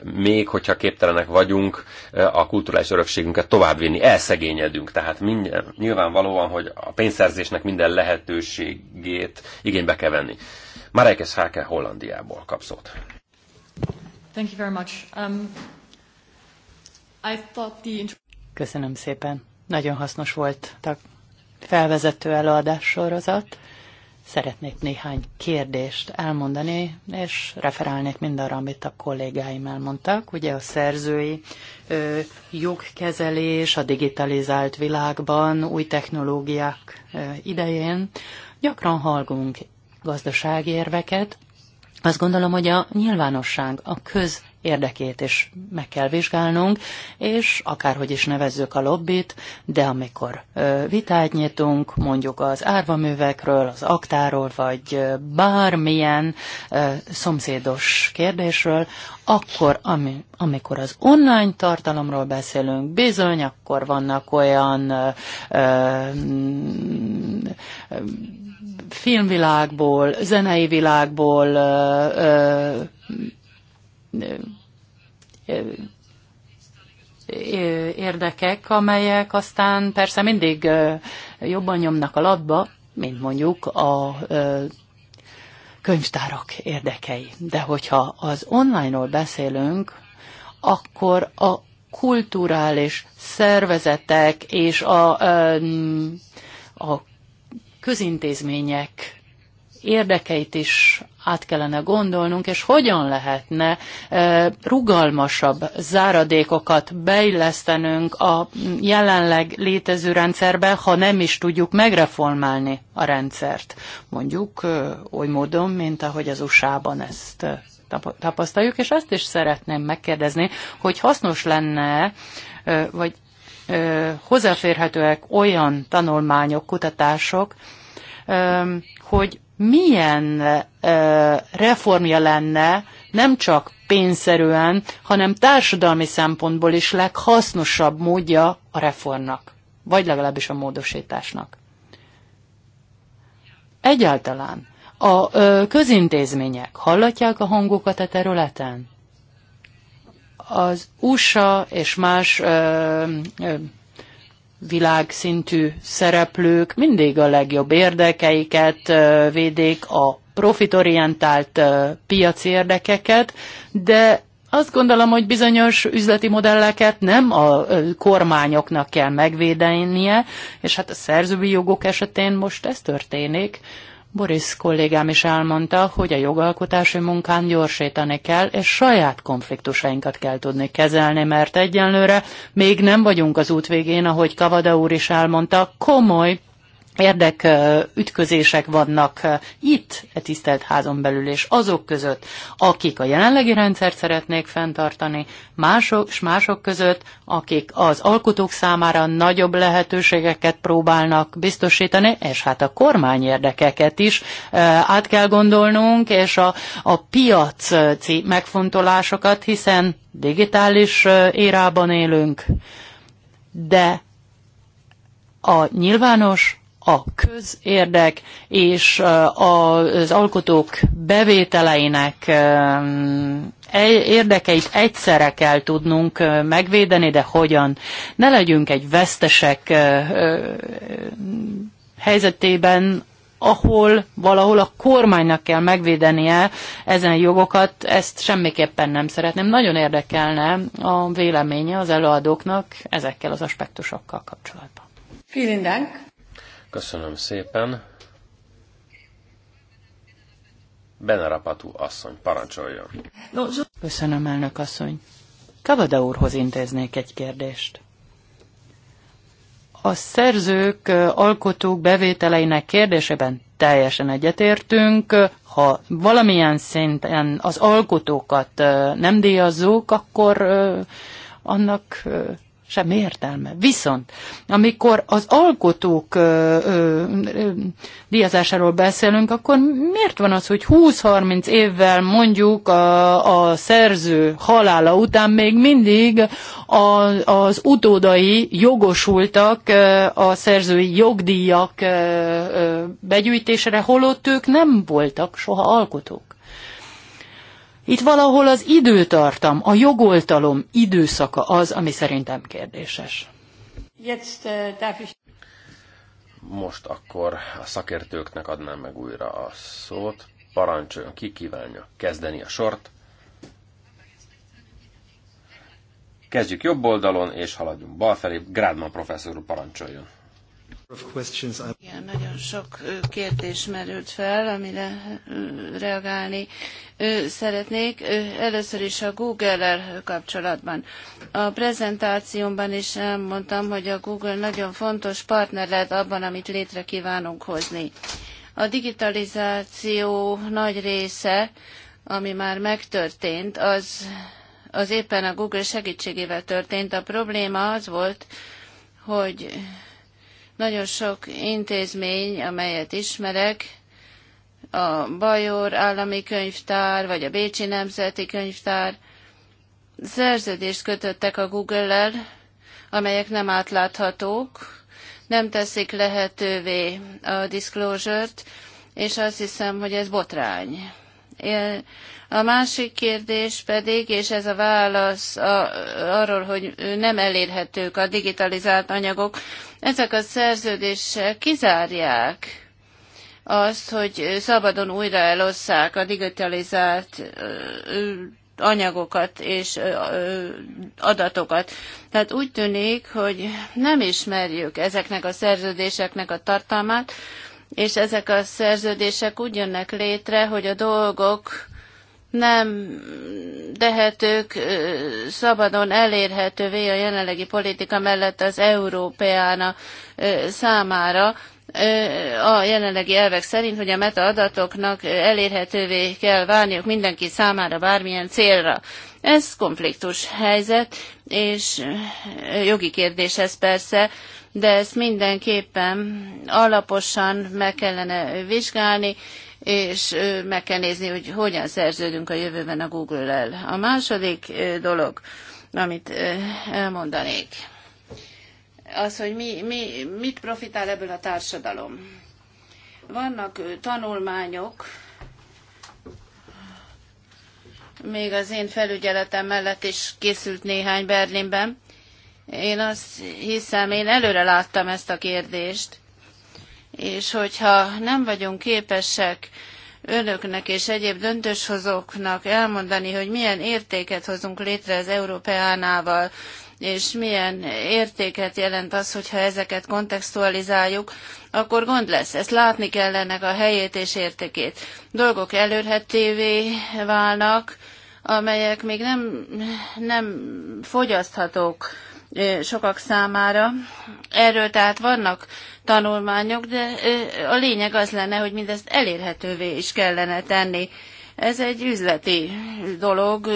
még, hogyha képtelenek vagyunk a kulturális örökségünket továbbvinni, elszegényedünk. Tehát minden, nyilvánvalóan, hogy a pénzszerzésnek minden lehetőségét igénybe kell venni. Marek Háke Hollandiából kap szót. Thank you very much. Um, I thought the... Köszönöm szépen. Nagyon hasznos volt a felvezető előadás sorozat. Szeretnék néhány kérdést elmondani, és referálnék mindarra, amit a kollégáim elmondtak. Ugye a szerzői ö, jogkezelés a digitalizált világban, új technológiák ö, idején gyakran hallgunk gazdasági érveket. Azt gondolom, hogy a nyilvánosság, a köz érdekét is meg kell vizsgálnunk, és akárhogy is nevezzük a lobbit, de amikor vitát nyitunk, mondjuk az árvaművekről, az aktáról, vagy bármilyen szomszédos kérdésről, akkor ami, amikor az online tartalomról beszélünk, bizony, akkor vannak olyan ö, ö, filmvilágból, zenei világból, ö, ö, érdekek, amelyek aztán persze mindig jobban nyomnak a labba, mint mondjuk a könyvtárak érdekei. De hogyha az online-ról beszélünk, akkor a kulturális szervezetek és a, a közintézmények érdekeit is át kellene gondolnunk, és hogyan lehetne e, rugalmasabb záradékokat beillesztenünk a jelenleg létező rendszerbe, ha nem is tudjuk megreformálni a rendszert. Mondjuk e, oly módon, mint ahogy az USA-ban ezt e, tapasztaljuk, és ezt is szeretném megkérdezni, hogy hasznos lenne, vagy hozzáférhetőek olyan tanulmányok, kutatások, hogy milyen ö, reformja lenne, nem csak pénzszerűen, hanem társadalmi szempontból is leghasznosabb módja a reformnak, vagy legalábbis a módosításnak. Egyáltalán a ö, közintézmények hallatják a hangokat a e területen? Az USA és más ö, ö, világszintű szereplők mindig a legjobb érdekeiket védék a profitorientált piaci érdekeket, de azt gondolom, hogy bizonyos üzleti modelleket nem a kormányoknak kell megvédenie, és hát a szerzői jogok esetén most ez történik. Boris kollégám is elmondta, hogy a jogalkotási munkán gyorsítani kell, és saját konfliktusainkat kell tudni kezelni, mert egyenlőre még nem vagyunk az út végén, ahogy Kavada úr is elmondta, komoly érdekütközések vannak itt, e tisztelt házon belül, és azok között, akik a jelenlegi rendszert szeretnék fenntartani, mások, és mások között, akik az alkotók számára nagyobb lehetőségeket próbálnak biztosítani, és hát a kormány érdekeket is át kell gondolnunk, és a, a piaci megfontolásokat, hiszen digitális érában élünk, de a nyilvános a közérdek és az alkotók bevételeinek érdekeit egyszerre kell tudnunk megvédeni, de hogyan? Ne legyünk egy vesztesek helyzetében, ahol valahol a kormánynak kell megvédenie ezen jogokat, ezt semmiképpen nem szeretném. Nagyon érdekelne a véleménye az előadóknak ezekkel az aspektusokkal kapcsolatban. Vielen Dank. Köszönöm szépen. Benerapatú asszony, parancsoljon. Köszönöm, elnök asszony. Kavada úrhoz intéznék egy kérdést. A szerzők, alkotók bevételeinek kérdésében teljesen egyetértünk. Ha valamilyen szinten az alkotókat nem díjazzuk, akkor annak semmi értelme. Viszont, amikor az alkotók ö, ö, ö, díjazásáról beszélünk, akkor miért van az, hogy 20-30 évvel mondjuk a, a szerző halála után még mindig a, az utódai jogosultak a szerzői jogdíjak begyűjtésre, holott ők nem voltak soha alkotók? Itt valahol az időtartam, a jogoltalom időszaka az, ami szerintem kérdéses. Äh, Most akkor a szakértőknek adnám meg újra a szót. Parancsoljon, ki kívánja kezdeni a sort. Kezdjük jobb oldalon, és haladjunk bal felé. Grádman professzor parancsoljon. Igen, nagyon sok kérdés merült fel, amire reagálni szeretnék. Először is a Google-el kapcsolatban. A prezentációmban is elmondtam, hogy a Google nagyon fontos partner lehet abban, amit létre kívánunk hozni. A digitalizáció nagy része, ami már megtörtént, az, az éppen a Google segítségével történt. A probléma az volt, hogy nagyon sok intézmény, amelyet ismerek, a Bajor Állami Könyvtár, vagy a Bécsi Nemzeti Könyvtár, szerződést kötöttek a google el amelyek nem átláthatók, nem teszik lehetővé a disclosure-t, és azt hiszem, hogy ez botrány. A másik kérdés pedig, és ez a válasz a, arról, hogy nem elérhetők a digitalizált anyagok, ezek a szerződések kizárják azt, hogy szabadon újra elosszák a digitalizált anyagokat és adatokat. Tehát úgy tűnik, hogy nem ismerjük ezeknek a szerződéseknek a tartalmát, és ezek a szerződések úgy jönnek létre, hogy a dolgok nem tehetők szabadon elérhetővé a jelenlegi politika mellett az Európeána számára, a jelenlegi elvek szerint, hogy a metaadatoknak elérhetővé kell válniuk mindenki számára bármilyen célra. Ez konfliktus helyzet, és jogi kérdés ez persze, de ezt mindenképpen alaposan meg kellene vizsgálni, és meg kell nézni, hogy hogyan szerződünk a jövőben a Google-el. A második dolog, amit elmondanék, az, hogy mi, mi, mit profitál ebből a társadalom. Vannak tanulmányok, még az én felügyeletem mellett is készült néhány Berlinben, én azt hiszem, én előre láttam ezt a kérdést, és hogyha nem vagyunk képesek önöknek és egyéb döntéshozóknak elmondani, hogy milyen értéket hozunk létre az Európeánával, és milyen értéket jelent az, hogyha ezeket kontextualizáljuk, akkor gond lesz. Ezt látni kell ennek a helyét és értékét. Dolgok előrhetővé válnak, amelyek még nem, nem fogyaszthatók sokak számára. Erről tehát vannak tanulmányok, de a lényeg az lenne, hogy mindezt elérhetővé is kellene tenni. Ez egy üzleti dolog,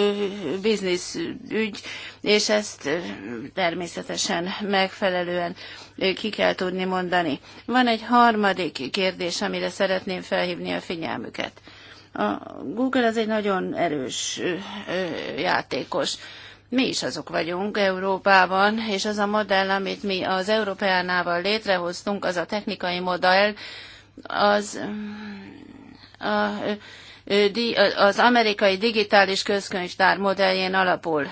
biznisz ügy, és ezt természetesen megfelelően ki kell tudni mondani. Van egy harmadik kérdés, amire szeretném felhívni a figyelmüket. A Google az egy nagyon erős játékos mi is azok vagyunk Európában, és az a modell, amit mi az Európeánával létrehoztunk, az a technikai modell, az mm, a, az amerikai digitális közkönyvtár modelljén alapul.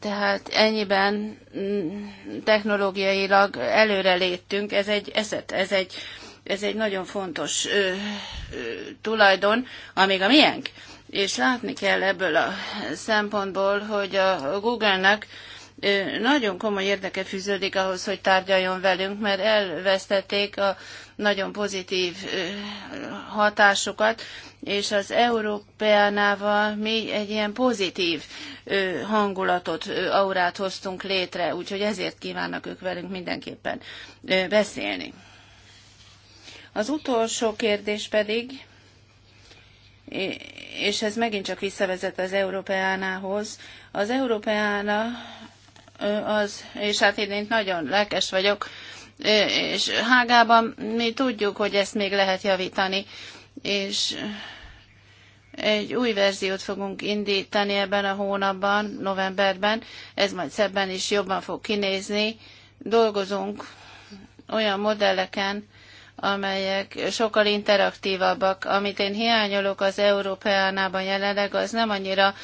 Tehát ennyiben mm, technológiailag előre léptünk, ez egy eszet, ez egy, ez egy nagyon fontos ö, ö, tulajdon, amíg a miénk és látni kell ebből a szempontból, hogy a Google-nek nagyon komoly érdeke fűződik ahhoz, hogy tárgyaljon velünk, mert elvesztették a nagyon pozitív hatásukat, és az Európeánával mi egy ilyen pozitív hangulatot, aurát hoztunk létre, úgyhogy ezért kívánnak ők velünk mindenképpen beszélni. Az utolsó kérdés pedig, és ez megint csak visszavezet az Európeánához. Az Európeána az, és hát én, én nagyon lelkes vagyok, és Hágában mi tudjuk, hogy ezt még lehet javítani, és egy új verziót fogunk indítani ebben a hónapban, novemberben, ez majd szebben is jobban fog kinézni. Dolgozunk olyan modelleken, amelyek sokkal interaktívabbak. Amit én hiányolok az Európeánában jelenleg, az nem annyira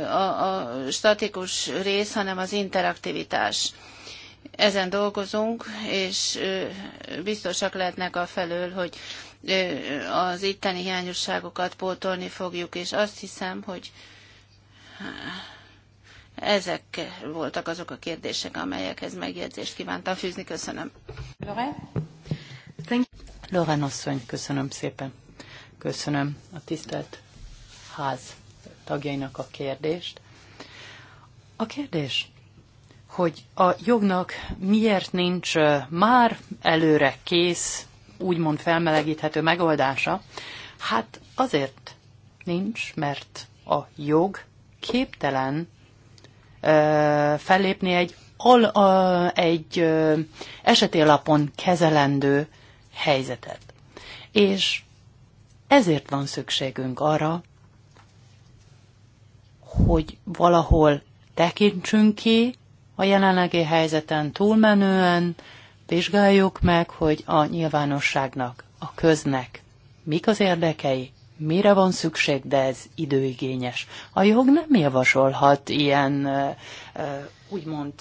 a, a statikus rész, hanem az interaktivitás. Ezen dolgozunk, és biztosak lehetnek a felől, hogy az itteni hiányosságokat pótolni fogjuk, és azt hiszem, hogy ezek voltak azok a kérdések, amelyekhez megjegyzést kívántam fűzni. Köszönöm. Lore? Lorán asszony, köszönöm szépen. Köszönöm a tisztelt ház tagjainak a kérdést. A kérdés, hogy a jognak miért nincs már előre kész, úgymond felmelegíthető megoldása, hát azért nincs, mert a jog képtelen ö, fellépni egy, al, a, egy ö, esetélapon kezelendő helyzetet. És ezért van szükségünk arra, hogy valahol tekintsünk ki a jelenlegi helyzeten túlmenően, vizsgáljuk meg, hogy a nyilvánosságnak, a köznek mik az érdekei, mire van szükség, de ez időigényes. A jog nem javasolhat ilyen, úgymond,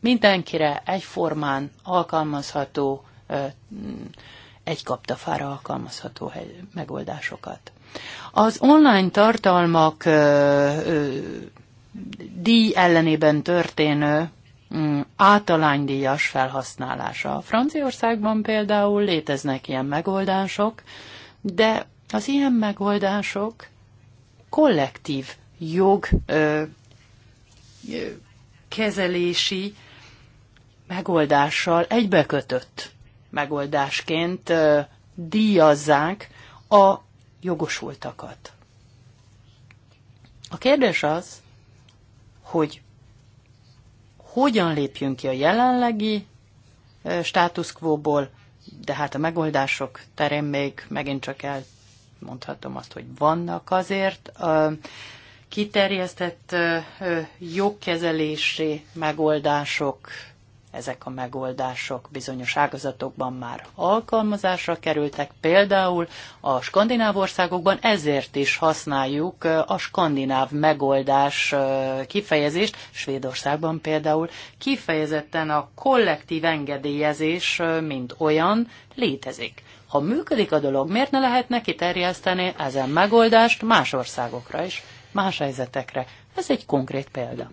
mindenkire egyformán alkalmazható egy kaptafára alkalmazható megoldásokat. Az online tartalmak díj ellenében történő mm, általánydíjas felhasználása. Franciaországban például léteznek ilyen megoldások, de az ilyen megoldások kollektív jog ö, ö, kezelési megoldással egybekötött megoldásként díjazzák a jogosultakat. A kérdés az, hogy hogyan lépjünk ki a jelenlegi státuszkvóból, de hát a megoldások terén még megint csak elmondhatom azt, hogy vannak azért kiterjesztett jogkezelési megoldások, ezek a megoldások bizonyos ágazatokban már alkalmazásra kerültek, például a skandináv országokban ezért is használjuk a skandináv megoldás kifejezést, Svédországban például kifejezetten a kollektív engedélyezés, mint olyan, létezik. Ha működik a dolog, miért ne lehet neki terjeszteni ezen megoldást más országokra is, más helyzetekre? Ez egy konkrét példa.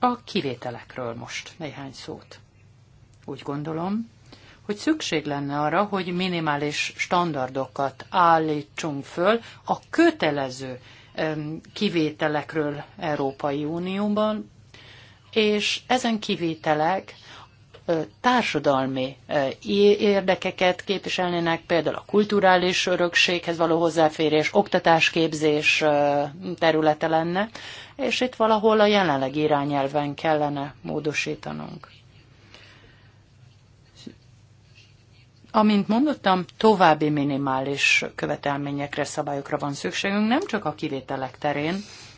A kivételekről most néhány szót. Úgy gondolom, hogy szükség lenne arra, hogy minimális standardokat állítsunk föl a kötelező kivételekről Európai Unióban, és ezen kivételek társadalmi érdekeket képviselnének, például a kulturális örökséghez való hozzáférés, oktatásképzés területe lenne, és itt valahol a jelenleg irányelven kellene módosítanunk. Amint mondottam, további minimális követelményekre, szabályokra van szükségünk, nem csak a kivételek terén,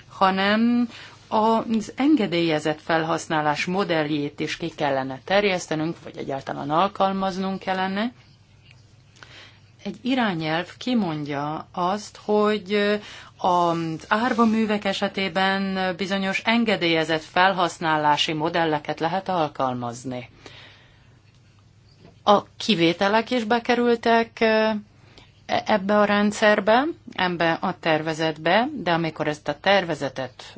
hanem az engedélyezett felhasználás modelljét is ki kellene terjesztenünk, vagy egyáltalán alkalmaznunk kellene. Egy irányelv kimondja azt, hogy az árva művek esetében bizonyos engedélyezett felhasználási modelleket lehet alkalmazni. A kivételek is bekerültek e, ebbe a rendszerbe, ebbe a tervezetbe, de amikor ezt a tervezetet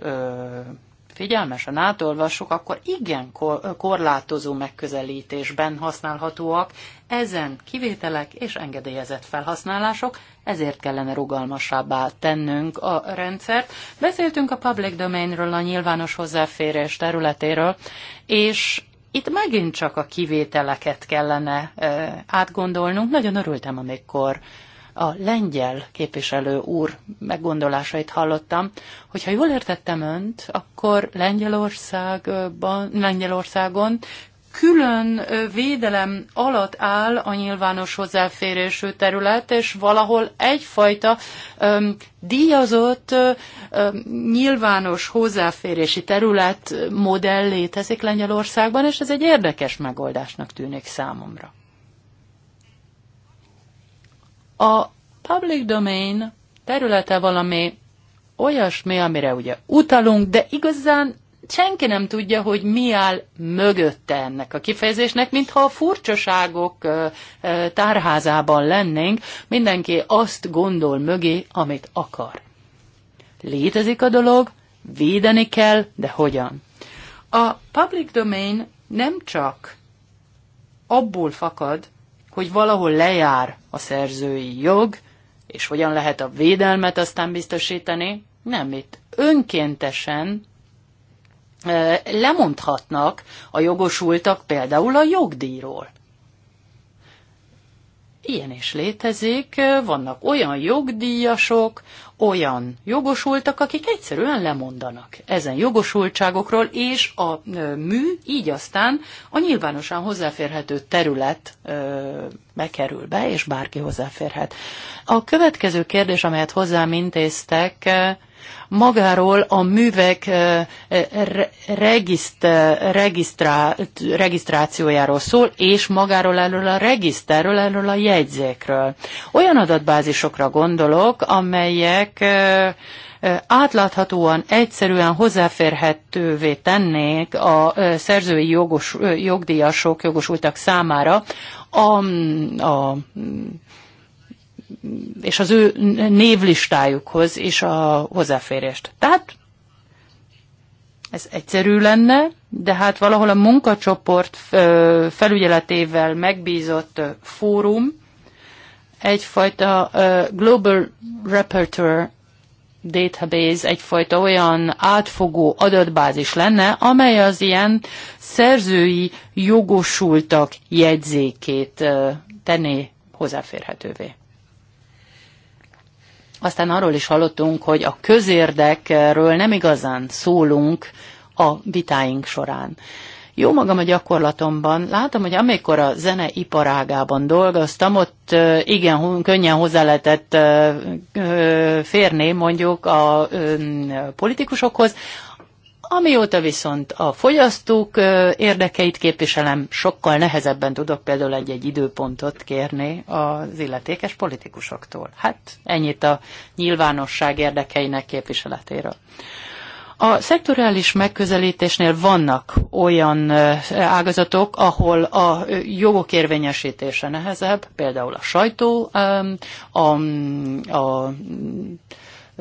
figyelmesen átolvassuk, akkor igen korlátozó megközelítésben használhatóak ezen kivételek és engedélyezett felhasználások, ezért kellene rugalmasabbá tennünk a rendszert. Beszéltünk a public domainről, a nyilvános hozzáférés területéről, és itt megint csak a kivételeket kellene eh, átgondolnunk. Nagyon örültem, amikor a lengyel képviselő úr meggondolásait hallottam, hogyha jól értettem önt, akkor Lengyelországban, Lengyelországon külön védelem alatt áll a nyilvános hozzáférésű terület, és valahol egyfajta öm, díjazott öm, nyilvános hozzáférési terület modell létezik Lengyelországban, és ez egy érdekes megoldásnak tűnik számomra a public domain területe valami olyasmi, amire ugye utalunk, de igazán senki nem tudja, hogy mi áll mögötte ennek a kifejezésnek, mintha a furcsaságok tárházában lennénk, mindenki azt gondol mögé, amit akar. Létezik a dolog, védeni kell, de hogyan? A public domain nem csak abból fakad, hogy valahol lejár a szerzői jog, és hogyan lehet a védelmet aztán biztosítani. Nem itt. Önkéntesen lemondhatnak a jogosultak például a jogdíjról. Ilyen is létezik, vannak olyan jogdíjasok, olyan jogosultak, akik egyszerűen lemondanak ezen jogosultságokról, és a mű így aztán a nyilvánosan hozzáférhető terület bekerül be, és bárki hozzáférhet. A következő kérdés, amelyet hozzám intéztek, magáról a művek eh, regiszt, regisztrá, regisztrációjáról szól, és magáról erről a regiszterről, erről a jegyzékről. Olyan adatbázisokra gondolok, amelyek eh, eh, átláthatóan, egyszerűen hozzáférhetővé tennék a szerzői jogos, jogdíjasok, jogosultak számára a, a és az ő névlistájukhoz is a hozzáférést. Tehát ez egyszerű lenne, de hát valahol a munkacsoport felügyeletével megbízott fórum egyfajta Global Repertoire Database, egyfajta olyan átfogó adatbázis lenne, amely az ilyen szerzői jogosultak jegyzékét tenné hozzáférhetővé. Aztán arról is hallottunk, hogy a közérdekről nem igazán szólunk a vitáink során. Jó magam a gyakorlatomban, látom, hogy amikor a zene iparágában dolgoztam, ott igen, könnyen hozzá lehetett férni mondjuk a politikusokhoz, Amióta viszont a fogyasztók érdekeit képviselem, sokkal nehezebben tudok például egy-egy időpontot kérni az illetékes politikusoktól. Hát ennyit a nyilvánosság érdekeinek képviseletéről. A szektorális megközelítésnél vannak olyan ágazatok, ahol a jogok érvényesítése nehezebb, például a sajtó, a, a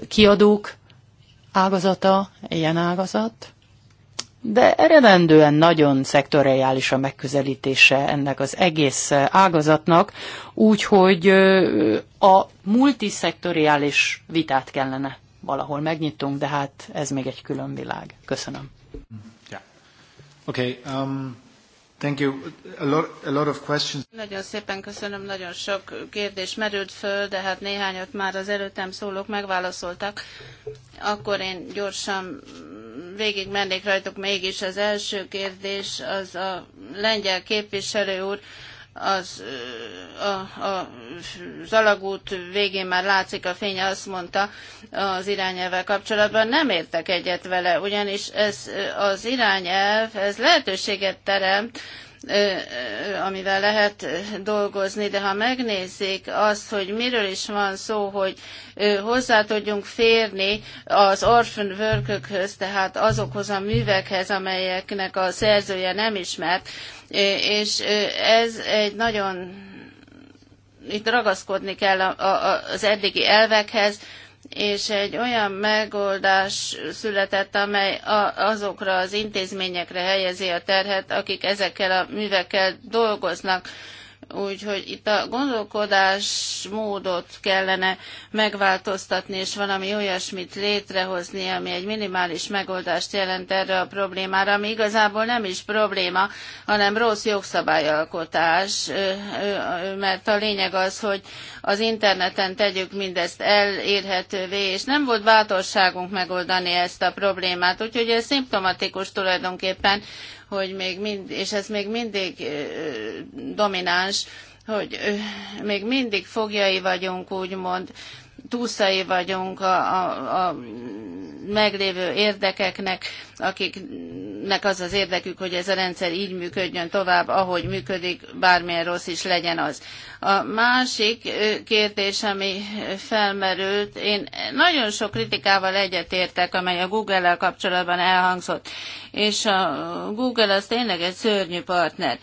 kiadók, ágazata, ilyen ágazat, de eredendően nagyon szektoriális a megközelítése ennek az egész ágazatnak, úgyhogy a multiszektoriális vitát kellene valahol megnyitunk, de hát ez még egy külön világ. Köszönöm. Yeah. Okay, um... Thank you. A lot, a lot of questions. Nagyon szépen köszönöm, nagyon sok kérdés merült föl, de hát néhányat már az előttem szólók megválaszoltak. Akkor én gyorsan végig mennék rajtuk mégis. Az első kérdés az a lengyel képviselő úr az, a, a, az alagút végén már látszik a fény, azt mondta az irányelvvel kapcsolatban, nem értek egyet vele, ugyanis ez az irányelv, ez lehetőséget teremt, amivel lehet dolgozni, de ha megnézzék azt, hogy miről is van szó, hogy hozzá tudjunk férni az orphan workökhöz, tehát azokhoz a művekhez, amelyeknek a szerzője nem ismert, és ez egy nagyon itt ragaszkodni kell az eddigi elvekhez, és egy olyan megoldás született, amely a, azokra az intézményekre helyezi a terhet, akik ezekkel a művekkel dolgoznak. Úgyhogy itt a gondolkodás módot kellene megváltoztatni, és valami olyasmit létrehozni, ami egy minimális megoldást jelent erre a problémára, ami igazából nem is probléma, hanem rossz jogszabályalkotás, mert a lényeg az, hogy az interneten tegyük mindezt elérhetővé, és nem volt bátorságunk megoldani ezt a problémát. Úgyhogy ez szimptomatikus tulajdonképpen, hogy még mind, és ez még mindig domináns, hogy még mindig fogjai vagyunk, úgymond, túszai vagyunk a, a, a meglévő érdekeknek, akiknek az az érdekük, hogy ez a rendszer így működjön tovább, ahogy működik, bármilyen rossz is legyen az. A másik kérdés, ami felmerült, én nagyon sok kritikával egyetértek, amely a Google-el kapcsolatban elhangzott, és a Google az tényleg egy szörnyű partner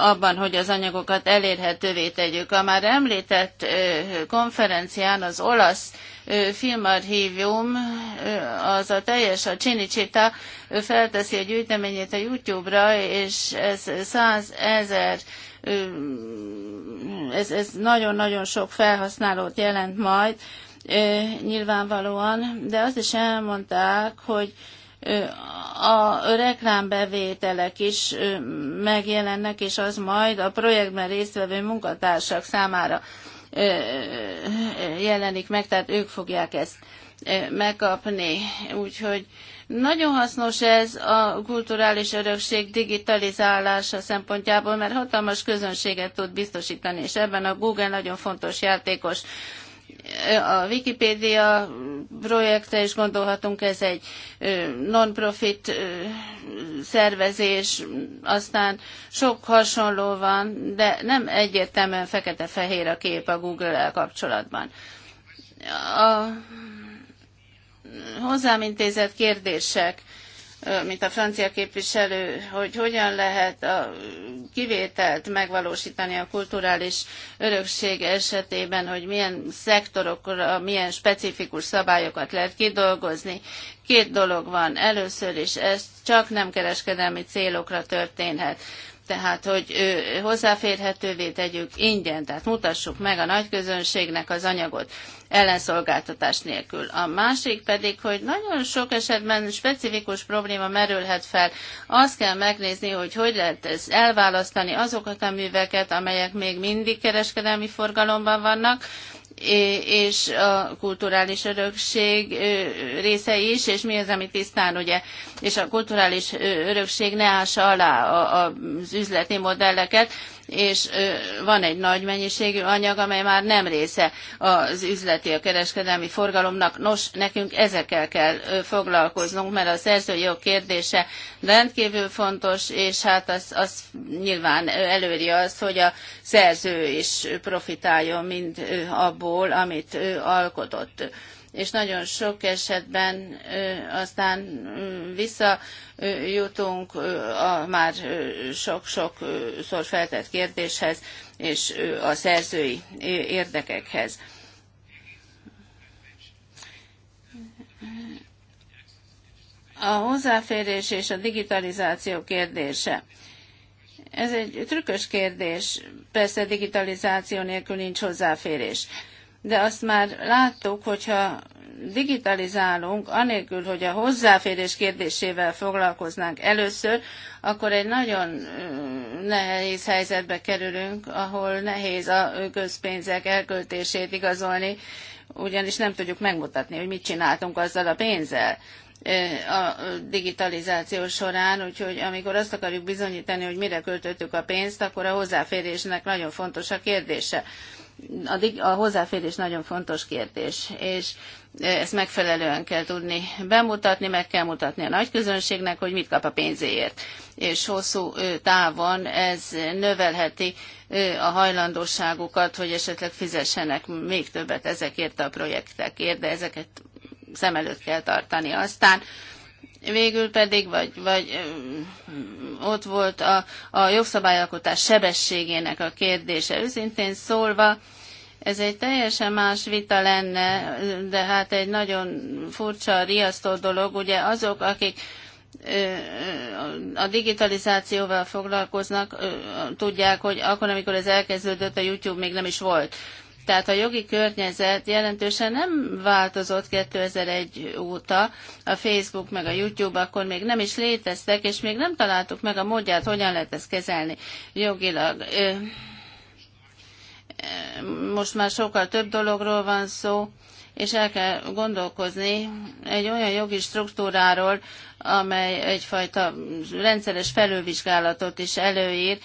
abban, hogy az anyagokat elérhetővé tegyük. A már említett konferencián az olasz filmarchívium, az a teljes, a Csinicita felteszi a gyűjteményét a YouTube-ra, és ez 100 ez, ez nagyon-nagyon sok felhasználót jelent majd, nyilvánvalóan, de azt is elmondták, hogy a reklámbevételek is megjelennek, és az majd a projektben résztvevő munkatársak számára jelenik meg, tehát ők fogják ezt megkapni. Úgyhogy nagyon hasznos ez a kulturális örökség digitalizálása szempontjából, mert hatalmas közönséget tud biztosítani, és ebben a Google nagyon fontos játékos a Wikipédia projektre is gondolhatunk, ez egy non-profit szervezés, aztán sok hasonló van, de nem egyértelműen fekete-fehér a kép a Google-el kapcsolatban. A hozzám intézett kérdések mint a francia képviselő, hogy hogyan lehet a kivételt megvalósítani a kulturális örökség esetében, hogy milyen szektorokra, milyen specifikus szabályokat lehet kidolgozni. Két dolog van. Először is ez csak nem kereskedelmi célokra történhet tehát hogy hozzáférhetővé tegyük ingyen, tehát mutassuk meg a nagyközönségnek az anyagot ellenszolgáltatás nélkül. A másik pedig, hogy nagyon sok esetben specifikus probléma merülhet fel. Azt kell megnézni, hogy hogy lehet ez elválasztani azokat a műveket, amelyek még mindig kereskedelmi forgalomban vannak, és a kulturális örökség része is, és mi az, amit tisztán, ugye, és a kulturális örökség ne ássa alá az üzleti modelleket, és van egy nagy mennyiségű anyag, amely már nem része az üzleti, a kereskedelmi forgalomnak. Nos, nekünk ezekkel kell foglalkoznunk, mert a szerzői jog kérdése rendkívül fontos, és hát az, az nyilván előri azt, hogy a szerző is profitáljon mind abból, amit alkotott és nagyon sok esetben aztán visszajutunk a már sok-sokszor feltett kérdéshez és a szerzői érdekekhez. A hozzáférés és a digitalizáció kérdése. Ez egy trükkös kérdés, persze digitalizáció nélkül nincs hozzáférés de azt már láttuk, hogyha digitalizálunk, anélkül, hogy a hozzáférés kérdésével foglalkoznánk először, akkor egy nagyon nehéz helyzetbe kerülünk, ahol nehéz a közpénzek elköltését igazolni, ugyanis nem tudjuk megmutatni, hogy mit csináltunk azzal a pénzzel a digitalizáció során, úgyhogy amikor azt akarjuk bizonyítani, hogy mire költöttük a pénzt, akkor a hozzáférésnek nagyon fontos a kérdése a, a hozzáférés nagyon fontos kérdés, és ezt megfelelően kell tudni bemutatni, meg kell mutatni a nagy közönségnek, hogy mit kap a pénzéért. És hosszú távon ez növelheti a hajlandóságukat, hogy esetleg fizessenek még többet ezekért a projektekért, de ezeket szem előtt kell tartani. Aztán végül pedig, vagy, vagy ott volt a, a jogszabályalkotás sebességének a kérdése. Őszintén szólva, ez egy teljesen más vita lenne, de hát egy nagyon furcsa, riasztó dolog. Ugye azok, akik a digitalizációval foglalkoznak, tudják, hogy akkor, amikor ez elkezdődött, a YouTube még nem is volt. Tehát a jogi környezet jelentősen nem változott 2001 óta. A Facebook meg a YouTube akkor még nem is léteztek, és még nem találtuk meg a módját, hogyan lehet ezt kezelni jogilag. Most már sokkal több dologról van szó, és el kell gondolkozni egy olyan jogi struktúráról, amely egyfajta rendszeres felülvizsgálatot is előír,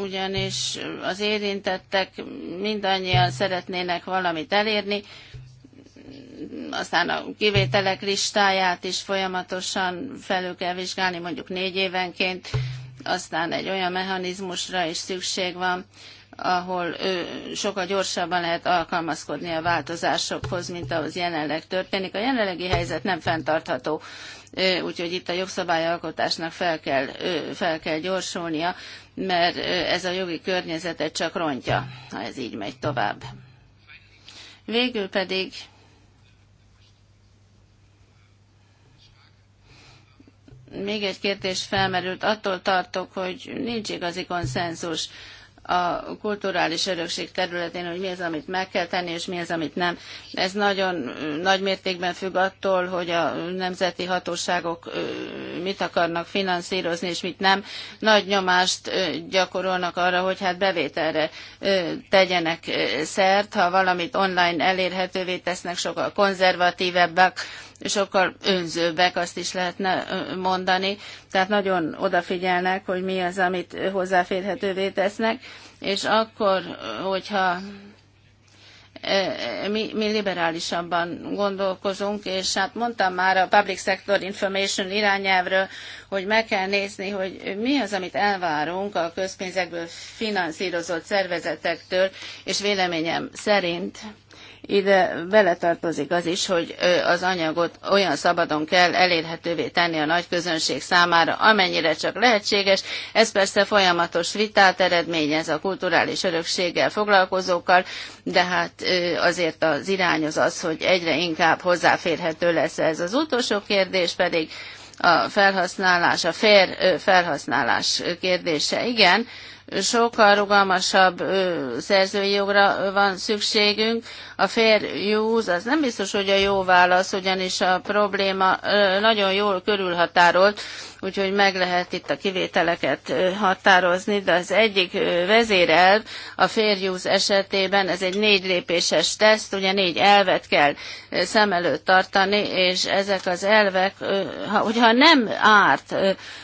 ugyanis az érintettek mindannyian szeretnének valamit elérni, aztán a kivételek listáját is folyamatosan felül kell vizsgálni, mondjuk négy évenként, aztán egy olyan mechanizmusra is szükség van, ahol ő sokkal gyorsabban lehet alkalmazkodni a változásokhoz, mint ahhoz jelenleg történik. A jelenlegi helyzet nem fenntartható, úgyhogy itt a jogszabályalkotásnak fel kell, fel kell gyorsulnia, mert ez a jogi környezetet csak rontja, ha ez így megy tovább. Végül pedig még egy kérdés felmerült. Attól tartok, hogy nincs igazi konszenzus a kulturális örökség területén, hogy mi az, amit meg kell tenni, és mi az, amit nem. Ez nagyon nagy mértékben függ attól, hogy a nemzeti hatóságok mit akarnak finanszírozni, és mit nem. Nagy nyomást gyakorolnak arra, hogy hát bevételre tegyenek szert, ha valamit online elérhetővé tesznek, sokkal konzervatívebbek, sokkal önzőbbek, azt is lehetne mondani. Tehát nagyon odafigyelnek, hogy mi az, amit hozzáférhetővé tesznek, és akkor, hogyha mi, mi liberálisabban gondolkozunk, és hát mondtam már a Public Sector Information irányelvről, hogy meg kell nézni, hogy mi az, amit elvárunk a közpénzekből finanszírozott szervezetektől, és véleményem szerint ide beletartozik az is, hogy az anyagot olyan szabadon kell elérhetővé tenni a nagy közönség számára, amennyire csak lehetséges. Ez persze folyamatos vitát eredményez a kulturális örökséggel foglalkozókkal, de hát azért az irány az az, hogy egyre inkább hozzáférhető lesz ez. Az utolsó kérdés pedig a felhasználás, a fair felhasználás kérdése. Igen, sokkal rugalmasabb szerzői jogra van szükségünk. A fair use az nem biztos, hogy a jó válasz, ugyanis a probléma nagyon jól körülhatárolt, úgyhogy meg lehet itt a kivételeket határozni, de az egyik vezérelv a fair use esetében, ez egy négy lépéses teszt, ugye négy elvet kell szem előtt tartani, és ezek az elvek, hogyha nem árt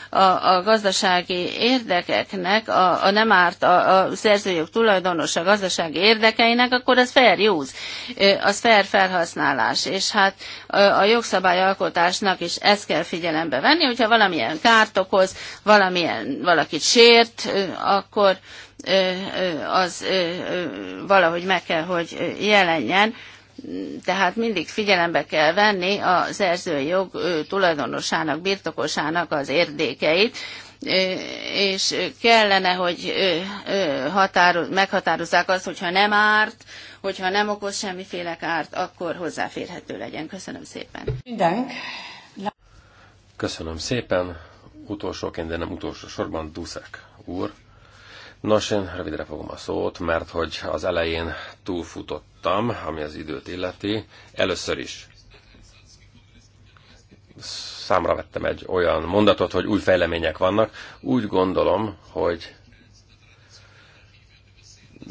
a, a gazdasági érdekeknek, a, a nem árt a, a szerzőjog tulajdonos a gazdasági érdekeinek, akkor az fair use, az fair felhasználás, és hát a jogszabályalkotásnak is ezt kell figyelembe venni, hogyha valamilyen valamilyen kárt okoz, valamilyen valakit sért, akkor az valahogy meg kell, hogy jelenjen. Tehát mindig figyelembe kell venni a szerzői jog tulajdonosának, birtokosának az érdékeit, és kellene, hogy határoz, meghatározzák azt, hogyha nem árt, hogyha nem okoz semmiféle kárt, akkor hozzáférhető legyen. Köszönöm szépen. Mindenk. Köszönöm szépen. Utolsóként, de nem utolsó sorban Duszek úr. Nos, én rövidre fogom a szót, mert hogy az elején túlfutottam, ami az időt illeti. Először is számra vettem egy olyan mondatot, hogy új fejlemények vannak. Úgy gondolom, hogy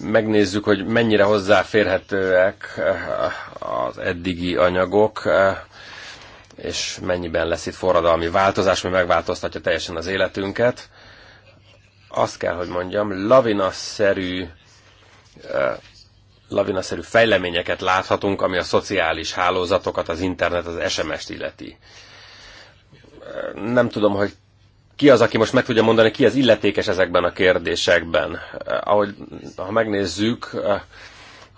megnézzük, hogy mennyire hozzáférhetőek az eddigi anyagok és mennyiben lesz itt forradalmi változás, ami megváltoztatja teljesen az életünket. Azt kell, hogy mondjam, lavinaszerű lavinaszerű fejleményeket láthatunk, ami a szociális hálózatokat, az internet, az SMS-t illeti. Nem tudom, hogy ki az, aki most meg tudja mondani, ki az illetékes ezekben a kérdésekben. Ahogy, ha megnézzük,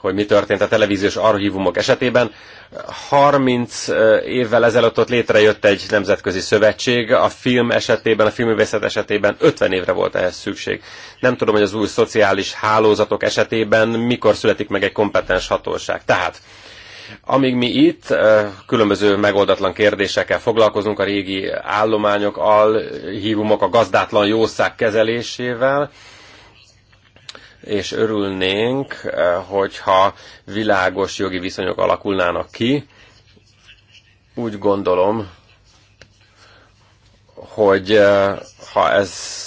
hogy mi történt a televíziós archívumok esetében. 30 eh, évvel ezelőtt ott létrejött egy nemzetközi szövetség, a film esetében, a filmművészet esetében 50 évre volt ehhez szükség. Nem tudom, hogy az új szociális hálózatok esetében mikor születik meg egy kompetens hatóság. Tehát amíg mi itt eh, különböző megoldatlan kérdésekkel foglalkozunk, a régi állományok, alhívumok, a gazdátlan jószág kezelésével, és örülnénk, eh, hogyha világos jogi viszonyok alakulnának ki. Úgy gondolom, hogy eh, ha ez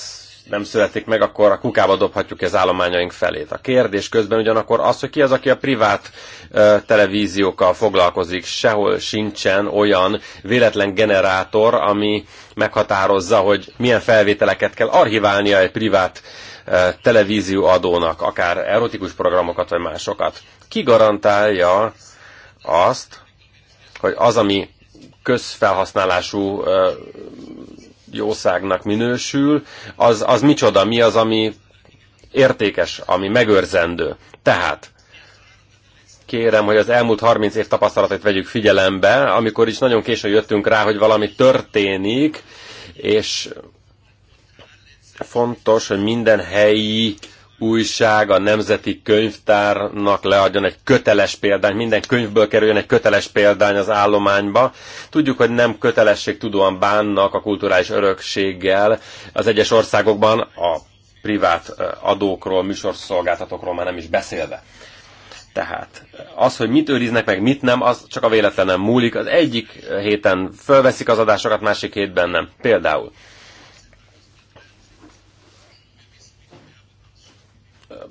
nem születik meg, akkor a kukába dobhatjuk az állományaink felét. A kérdés közben ugyanakkor az, hogy ki az, aki a privát eh, televíziókkal foglalkozik. Sehol sincsen olyan véletlen generátor, ami meghatározza, hogy milyen felvételeket kell archiválnia egy privát televízió adónak, akár erotikus programokat, vagy másokat. Ki garantálja azt, hogy az, ami közfelhasználású jószágnak minősül, az, az micsoda, mi az, ami értékes, ami megőrzendő. Tehát kérem, hogy az elmúlt 30 év tapasztalatait vegyük figyelembe, amikor is nagyon későn jöttünk rá, hogy valami történik, és Fontos, hogy minden helyi újság a Nemzeti Könyvtárnak leadjon egy köteles példány, minden könyvből kerüljön egy köteles példány az állományba. Tudjuk, hogy nem kötelességtudóan bánnak a kulturális örökséggel. Az egyes országokban a privát adókról, műsorszolgáltatókról már nem is beszélve. Tehát az, hogy mit őriznek meg, mit nem, az csak a véletlenem múlik. Az egyik héten fölveszik az adásokat, másik hétben nem. Például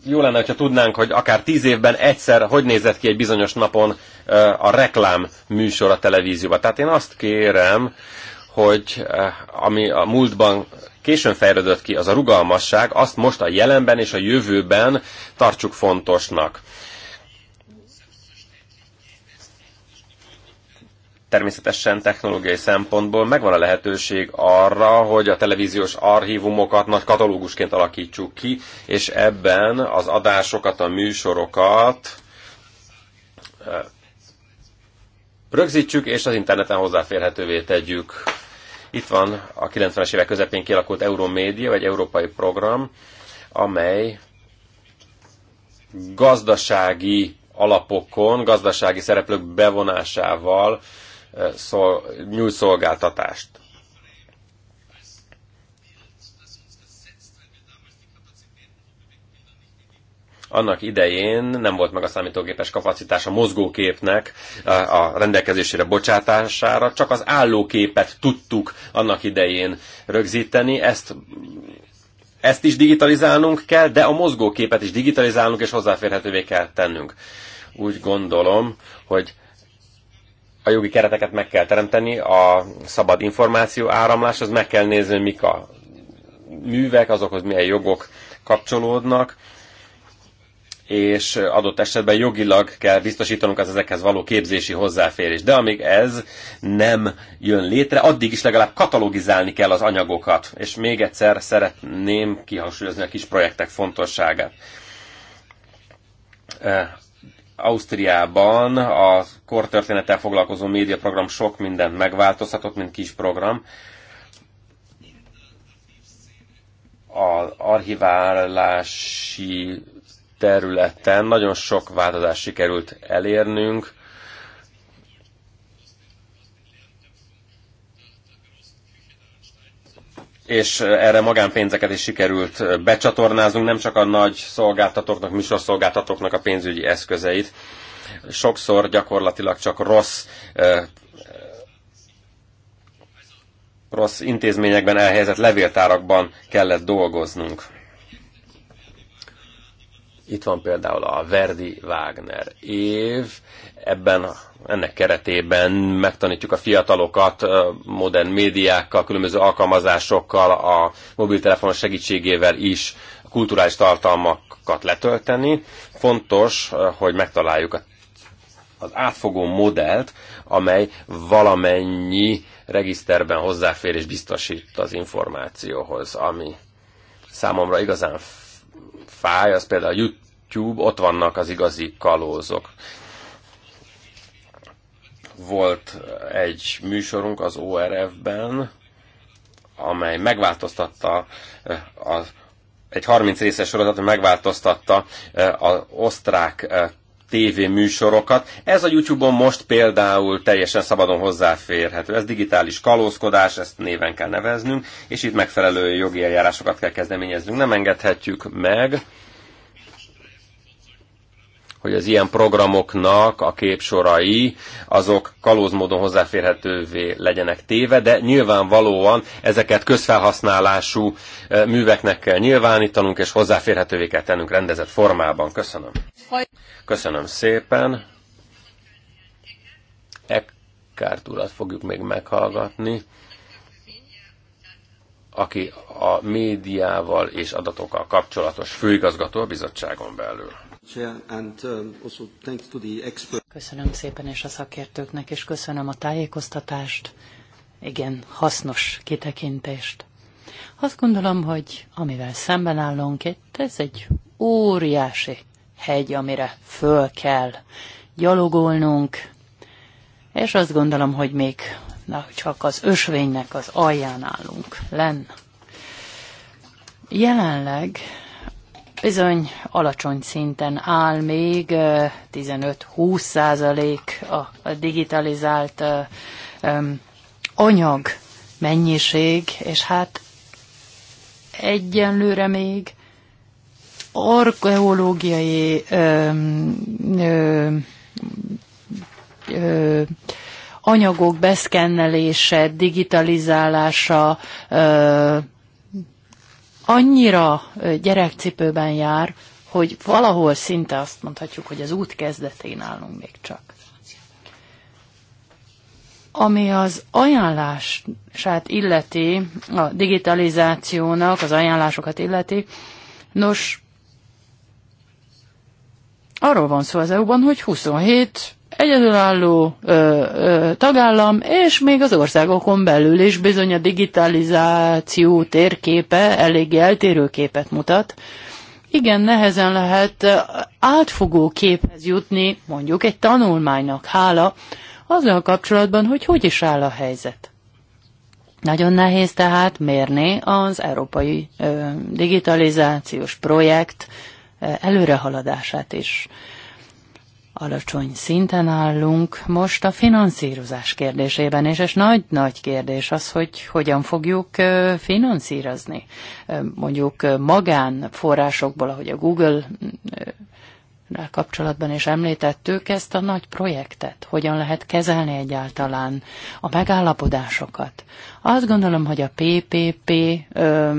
jó lenne, ha tudnánk, hogy akár tíz évben egyszer hogy nézett ki egy bizonyos napon a reklám műsor a televízióban. Tehát én azt kérem, hogy ami a múltban későn fejlődött ki, az a rugalmasság, azt most a jelenben és a jövőben tartsuk fontosnak. természetesen technológiai szempontból megvan a lehetőség arra, hogy a televíziós archívumokat nagy katalógusként alakítsuk ki, és ebben az adásokat, a műsorokat rögzítsük, és az interneten hozzáférhetővé tegyük. Itt van a 90-es évek közepén kialakult Euromédia, egy európai program, amely gazdasági alapokon, gazdasági szereplők bevonásával szol, nyújt szolgáltatást. annak idején nem volt meg a számítógépes kapacitás a mozgóképnek a rendelkezésére bocsátására, csak az állóképet tudtuk annak idején rögzíteni, ezt ezt is digitalizálnunk kell, de a mozgóképet is digitalizálnunk és hozzáférhetővé kell tennünk. Úgy gondolom, hogy a jogi kereteket meg kell teremteni, a szabad információ áramlás, az meg kell nézni, mik a művek, azokhoz milyen jogok kapcsolódnak, és adott esetben jogilag kell biztosítanunk az ezekhez való képzési hozzáférés. De amíg ez nem jön létre, addig is legalább katalogizálni kell az anyagokat. És még egyszer szeretném kihangsúlyozni a kis projektek fontosságát Ausztriában a kortörténettel foglalkozó médiaprogram sok mindent megváltoztatott, mint kis program. Az archiválási területen nagyon sok változást sikerült elérnünk. és erre magánpénzeket is sikerült becsatornáznunk, nem csak a nagy szolgáltatóknak, műsorszolgáltatóknak a pénzügyi eszközeit. Sokszor gyakorlatilag csak rossz rossz intézményekben elhelyezett levéltárakban kellett dolgoznunk. Itt van például a Verdi-Wagner év, ebben ennek keretében megtanítjuk a fiatalokat modern médiákkal, különböző alkalmazásokkal, a mobiltelefon segítségével is a kulturális tartalmakat letölteni. Fontos, hogy megtaláljuk a az átfogó modellt, amely valamennyi regiszterben hozzáfér és biztosít az információhoz, ami számomra igazán fáj, az például a YouTube, ott vannak az igazi kalózok. Volt egy műsorunk az ORF-ben, amely megváltoztatta eh, az egy 30 részes sorozat megváltoztatta eh, az osztrák eh, TV műsorokat. Ez a YouTube-on most például teljesen szabadon hozzáférhető. Ez digitális kalózkodás, ezt néven kell neveznünk, és itt megfelelő jogi eljárásokat kell kezdeményeznünk. Nem engedhetjük meg, hogy az ilyen programoknak a képsorai azok kalózmódon hozzáférhetővé legyenek téve, de nyilvánvalóan ezeket közfelhasználású e, műveknek kell nyilvánítanunk, és hozzáférhetővé kell tennünk rendezett formában. Köszönöm. Köszönöm szépen. Ekkárt urat fogjuk még meghallgatni aki a médiával és adatokkal kapcsolatos főigazgató a bizottságon belül. Um, köszönöm szépen és a szakértőknek, és köszönöm a tájékoztatást, igen, hasznos kitekintést. Azt gondolom, hogy amivel szemben állunk itt, ez egy óriási hegy, amire föl kell gyalogolnunk, és azt gondolom, hogy még na, csak az ösvénynek az alján állunk lenn. Jelenleg bizony alacsony szinten áll még, 15-20 százalék a digitalizált anyag mennyiség, és hát egyenlőre még arkeológiai anyagok beszkennelése, digitalizálása, ö, annyira gyerekcipőben jár, hogy valahol szinte azt mondhatjuk, hogy az út kezdetén állunk még csak. Ami az ajánlását illeti, a digitalizációnak az ajánlásokat illeti, nos, arról van szó az EU-ban, hogy 27 egyedülálló ö, ö, tagállam, és még az országokon belül is bizony a digitalizáció térképe eléggé eltérő képet mutat. Igen, nehezen lehet átfogó képhez jutni, mondjuk egy tanulmánynak hála, azzal kapcsolatban, hogy hogy is áll a helyzet. Nagyon nehéz tehát mérni az európai ö, digitalizációs projekt előrehaladását is alacsony szinten állunk most a finanszírozás kérdésében és ez nagy-nagy kérdés az, hogy hogyan fogjuk finanszírozni. Mondjuk magán forrásokból ahogy a Google kapcsolatban is említettük ezt a nagy projektet, hogyan lehet kezelni egyáltalán a megállapodásokat. Azt gondolom, hogy a PPP ö,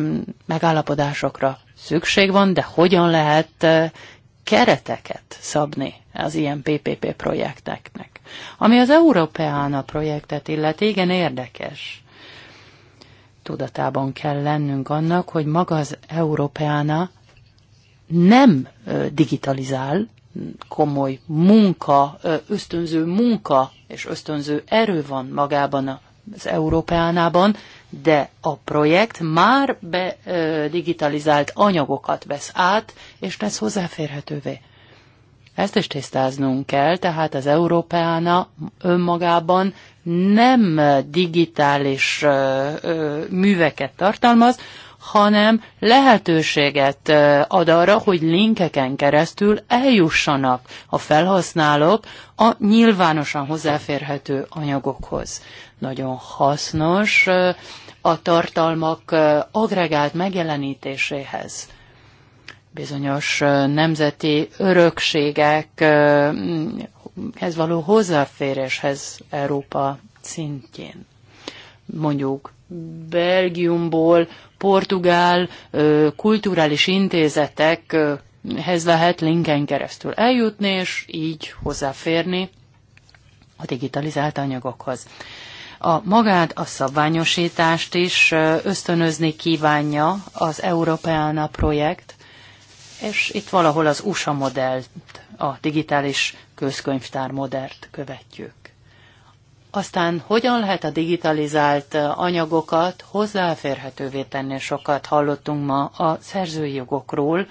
megállapodásokra szükség van, de hogyan lehet kereteket szabni az ilyen PPP projekteknek. Ami az Európeána projektet illeti, igen érdekes. Tudatában kell lennünk annak, hogy maga az Európeána nem digitalizál, komoly munka, ösztönző munka és ösztönző erő van magában a az Európeánában, de a projekt már be digitalizált anyagokat vesz át, és lesz hozzáférhetővé. Ezt is tisztáznunk kell, tehát az Európeána önmagában nem digitális műveket tartalmaz, hanem lehetőséget ad arra, hogy linkeken keresztül eljussanak a felhasználók a nyilvánosan hozzáférhető anyagokhoz. Nagyon hasznos a tartalmak agregált megjelenítéséhez bizonyos nemzeti örökségekhez való hozzáféréshez Európa szintjén. Mondjuk Belgiumból portugál kulturális intézetekhez lehet linken keresztül eljutni, és így hozzáférni a digitalizált anyagokhoz. A magát, a szabványosítást is ösztönözni kívánja az Európeána projekt, és itt valahol az USA modellt, a digitális közkönyvtár modellt követjük. Aztán hogyan lehet a digitalizált eh, anyagokat hozzáférhetővé tenni? Sokat hallottunk ma a szerzői jogokról,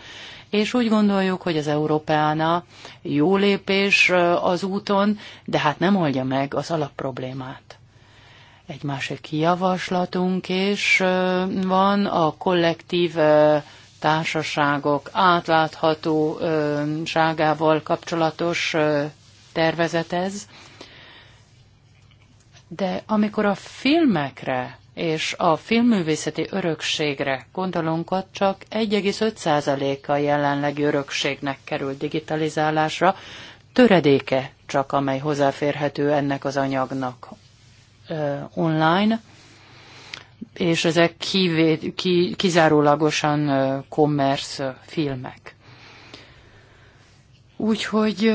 és úgy gondoljuk, hogy az Európeána jó lépés eh, az úton, de hát nem oldja meg az alapproblémát. Egy másik javaslatunk is eh, van a kollektív társaságok átláthatóságával kapcsolatos tervezet ez. De amikor a filmekre és a filmművészeti örökségre gondolunk, ott csak 1,5%-a jelenlegi örökségnek kerül digitalizálásra, töredéke csak, amely hozzáférhető ennek az anyagnak online, és ezek kivé, ki, kizárólagosan commerce filmek. Úgyhogy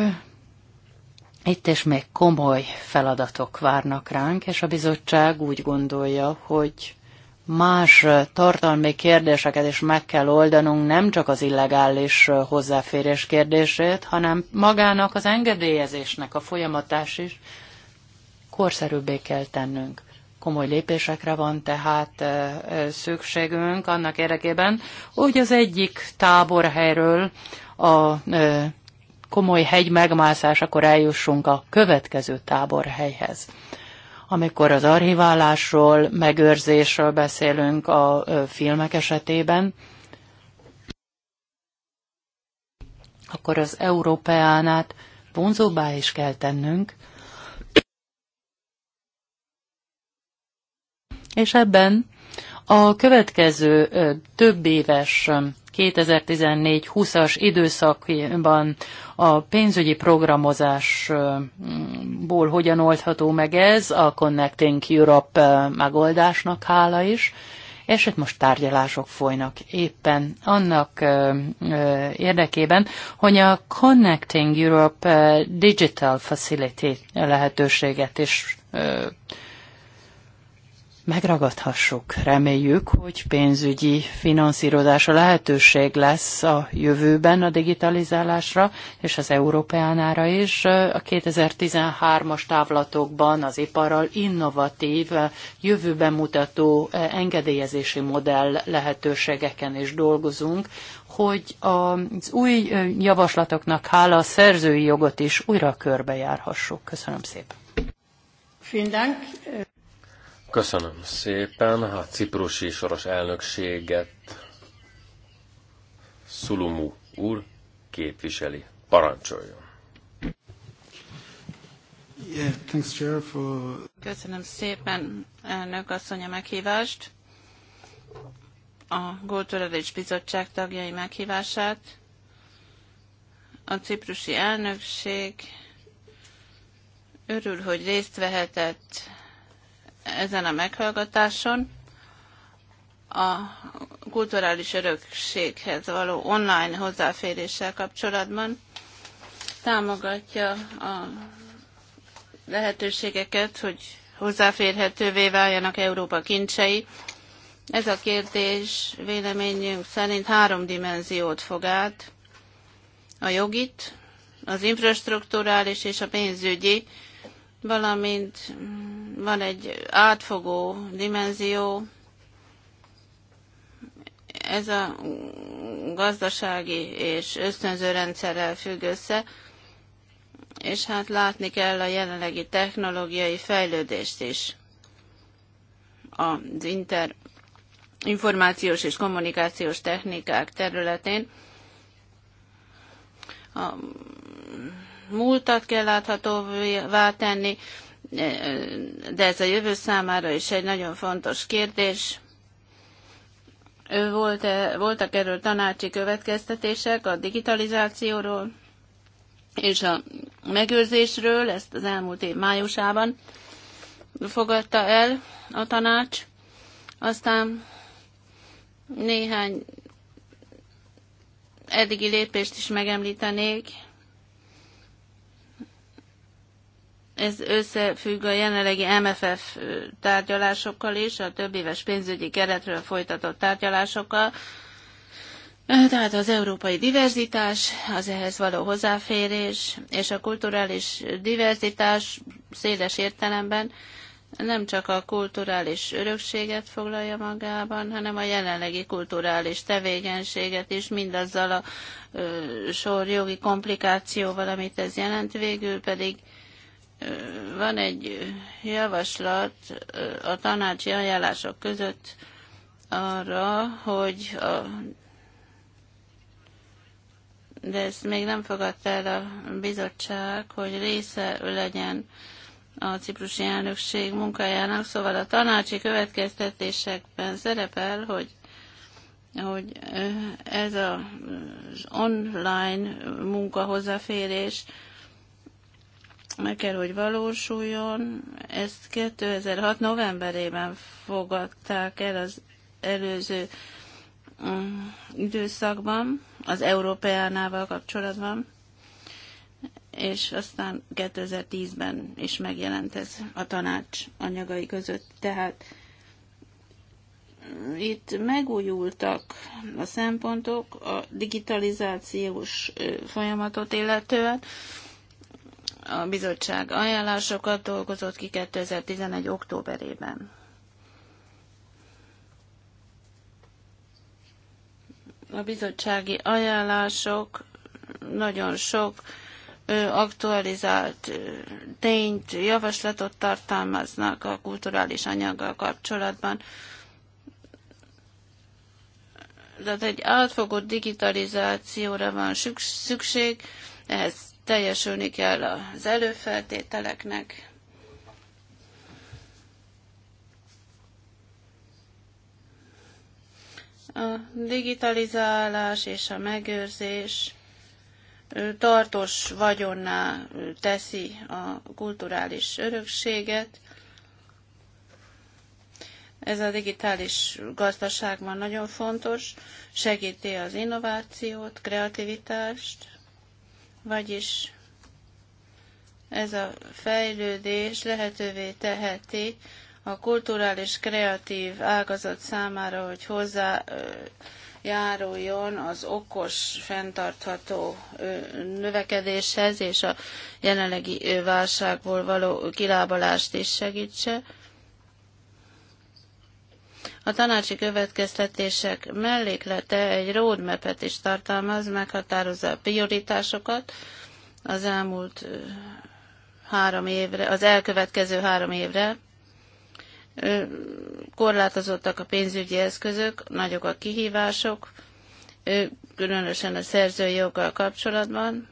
itt is még komoly feladatok várnak ránk, és a bizottság úgy gondolja, hogy más tartalmi kérdéseket is meg kell oldanunk, nem csak az illegális hozzáférés kérdését, hanem magának az engedélyezésnek a folyamatás is korszerűbbé kell tennünk. Komoly lépésekre van tehát szükségünk annak érdekében, hogy az egyik táborhelyről a komoly hegy akkor eljussunk a következő táborhelyhez. Amikor az archiválásról, megőrzésről beszélünk a filmek esetében, akkor az Európeánát vonzóbbá is kell tennünk, és ebben a következő több éves 2014-20-as időszakban a pénzügyi programozásból hogyan oldható meg ez, a Connecting Europe eh, megoldásnak hála is, és itt most tárgyalások folynak éppen annak eh, eh, érdekében, hogy a Connecting Europe Digital Facility lehetőséget is megragadhassuk. Reméljük, hogy pénzügyi finanszírozása lehetőség lesz a jövőben a digitalizálásra, és az Európeánára is. A 2013-as távlatokban az iparral innovatív, jövőben mutató e, engedélyezési modell lehetőségeken is dolgozunk, hogy az új e, javaslatoknak hála a szerzői jogot is újra körbejárhassuk. Köszönöm szépen. Vielen Dank. Köszönöm szépen a ciprusi soros elnökséget. Szulumu úr képviseli. Parancsoljon. thanks, Chair, for... Köszönöm szépen, elnök asszony, a meghívást, a Kulturális Bizottság tagjai meghívását, a ciprusi elnökség örül, hogy részt vehetett ezen a meghallgatáson a kulturális örökséghez való online hozzáféréssel kapcsolatban támogatja a lehetőségeket, hogy hozzáférhetővé váljanak Európa kincsei. Ez a kérdés véleményünk szerint három dimenziót fog át, a jogit, az infrastruktúrális és a pénzügyi, valamint van egy átfogó dimenzió, ez a gazdasági és ösztönző rendszerrel függ össze, és hát látni kell a jelenlegi technológiai fejlődést is. Az inter információs és kommunikációs technikák területén a múltat kell láthatóvá tenni, de ez a jövő számára is egy nagyon fontos kérdés. Volt -e, voltak erről tanácsi következtetések a digitalizációról és a megőrzésről, ezt az elmúlt év májusában fogadta el a tanács. Aztán néhány eddigi lépést is megemlítenék. Ez összefügg a jelenlegi MFF tárgyalásokkal is, a több éves pénzügyi keretről folytatott tárgyalásokkal. Tehát az európai diverzitás, az ehhez való hozzáférés és a kulturális diverzitás széles értelemben nem csak a kulturális örökséget foglalja magában, hanem a jelenlegi kulturális tevékenységet is, mindazzal a ö, sor jogi komplikációval, amit ez jelent végül pedig van egy javaslat a tanácsi ajánlások között arra, hogy a de ezt még nem fogadta el a bizottság, hogy része legyen a ciprusi elnökség munkájának, szóval a tanácsi következtetésekben szerepel, hogy hogy ez az online munka hozzáférés meg kell, hogy valósuljon. Ezt 2006 novemberében fogadták el az előző mm, időszakban, az Európeánával kapcsolatban, és aztán 2010-ben is megjelent ez a tanács anyagai között. Tehát itt megújultak a szempontok a digitalizációs folyamatot illetően, a bizottság ajánlásokat dolgozott ki 2011. októberében. A bizottsági ajánlások nagyon sok aktualizált tényt, javaslatot tartalmaznak a kulturális anyaggal kapcsolatban. Tehát egy átfogó digitalizációra van szükség, ehhez teljesülni kell az előfeltételeknek, a digitalizálás és a megőrzés tartós vagyonná teszi a kulturális örökséget. Ez a digitális gazdaságban nagyon fontos, segíti az innovációt, kreativitást, vagyis ez a fejlődés lehetővé teheti a kulturális kreatív ágazat számára, hogy hozzá járuljon az okos, fenntartható növekedéshez, és a jelenlegi válságból való kilábalást is segítse. A tanácsi következtetések melléklete egy roadmap-et is tartalmaz, meghatározza a prioritásokat az elmúlt három évre, az elkövetkező három évre. Korlátozottak a pénzügyi eszközök, nagyok a kihívások, különösen a szerzői joggal kapcsolatban.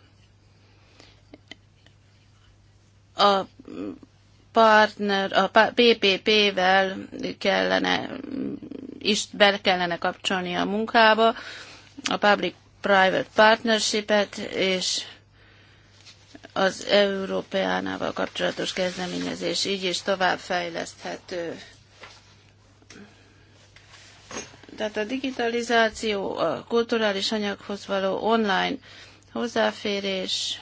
A partner, a PPP-vel kellene is be kellene kapcsolni a munkába, a public-private partnership-et, és az Európeánával kapcsolatos kezdeményezés így is tovább fejleszthető. Tehát a digitalizáció, a kulturális anyaghoz való online hozzáférés,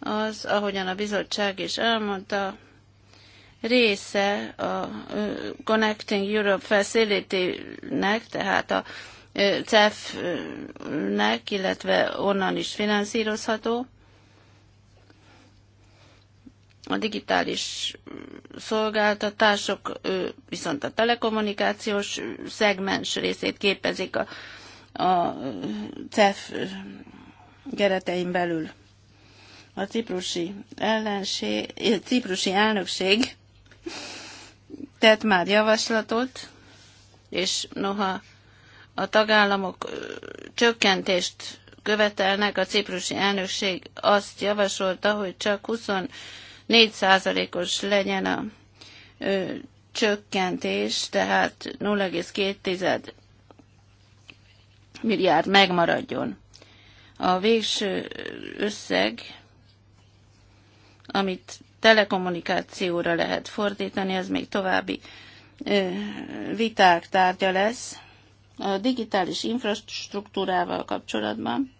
az, ahogyan a bizottság is elmondta, része a Connecting Europe Facility-nek, tehát a CEF-nek, illetve onnan is finanszírozható. A digitális szolgáltatások viszont a telekommunikációs szegmens részét képezik a, a CEF keretein belül. A ciprusi, ellenség, ciprusi elnökség tett már javaslatot, és noha a tagállamok csökkentést követelnek, a ciprusi elnökség azt javasolta, hogy csak 24%-os legyen a ö, csökkentés, tehát 0,2 milliárd megmaradjon. A végső összeg, amit telekommunikációra lehet fordítani, ez még további viták tárgya lesz a digitális infrastruktúrával kapcsolatban.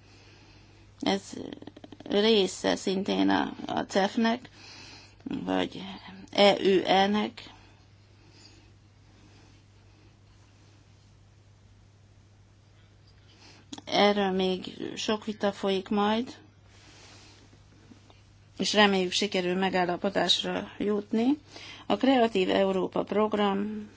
Ez része szintén a, a CEF-nek, vagy EÜE-nek. Erről még sok vita folyik majd és reméljük sikerül megállapodásra jutni. A Kreatív Európa program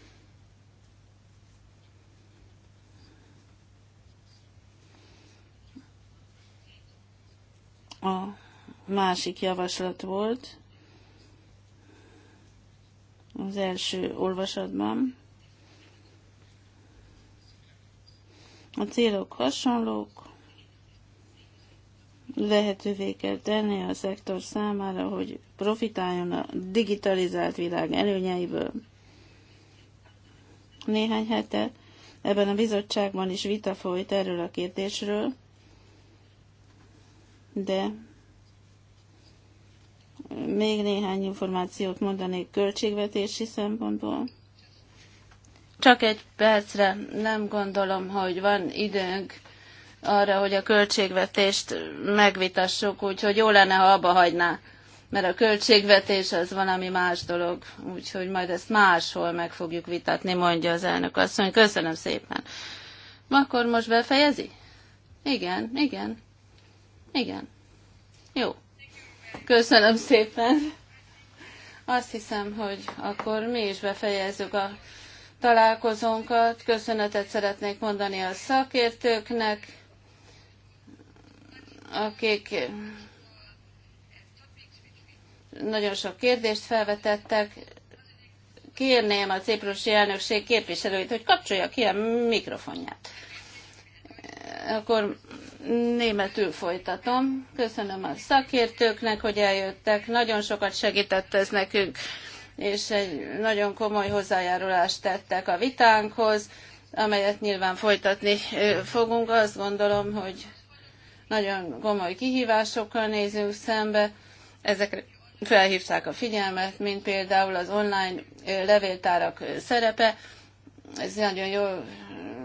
a másik javaslat volt az első olvasatban. A célok hasonlók, lehetővé kell tenni a szektor számára, hogy profitáljon a digitalizált világ előnyeiből. Néhány hete ebben a bizottságban is vita folyt erről a kérdésről, de még néhány információt mondanék költségvetési szempontból. Csak egy percre, nem gondolom, hogy van időnk arra, hogy a költségvetést megvitassuk, úgyhogy jó lenne, ha abba hagyná. Mert a költségvetés az valami más dolog, úgyhogy majd ezt máshol meg fogjuk vitatni, mondja az elnök asszony. Köszönöm szépen. Akkor most befejezi? Igen, igen. Igen. Jó. Köszönöm szépen. Azt hiszem, hogy akkor mi is befejezzük a találkozónkat. Köszönetet szeretnék mondani a szakértőknek akik nagyon sok kérdést felvetettek. Kérném a ciprusi elnökség képviselőit, hogy kapcsolja ki a mikrofonját. Akkor németül folytatom. Köszönöm a szakértőknek, hogy eljöttek. Nagyon sokat segített ez nekünk, és egy nagyon komoly hozzájárulást tettek a vitánkhoz, amelyet nyilván folytatni fogunk. Azt gondolom, hogy nagyon komoly kihívásokkal nézünk szembe, ezekre felhívták a figyelmet, mint például az online levéltárak szerepe. Ez nagyon jó,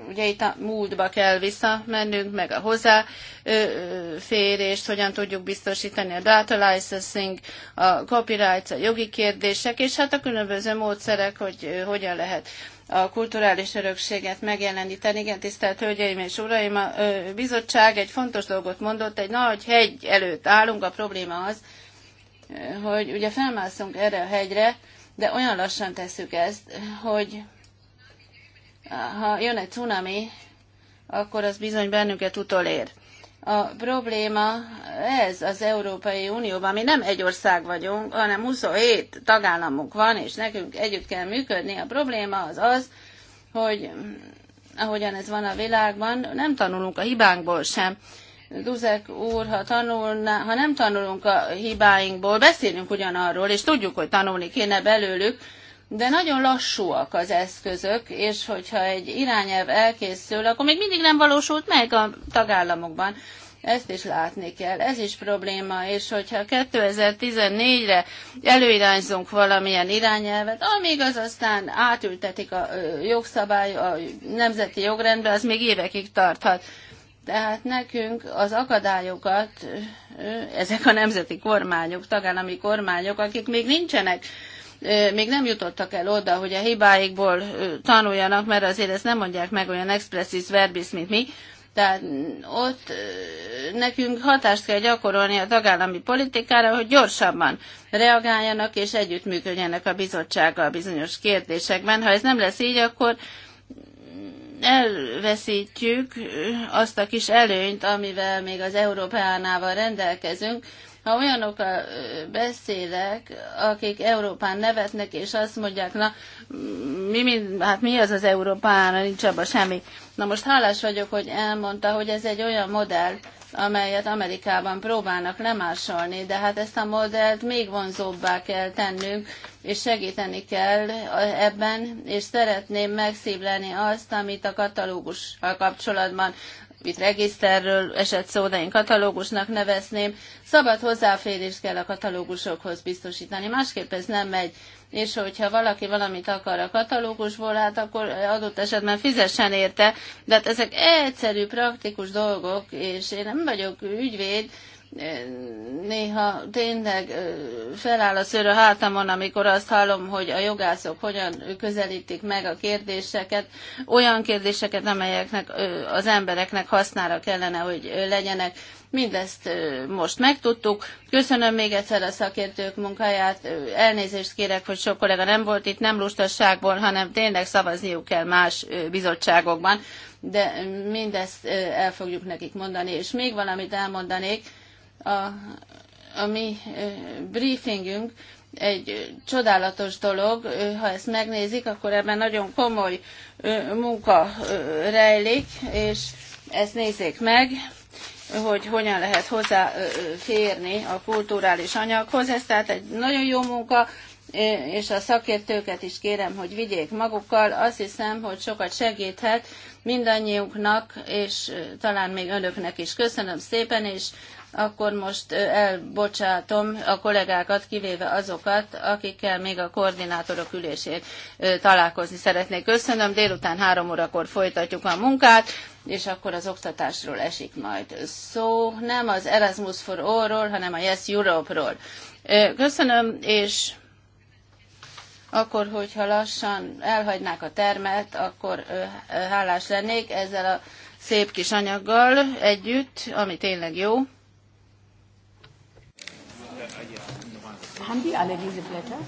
ugye itt a múltba kell visszamennünk, meg a hozzáférést, hogyan tudjuk biztosítani a data licensing, a copyright, a jogi kérdések, és hát a különböző módszerek, hogy hogyan lehet a kulturális örökséget megjeleníteni. Igen, tisztelt Hölgyeim és Uraim, a bizottság egy fontos dolgot mondott, egy nagy hegy előtt állunk, a probléma az, hogy ugye felmászunk erre a hegyre, de olyan lassan tesszük ezt, hogy ha jön egy cunami, akkor az bizony bennünket utolér. A probléma ez az Európai Unióban. Mi nem egy ország vagyunk, hanem 27 tagállamunk van, és nekünk együtt kell működni. A probléma az az, hogy ahogyan ez van a világban, nem tanulunk a hibánkból sem. Duzek úr, ha, tanulná, ha nem tanulunk a hibáinkból, beszélünk ugyanarról, és tudjuk, hogy tanulni kéne belőlük, de nagyon lassúak az eszközök, és hogyha egy irányelv elkészül, akkor még mindig nem valósult meg a tagállamokban. Ezt is látni kell, ez is probléma, és hogyha 2014-re előirányzunk valamilyen irányelvet, amíg az aztán átültetik a jogszabály, a nemzeti jogrendbe, az még évekig tarthat. Tehát nekünk az akadályokat ezek a nemzeti kormányok, tagállami kormányok, akik még nincsenek még nem jutottak el oda, hogy a hibáikból tanuljanak, mert azért ezt nem mondják meg olyan expressis verbis, mint mi, tehát ott nekünk hatást kell gyakorolni a tagállami politikára, hogy gyorsabban reagáljanak és együttműködjenek a bizottsággal bizonyos kérdésekben. Ha ez nem lesz így, akkor elveszítjük azt a kis előnyt, amivel még az Európánával rendelkezünk, ha olyanokkal beszélek, akik Európán nevetnek, és azt mondják, na, mi, mi, hát mi az az Európán, nincs abban semmi. Na most hálás vagyok, hogy elmondta, hogy ez egy olyan modell, amelyet Amerikában próbálnak lemásolni, de hát ezt a modellt még vonzóbbá kell tennünk, és segíteni kell ebben, és szeretném megszívleni azt, amit a katalógussal kapcsolatban itt regiszterről esett szó, de én katalógusnak nevezném. Szabad hozzáférést kell a katalógusokhoz biztosítani, másképp ez nem megy. És hogyha valaki valamit akar a katalógusból, hát akkor adott esetben fizessen érte. De hát ezek egyszerű, praktikus dolgok, és én nem vagyok ügyvéd, néha tényleg feláll a szőr a hátamon, amikor azt hallom, hogy a jogászok hogyan közelítik meg a kérdéseket, olyan kérdéseket, amelyeknek az embereknek hasznára kellene, hogy legyenek. Mindezt most megtudtuk. Köszönöm még egyszer a szakértők munkáját. Elnézést kérek, hogy sok kollega nem volt itt, nem lustasságból, hanem tényleg szavazniuk kell más bizottságokban. De mindezt el fogjuk nekik mondani. És még valamit elmondanék a, a mi briefingünk egy csodálatos dolog, ha ezt megnézik, akkor ebben nagyon komoly munka rejlik, és ezt nézzék meg, hogy hogyan lehet hozzáférni a kulturális anyaghoz. Ez tehát egy nagyon jó munka, és a szakértőket is kérem, hogy vigyék magukkal. Azt hiszem, hogy sokat segíthet mindannyiunknak, és talán még önöknek is. Köszönöm szépen, és akkor most elbocsátom a kollégákat, kivéve azokat, akikkel még a koordinátorok ülésén találkozni szeretnék. Köszönöm, délután három órakor folytatjuk a munkát, és akkor az oktatásról esik majd szó, nem az Erasmus for All-ról, hanem a Yes Europe-ról. Köszönöm, és akkor, hogyha lassan elhagynák a termet, akkor hálás lennék ezzel a szép kis anyaggal együtt, ami tényleg jó. haben die alle diese Blätter?